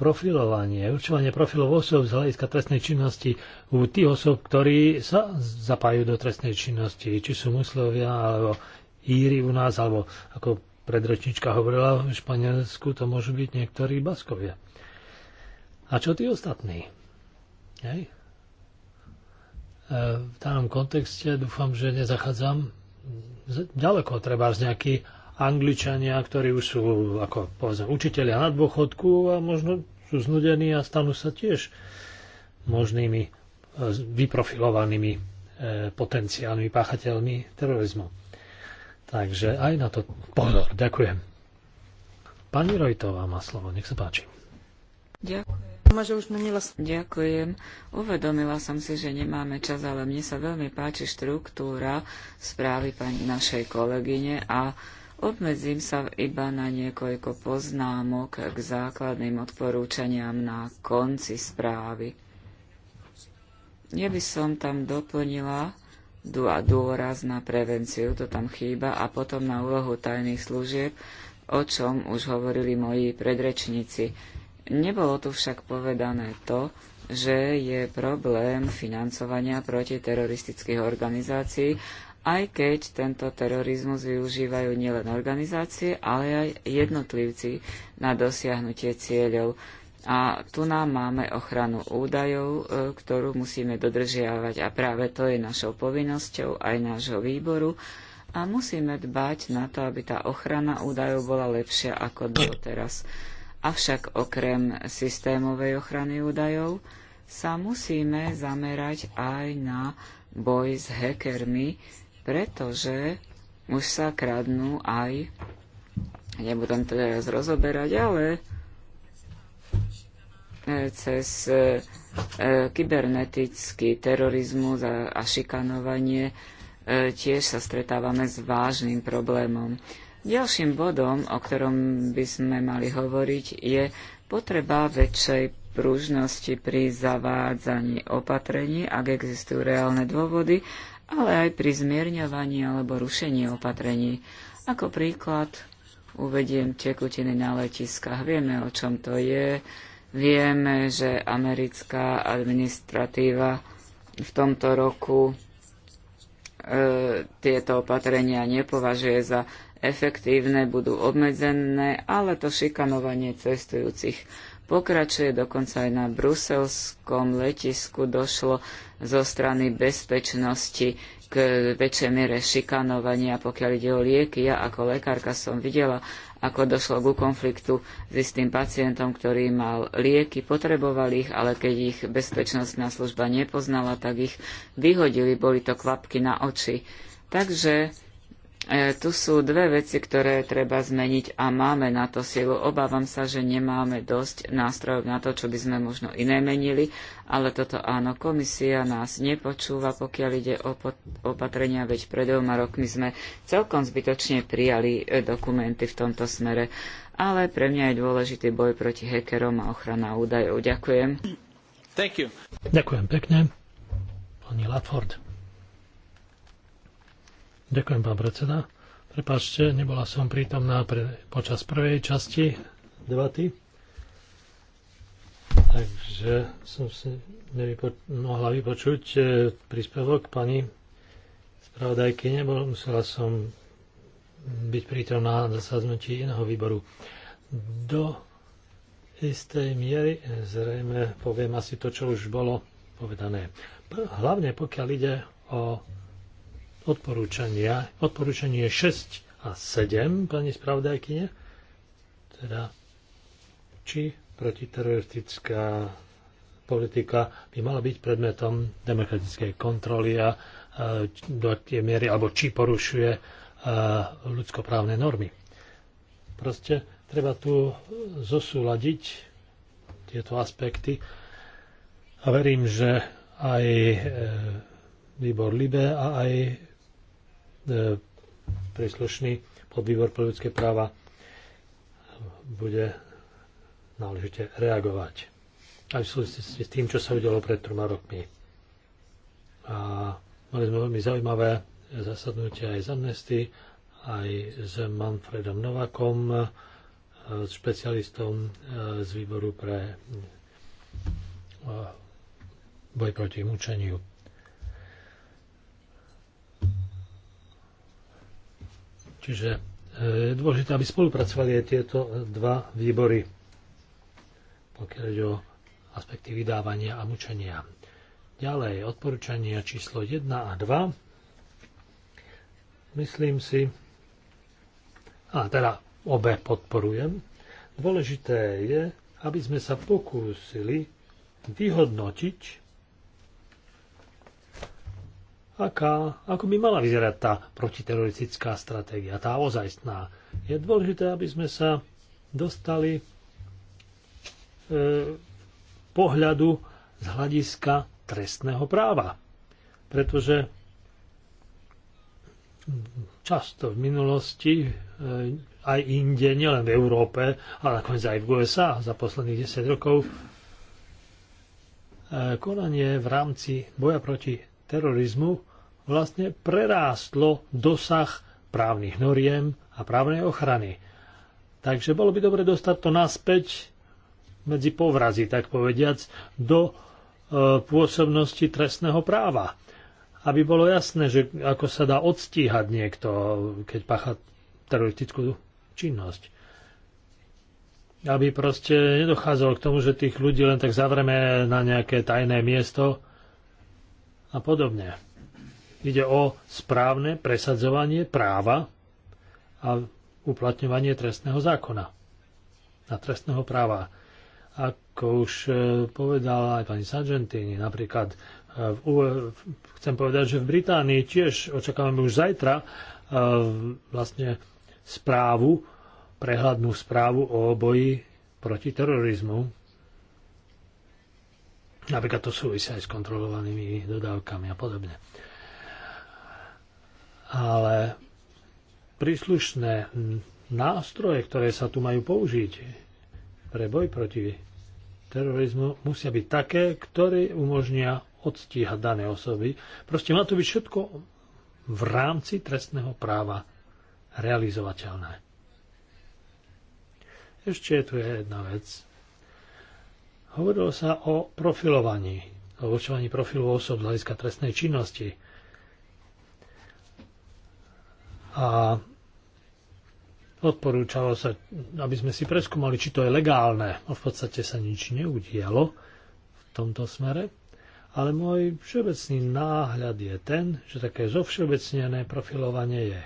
profilovanie, určovanie profilov osôb z hľadiska trestnej činnosti u tých osôb, ktorí sa zapájajú do trestnej činnosti, či sú muslovia, alebo Íry u nás, alebo ako predročnička hovorila, v Španielsku to môžu byť niektorí Baskovia. A čo tí ostatní? Hej. E, v danom kontexte dúfam, že nezachádzam ďaleko, treba z nejaký Angličania, ktorí už sú ako povedzme učiteľia na dôchodku a možno sú znudení a stanú sa tiež možnými e, vyprofilovanými e, potenciálnymi páchateľmi terorizmu. Takže aj na to pozor. Ďakujem. Pani Rojtová má slovo, nech sa páči. Ďakujem. Ďakujem. Uvedomila som si, že nemáme čas, ale mne sa veľmi páči štruktúra správy pani našej kolegyne a Obmedzím sa iba na niekoľko poznámok k základným odporúčaniam na konci správy. Ja by som tam doplnila dôraz na prevenciu, to tam chýba, a potom na úlohu tajných služieb, o čom už hovorili moji predrečníci. Nebolo tu však povedané to, že je problém financovania protiteroristických organizácií aj keď tento terorizmus využívajú nielen organizácie, ale aj jednotlivci na dosiahnutie cieľov. A tu nám máme ochranu údajov, e, ktorú musíme dodržiavať a práve to je našou povinnosťou aj nášho výboru a musíme dbať na to, aby tá ochrana údajov bola lepšia ako doteraz. Avšak okrem systémovej ochrany údajov sa musíme zamerať aj na boj s hackermi, pretože už sa kradnú aj, nebudem to teraz rozoberať, ale e, cez e, e, kybernetický terorizmus a šikanovanie tiež sa stretávame s vážnym problémom. Ďalším bodom, o ktorom by sme mali hovoriť, je potreba väčšej pružnosti pri zavádzaní opatrení, ak existujú reálne dôvody, ale aj pri zmierňovaní alebo rušení opatrení. Ako príklad uvediem tekutiny na letiskách. Vieme, o čom to je. Vieme, že americká administratíva v tomto roku e, tieto opatrenia nepovažuje za efektívne, budú obmedzené, ale to šikanovanie cestujúcich pokračuje, dokonca aj na bruselskom letisku došlo zo strany bezpečnosti k väčšej miere šikanovania, pokiaľ ide o lieky. Ja ako lekárka som videla, ako došlo ku konfliktu s istým pacientom, ktorý mal lieky, potreboval ich, ale keď ich bezpečnostná služba nepoznala, tak ich vyhodili, boli to kvapky na oči. Takže E, tu sú dve veci, ktoré treba zmeniť a máme na to silu. Obávam sa, že nemáme dosť nástrojov na to, čo by sme možno iné menili, ale toto áno, komisia nás nepočúva, pokiaľ ide o opatrenia, veď pred dvoma rokmi sme celkom zbytočne prijali e, dokumenty v tomto smere. Ale pre mňa je dôležitý boj proti hackerom a ochrana údajov. Ďakujem. Ďakujem pekne. Pani Latford. Ďakujem, pán predseda. Prepačte, nebola som prítomná pre, počas prvej časti debaty. Takže som si nevypo- mohla vypočuť e, príspevok pani spravodajky. Nebol, musela som byť prítomná na zasadnutí iného výboru. Do istej miery e, zrejme poviem asi to, čo už bolo povedané. Hlavne pokiaľ ide o odporúčania, odporúčanie 6 a 7, pani spravodajkyne, teda či protiteroristická politika by mala byť predmetom demokratickej kontroly a e, do tej miery, alebo či porušuje e, ľudskoprávne normy. Proste treba tu zosúľadiť tieto aspekty a verím, že aj e, výbor Libe a aj E, príslušný podvýbor pre ľudské práva bude náležite reagovať. Aj v súvislosti s tým, čo sa udialo pred troma rokmi. A mali sme veľmi zaujímavé zasadnutie aj z Amnesty, aj s Manfredom Novakom, e, s špecialistom e, z výboru pre boj proti mučeniu. Čiže e, je dôležité, aby spolupracovali aj tieto dva výbory, pokiaľ ide o aspekty vydávania a mučenia. Ďalej, odporúčania číslo 1 a 2. Myslím si, a teda obe podporujem, dôležité je, aby sme sa pokúsili vyhodnotiť aká, ako by mala vyzerať tá protiteroristická stratégia, tá ozajstná. Je dôležité, aby sme sa dostali e, pohľadu z hľadiska trestného práva. Pretože často v minulosti, e, aj inde, nielen v Európe, ale nakoniec aj v USA za posledných 10 rokov, e, konanie v rámci boja proti terorizmu vlastne prerástlo dosah právnych noriem a právnej ochrany. Takže bolo by dobre dostať to naspäť medzi povrazy, tak povediac, do e, pôsobnosti trestného práva. Aby bolo jasné, že ako sa dá odstíhať niekto, keď pacha teroristickú činnosť. Aby proste nedochádzalo k tomu, že tých ľudí len tak zavreme na nejaké tajné miesto a podobne. Ide o správne presadzovanie práva a uplatňovanie trestného zákona a trestného práva. Ako už e, povedala aj pani Sargentini, napríklad e, v, e, chcem povedať, že v Británii tiež očakávame už zajtra vlastne správu, prehľadnú správu o boji proti terorizmu. Napríklad to súvisia aj s kontrolovanými dodávkami a podobne ale príslušné nástroje, ktoré sa tu majú použiť pre boj proti terorizmu, musia byť také, ktoré umožnia odstíhať dané osoby. Proste má to byť všetko v rámci trestného práva realizovateľné. Ešte tu je jedna vec. Hovorilo sa o profilovaní, o určovaní profilu osob z hľadiska trestnej činnosti a odporúčalo sa, aby sme si preskúmali, či to je legálne. No, v podstate sa nič neudialo v tomto smere. Ale môj všeobecný náhľad je ten, že také zovšeobecnené profilovanie je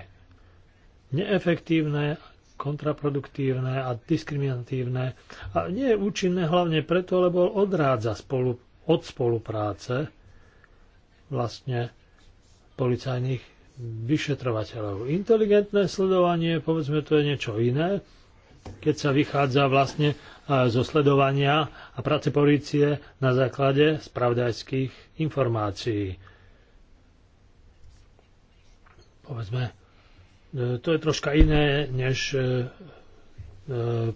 neefektívne, kontraproduktívne a diskriminatívne a nie je účinné hlavne preto, lebo odrádza spolu, od spolupráce vlastne policajných vyšetrovateľov. Inteligentné sledovanie, povedzme, to je niečo iné, keď sa vychádza vlastne e, zo sledovania a práce polície na základe spravdajských informácií. Povedzme, e, to je troška iné než e,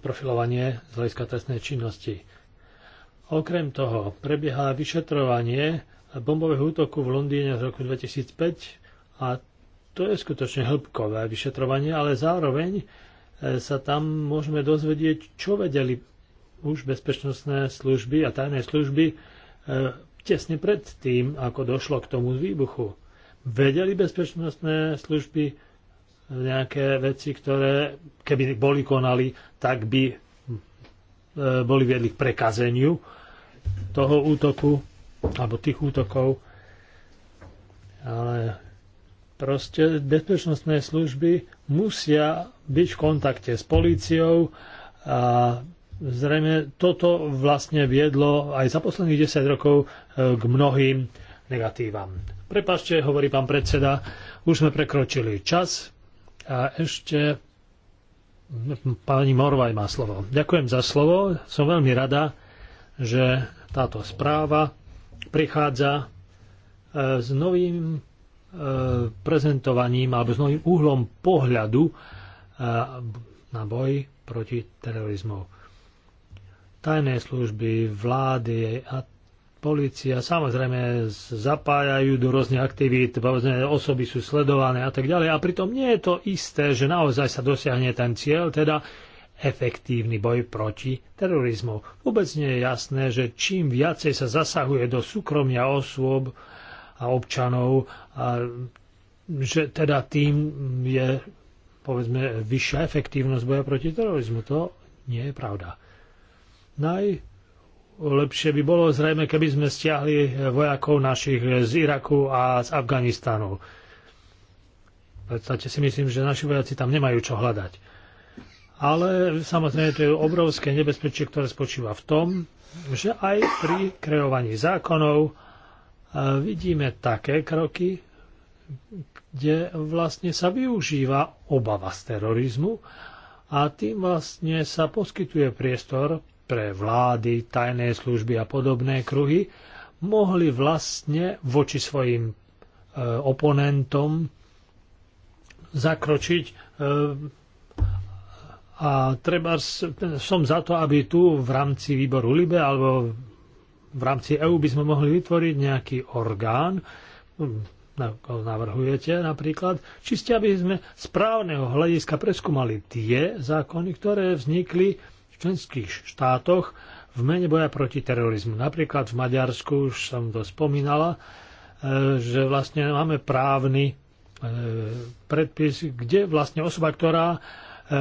profilovanie z hľadiska trestnej činnosti. Okrem toho prebieha vyšetrovanie bombového útoku v Londýne z roku 2005 a to je skutočne hĺbkové vyšetrovanie, ale zároveň e, sa tam môžeme dozvedieť, čo vedeli už bezpečnostné služby a tajné služby e, tesne pred tým, ako došlo k tomu výbuchu. Vedeli bezpečnostné služby nejaké veci, ktoré keby boli konali, tak by e, boli viedli k prekazeniu toho útoku alebo tých útokov. Ale Proste bezpečnostné služby musia byť v kontakte s políciou a zrejme toto vlastne viedlo aj za posledných 10 rokov e, k mnohým negatívam. Prepašte, hovorí pán predseda, už sme prekročili čas a ešte pani Morvaj má slovo. Ďakujem za slovo. Som veľmi rada, že táto správa prichádza e, s novým E, prezentovaním alebo s novým uhlom pohľadu e, na boj proti terorizmu. Tajné služby, vlády a policia samozrejme zapájajú do rôznych aktivít, povedzme osoby sú sledované a tak ďalej. A pritom nie je to isté, že naozaj sa dosiahne ten cieľ, teda efektívny boj proti terorizmu. Vôbec nie je jasné, že čím viacej sa zasahuje do súkromia osôb, a občanov a že teda tým je povedzme vyššia efektívnosť boja proti terorizmu. To nie je pravda. Najlepšie by bolo zrejme, keby sme stiahli vojakov našich z Iraku a z Afganistanu. V podstate si myslím, že naši vojaci tam nemajú čo hľadať. Ale samozrejme to je obrovské nebezpečie, ktoré spočíva v tom, že aj pri kreovaní zákonov vidíme také kroky, kde vlastne sa využíva obava z terorizmu a tým vlastne sa poskytuje priestor pre vlády, tajné služby a podobné kruhy, mohli vlastne voči svojim e, oponentom zakročiť e, a treba som za to, aby tu v rámci výboru LIBE alebo v rámci EÚ by sme mohli vytvoriť nejaký orgán, hm, navrhujete napríklad, čiste aby sme správneho hľadiska preskúmali tie zákony, ktoré vznikli v členských štátoch v mene boja proti terorizmu. Napríklad v Maďarsku už som to spomínala, e, že vlastne máme právny e, predpis, kde vlastne osoba, ktorá Eh,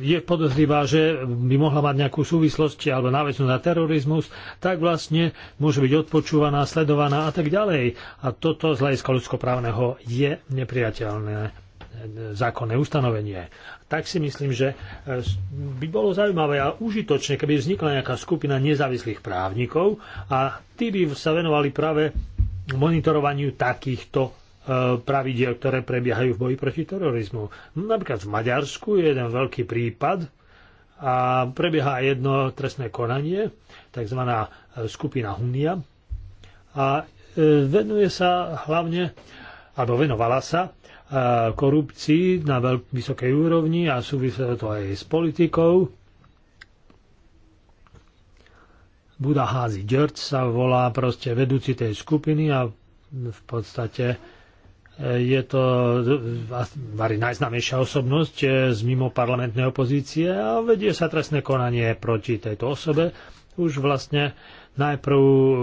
je podozrivá, že by mohla mať nejakú súvislosť alebo náväznu na terorizmus, tak vlastne môže byť odpočúvaná, sledovaná a tak ďalej. A toto z hľadiska ľudskoprávneho je nepriateľné eh, zákonné ustanovenie. Tak si myslím, že eh, by bolo zaujímavé a užitočné, keby vznikla nejaká skupina nezávislých právnikov a tí by sa venovali práve monitorovaniu takýchto Eh, pravidiel, ktoré prebiehajú v boji proti terorizmu. Napríklad v Maďarsku je jeden veľký prípad a prebieha jedno trestné konanie, tzv. Eh, skupina Hunia. A eh, venuje sa hlavne, alebo venovala sa korupcii na veľk- vysokej úrovni a súvisí to aj s politikou. Buda Házi Ďörc sa volá proste vedúci tej skupiny a v podstate je to Mari najznámejšia osobnosť eh, z mimo parlamentnej opozície a vedie sa trestné konanie proti tejto osobe. Už vlastne najprv eh,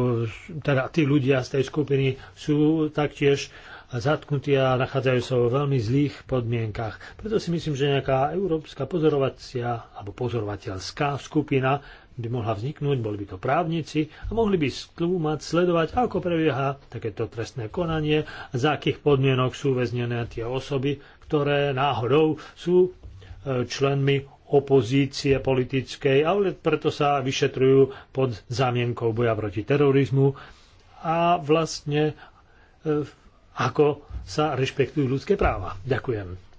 teda tí ľudia z tej skupiny sú taktiež zatknutí a nachádzajú sa vo veľmi zlých podmienkach. Preto si myslím, že nejaká európska pozorovacia alebo pozorovateľská skupina by mohla vzniknúť, boli by to právnici a mohli by skúmať, sledovať, ako prebieha takéto trestné konanie, za akých podmienok sú väznené tie osoby, ktoré náhodou sú e, členmi opozície politickej, ale preto sa vyšetrujú pod zámienkou boja proti terorizmu a vlastne e, ako sa rešpektujú ľudské práva. Ďakujem.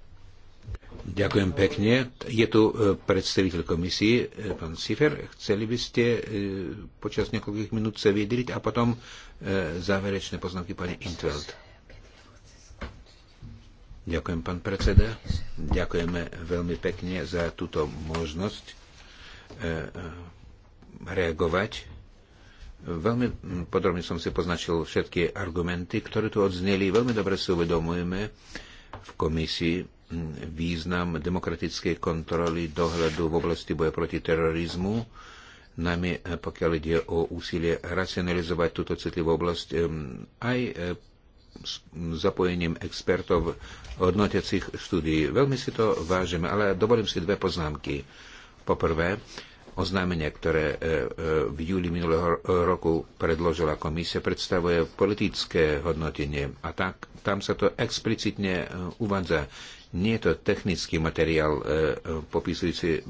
Ďakujem pekne. Je tu e, predstaviteľ komisie, e, pán Sifer. Chceli by ste e, počas niekoľkých minút sa vydriť a potom záverečné poznámky pani Intveld. Ďakujem, pán predseda. Ďakujeme veľmi pekne za túto možnosť reagovať. Veľmi podrobne som si poznačil všetky argumenty, ktoré tu odzneli. Veľmi dobre si uvedomujeme v komisii, význam demokratickej kontroly dohľadu v oblasti boja proti terorizmu, najmä eh, pokiaľ ide o úsilie racionalizovať túto citlivú oblasť eh, aj eh, s zapojením expertov hodnotiacich štúdií. Veľmi si to vážime, ale dovolím si dve poznámky. Poprvé, oznámenie, ktoré v júli minulého roku predložila komisia, predstavuje politické hodnotenie a tak, tam sa to explicitne uvádza. Nie je to technický materiál e, e, popisujúci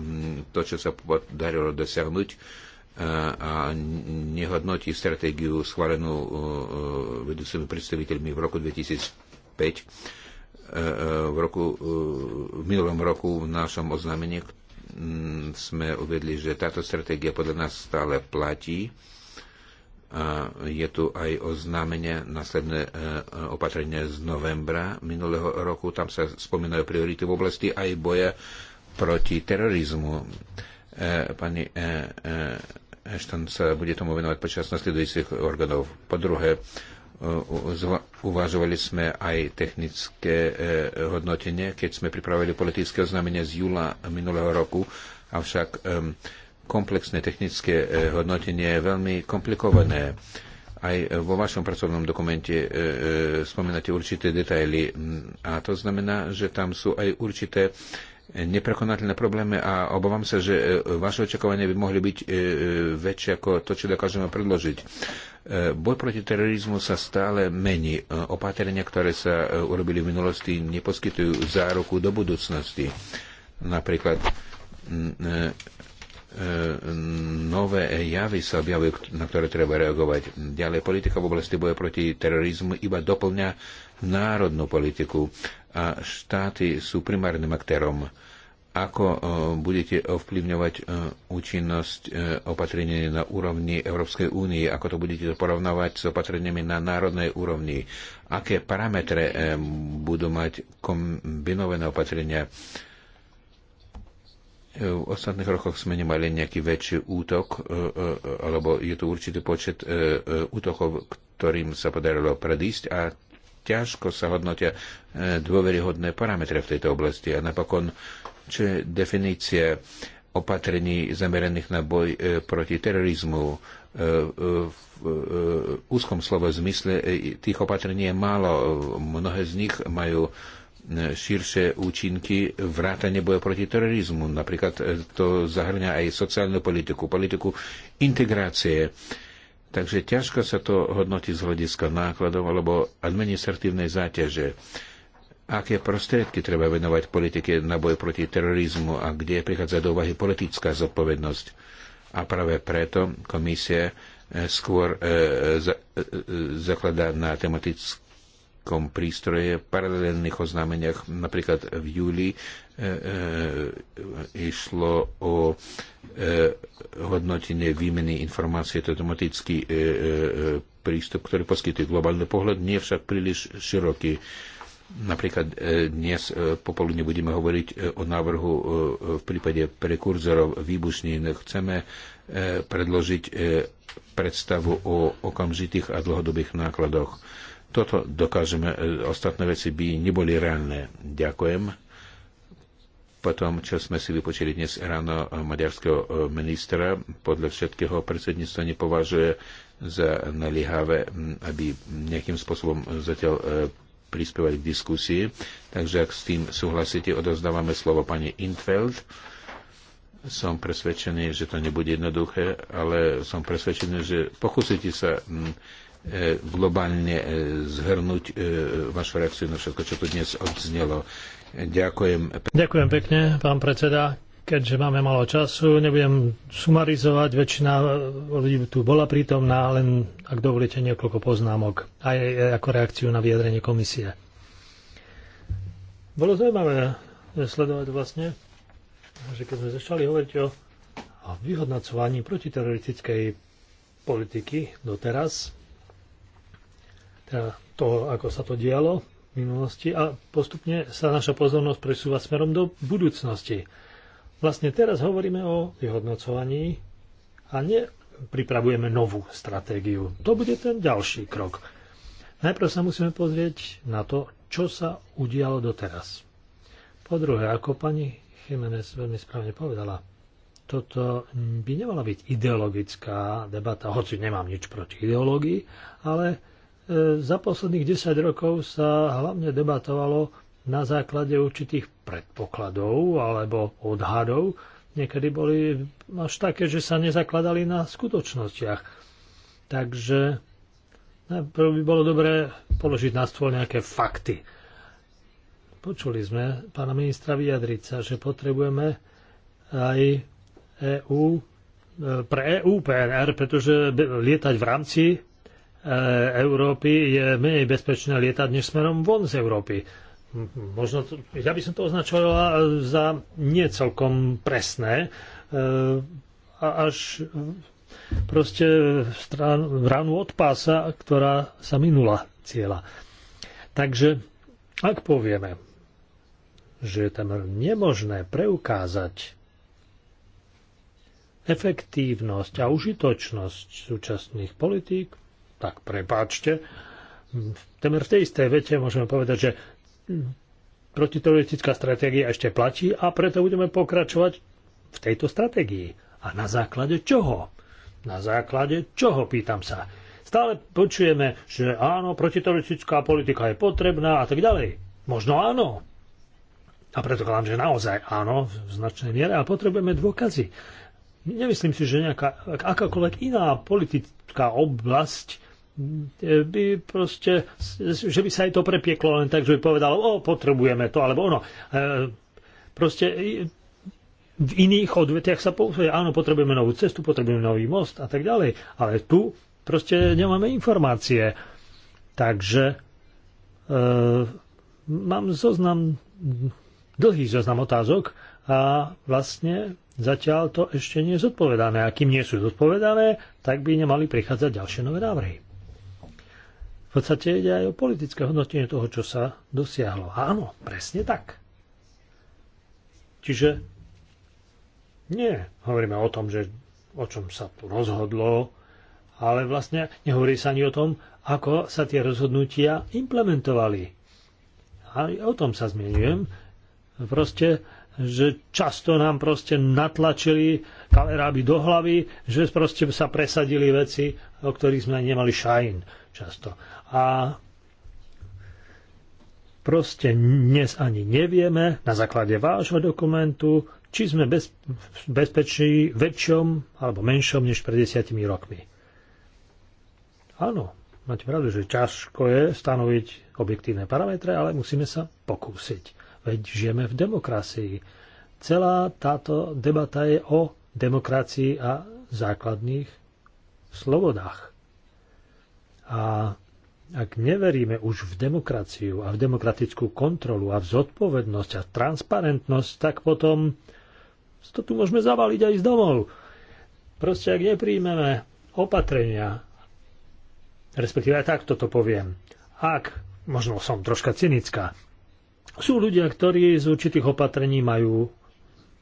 to, čo sa podarilo dosiahnuť e, a nehodnotí stratégiu schválenú vedúcimi predstaviteľmi v roku 2005 v, roku, v minulom roku v našom oznámení sme uvedli, že táto stratégia podľa nás stále platí je tu aj oznámenie následné e, opatrenie z novembra minulého roku. Tam sa spomínajú priority v oblasti aj boja proti terorizmu. E, pani Ešton e, sa bude tomu venovať počas nasledujúcich orgánov. Po druhé, uvažovali sme aj technické hodnotenie, keď sme pripravili politické oznámenie z júla minulého roku, avšak komplexné technické e, hodnotenie je veľmi komplikované. Aj vo vašom pracovnom dokumente e, e, spomínate určité detaily mm, a to znamená, že tam sú aj určité neprekonateľné problémy a obávam sa, že vaše očakávania by mohli byť väčšie ako to, čo dokážeme predložiť. Boj proti terorizmu sa stále mení. Opatrenia, ktoré sa urobili v minulosti, neposkytujú záruku do budúcnosti. Napríklad mm, nové javy sa objavujú, na ktoré treba reagovať. Ďalej, politika v oblasti boja proti terorizmu iba doplňa národnú politiku a štáty sú primárnym aktérom. Ako e, budete ovplyvňovať e, účinnosť e, opatrení na úrovni Európskej únie? Ako to budete porovnávať s opatreniami na národnej úrovni? Aké parametre budú mať kombinované opatrenia? v ostatných rokoch sme nemali nejaký väčší útok, e, e, e, alebo je tu určitý počet útokov, ktorým sa podarilo predísť a ťažko sa hodnotia dôveryhodné parametre v tejto oblasti. A napokon, čo je definícia opatrení zameraných na boj proti terorizmu, v úzkom slovo zmysle tých opatrení je málo. Mnohé z nich majú širšie účinky vrátane boja proti terorizmu. Napríklad e, to zahrňa aj sociálnu politiku, politiku integrácie. Takže ťažko sa to hodnotí z hľadiska nákladov alebo administratívnej záťaže. Aké prostriedky treba venovať politike na boj proti terorizmu a kde prichádza do úvahy politická zodpovednosť. A práve preto komisie skôr e, e, e, e, zakladá na tematickú elektronickom prístroje, paralelných oznámeniach. Napríklad v júli e, e, išlo o e, hodnotenie výmeny informácie. to automatický e, e, prístup, ktorý poskytuje globálny pohľad, nie však príliš široký. Napríklad e, dnes e, popoludne budeme hovoriť e, o návrhu v prípade prekurzorov výbušnín. Chceme predložiť predstavu o okamžitých a dlhodobých nákladoch toto dokážeme, e, ostatné veci by neboli reálne. Ďakujem Potom, čo sme si vypočili dnes ráno maďarského e, ministra, podľa všetkého predsedníctva nepovažuje za naliehavé, aby nejakým spôsobom zatiaľ e, prispievať k diskusii. Takže ak s tým súhlasíte, odozdávame slovo pani Intfeld. Som presvedčený, že to nebude jednoduché, ale som presvedčený, že pokúsite sa E, globálne e, zhrnúť e, vašu reakciu na všetko, čo tu dnes odznelo. Ďakujem. Ďakujem pekne, pán predseda. Keďže máme malo času, nebudem sumarizovať, väčšina ľudí tu bola prítomná, len ak dovolíte niekoľko poznámok, aj ako reakciu na vyjadrenie komisie. Bolo zaujímavé sledovať vlastne, že keď sme začali hovoriť o vyhodnacovaní protiteroristickej politiky doteraz, toho, ako sa to dialo v minulosti a postupne sa naša pozornosť presúva smerom do budúcnosti. Vlastne teraz hovoríme o vyhodnocovaní a nepripravujeme pripravujeme novú stratégiu. To bude ten ďalší krok. Najprv sa musíme pozrieť na to, čo sa udialo doteraz. Po druhé, ako pani Jiménez veľmi správne povedala, toto by nemala byť ideologická debata, hoci nemám nič proti ideológii, ale E, za posledných 10 rokov sa hlavne debatovalo na základe určitých predpokladov alebo odhadov. Niekedy boli až také, že sa nezakladali na skutočnostiach. Takže najprv by bolo dobré položiť na stôl nejaké fakty. Počuli sme pána ministra vyjadriť sa, že potrebujeme aj EU, e, pre EU PNR, pretože lietať v rámci Eh, Európy je menej bezpečné lietať než smerom von z Európy. Možno to, ja by som to označovala eh, za niecelkom presné eh, a až proste v ránu od pása, ktorá sa minula cieľa. Takže ak povieme, že je tam nemožné preukázať efektívnosť a užitočnosť súčasných politík, tak prepáčte. Temer v tej istej vete môžeme povedať, že protiteroristická stratégia ešte platí a preto budeme pokračovať v tejto stratégii. A na základe čoho? Na základe čoho, pýtam sa. Stále počujeme, že áno, protiteroristická politika je potrebná a tak ďalej. Možno áno. A preto kladám, že naozaj áno, v značnej miere, ale potrebujeme dôkazy. Nemyslím si, že nejaká akákoľvek iná politická oblasť by proste, že by sa aj to prepieklo len tak, že by povedal, o, potrebujeme to, alebo ono. E, proste v iných odvetiach sa použije, áno, potrebujeme novú cestu, potrebujeme nový most a tak ďalej. Ale tu proste nemáme informácie. Takže e, mám zoznam, dlhý zoznam otázok a vlastne zatiaľ to ešte nie je zodpovedané. A kým nie sú zodpovedané, tak by nemali prichádzať ďalšie nové návrhy. V podstate ide aj o politické hodnotenie toho, čo sa dosiahlo. Áno, presne tak. Čiže nie hovoríme o tom, že, o čom sa tu rozhodlo, ale vlastne nehovorí sa ani o tom, ako sa tie rozhodnutia implementovali. A o tom sa zmienujem. Proste, že často nám proste natlačili kaleráby do hlavy, že proste sa presadili veci, o ktorých sme nemali šajn často a proste dnes ani nevieme na základe vášho dokumentu, či sme bez, bezpeční väčšom alebo menšom než pred desiatimi rokmi. Áno, máte pravdu, že ťažko je stanoviť objektívne parametre, ale musíme sa pokúsiť. Veď žijeme v demokracii. Celá táto debata je o demokracii a základných slobodách. A ak neveríme už v demokraciu a v demokratickú kontrolu a v zodpovednosť a transparentnosť, tak potom to tu môžeme zavaliť aj z domov. Proste ak nepríjmeme opatrenia, respektíve aj takto to poviem, ak, možno som troška cynická, sú ľudia, ktorí z určitých opatrení majú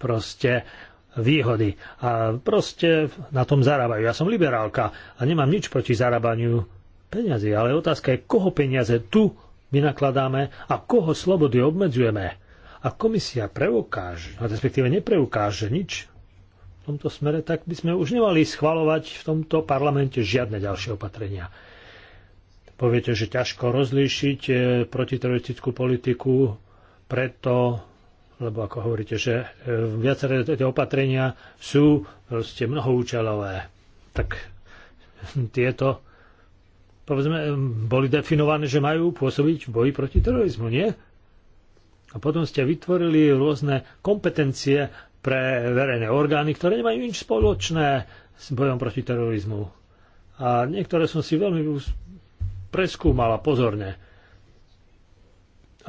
proste výhody a proste na tom zarábajú. Ja som liberálka a nemám nič proti zarábaniu peniazy, ale otázka je, koho peniaze tu vynakladáme a koho slobody obmedzujeme. A komisia preukáže, respektíve nepreukáže nič v tomto smere, tak by sme už nemali schvalovať v tomto parlamente žiadne ďalšie opatrenia. Poviete, že ťažko rozlíšiť e, protiteroristickú politiku, preto, lebo ako hovoríte, že e, viaceré tie opatrenia sú proste mnohoučelové. Tak tieto povedzme, boli definované, že majú pôsobiť v boji proti terorizmu, nie? A potom ste vytvorili rôzne kompetencie pre verejné orgány, ktoré nemajú nič spoločné s bojom proti terorizmu. A niektoré som si veľmi preskúmala pozorne.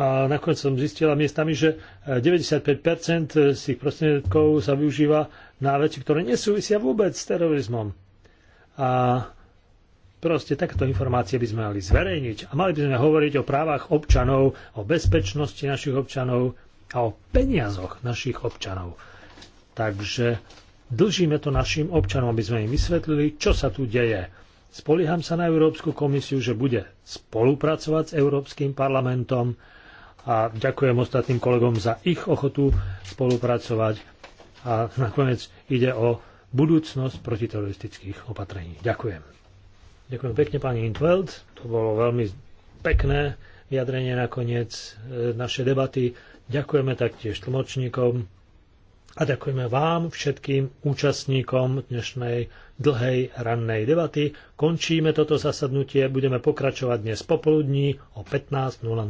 A nakoniec som zistila miestami, že 95% z tých prostriedkov sa využíva na veci, ktoré nesúvisia vôbec s terorizmom. A Proste takéto informácie by sme mali zverejniť a mali by sme hovoriť o právach občanov, o bezpečnosti našich občanov a o peniazoch našich občanov. Takže dlžíme to našim občanom, aby sme im vysvetlili, čo sa tu deje. Spolieham sa na Európsku komisiu, že bude spolupracovať s Európskym parlamentom a ďakujem ostatným kolegom za ich ochotu spolupracovať. A nakoniec ide o budúcnosť protiteroristických opatrení. Ďakujem. Ďakujem pekne pani Intveld. To bolo veľmi pekné vyjadrenie nakoniec e, našej debaty. Ďakujeme taktiež tlmočníkom a ďakujeme vám všetkým účastníkom dnešnej dlhej rannej debaty. Končíme toto zasadnutie, budeme pokračovať dnes popoludní o 15.00.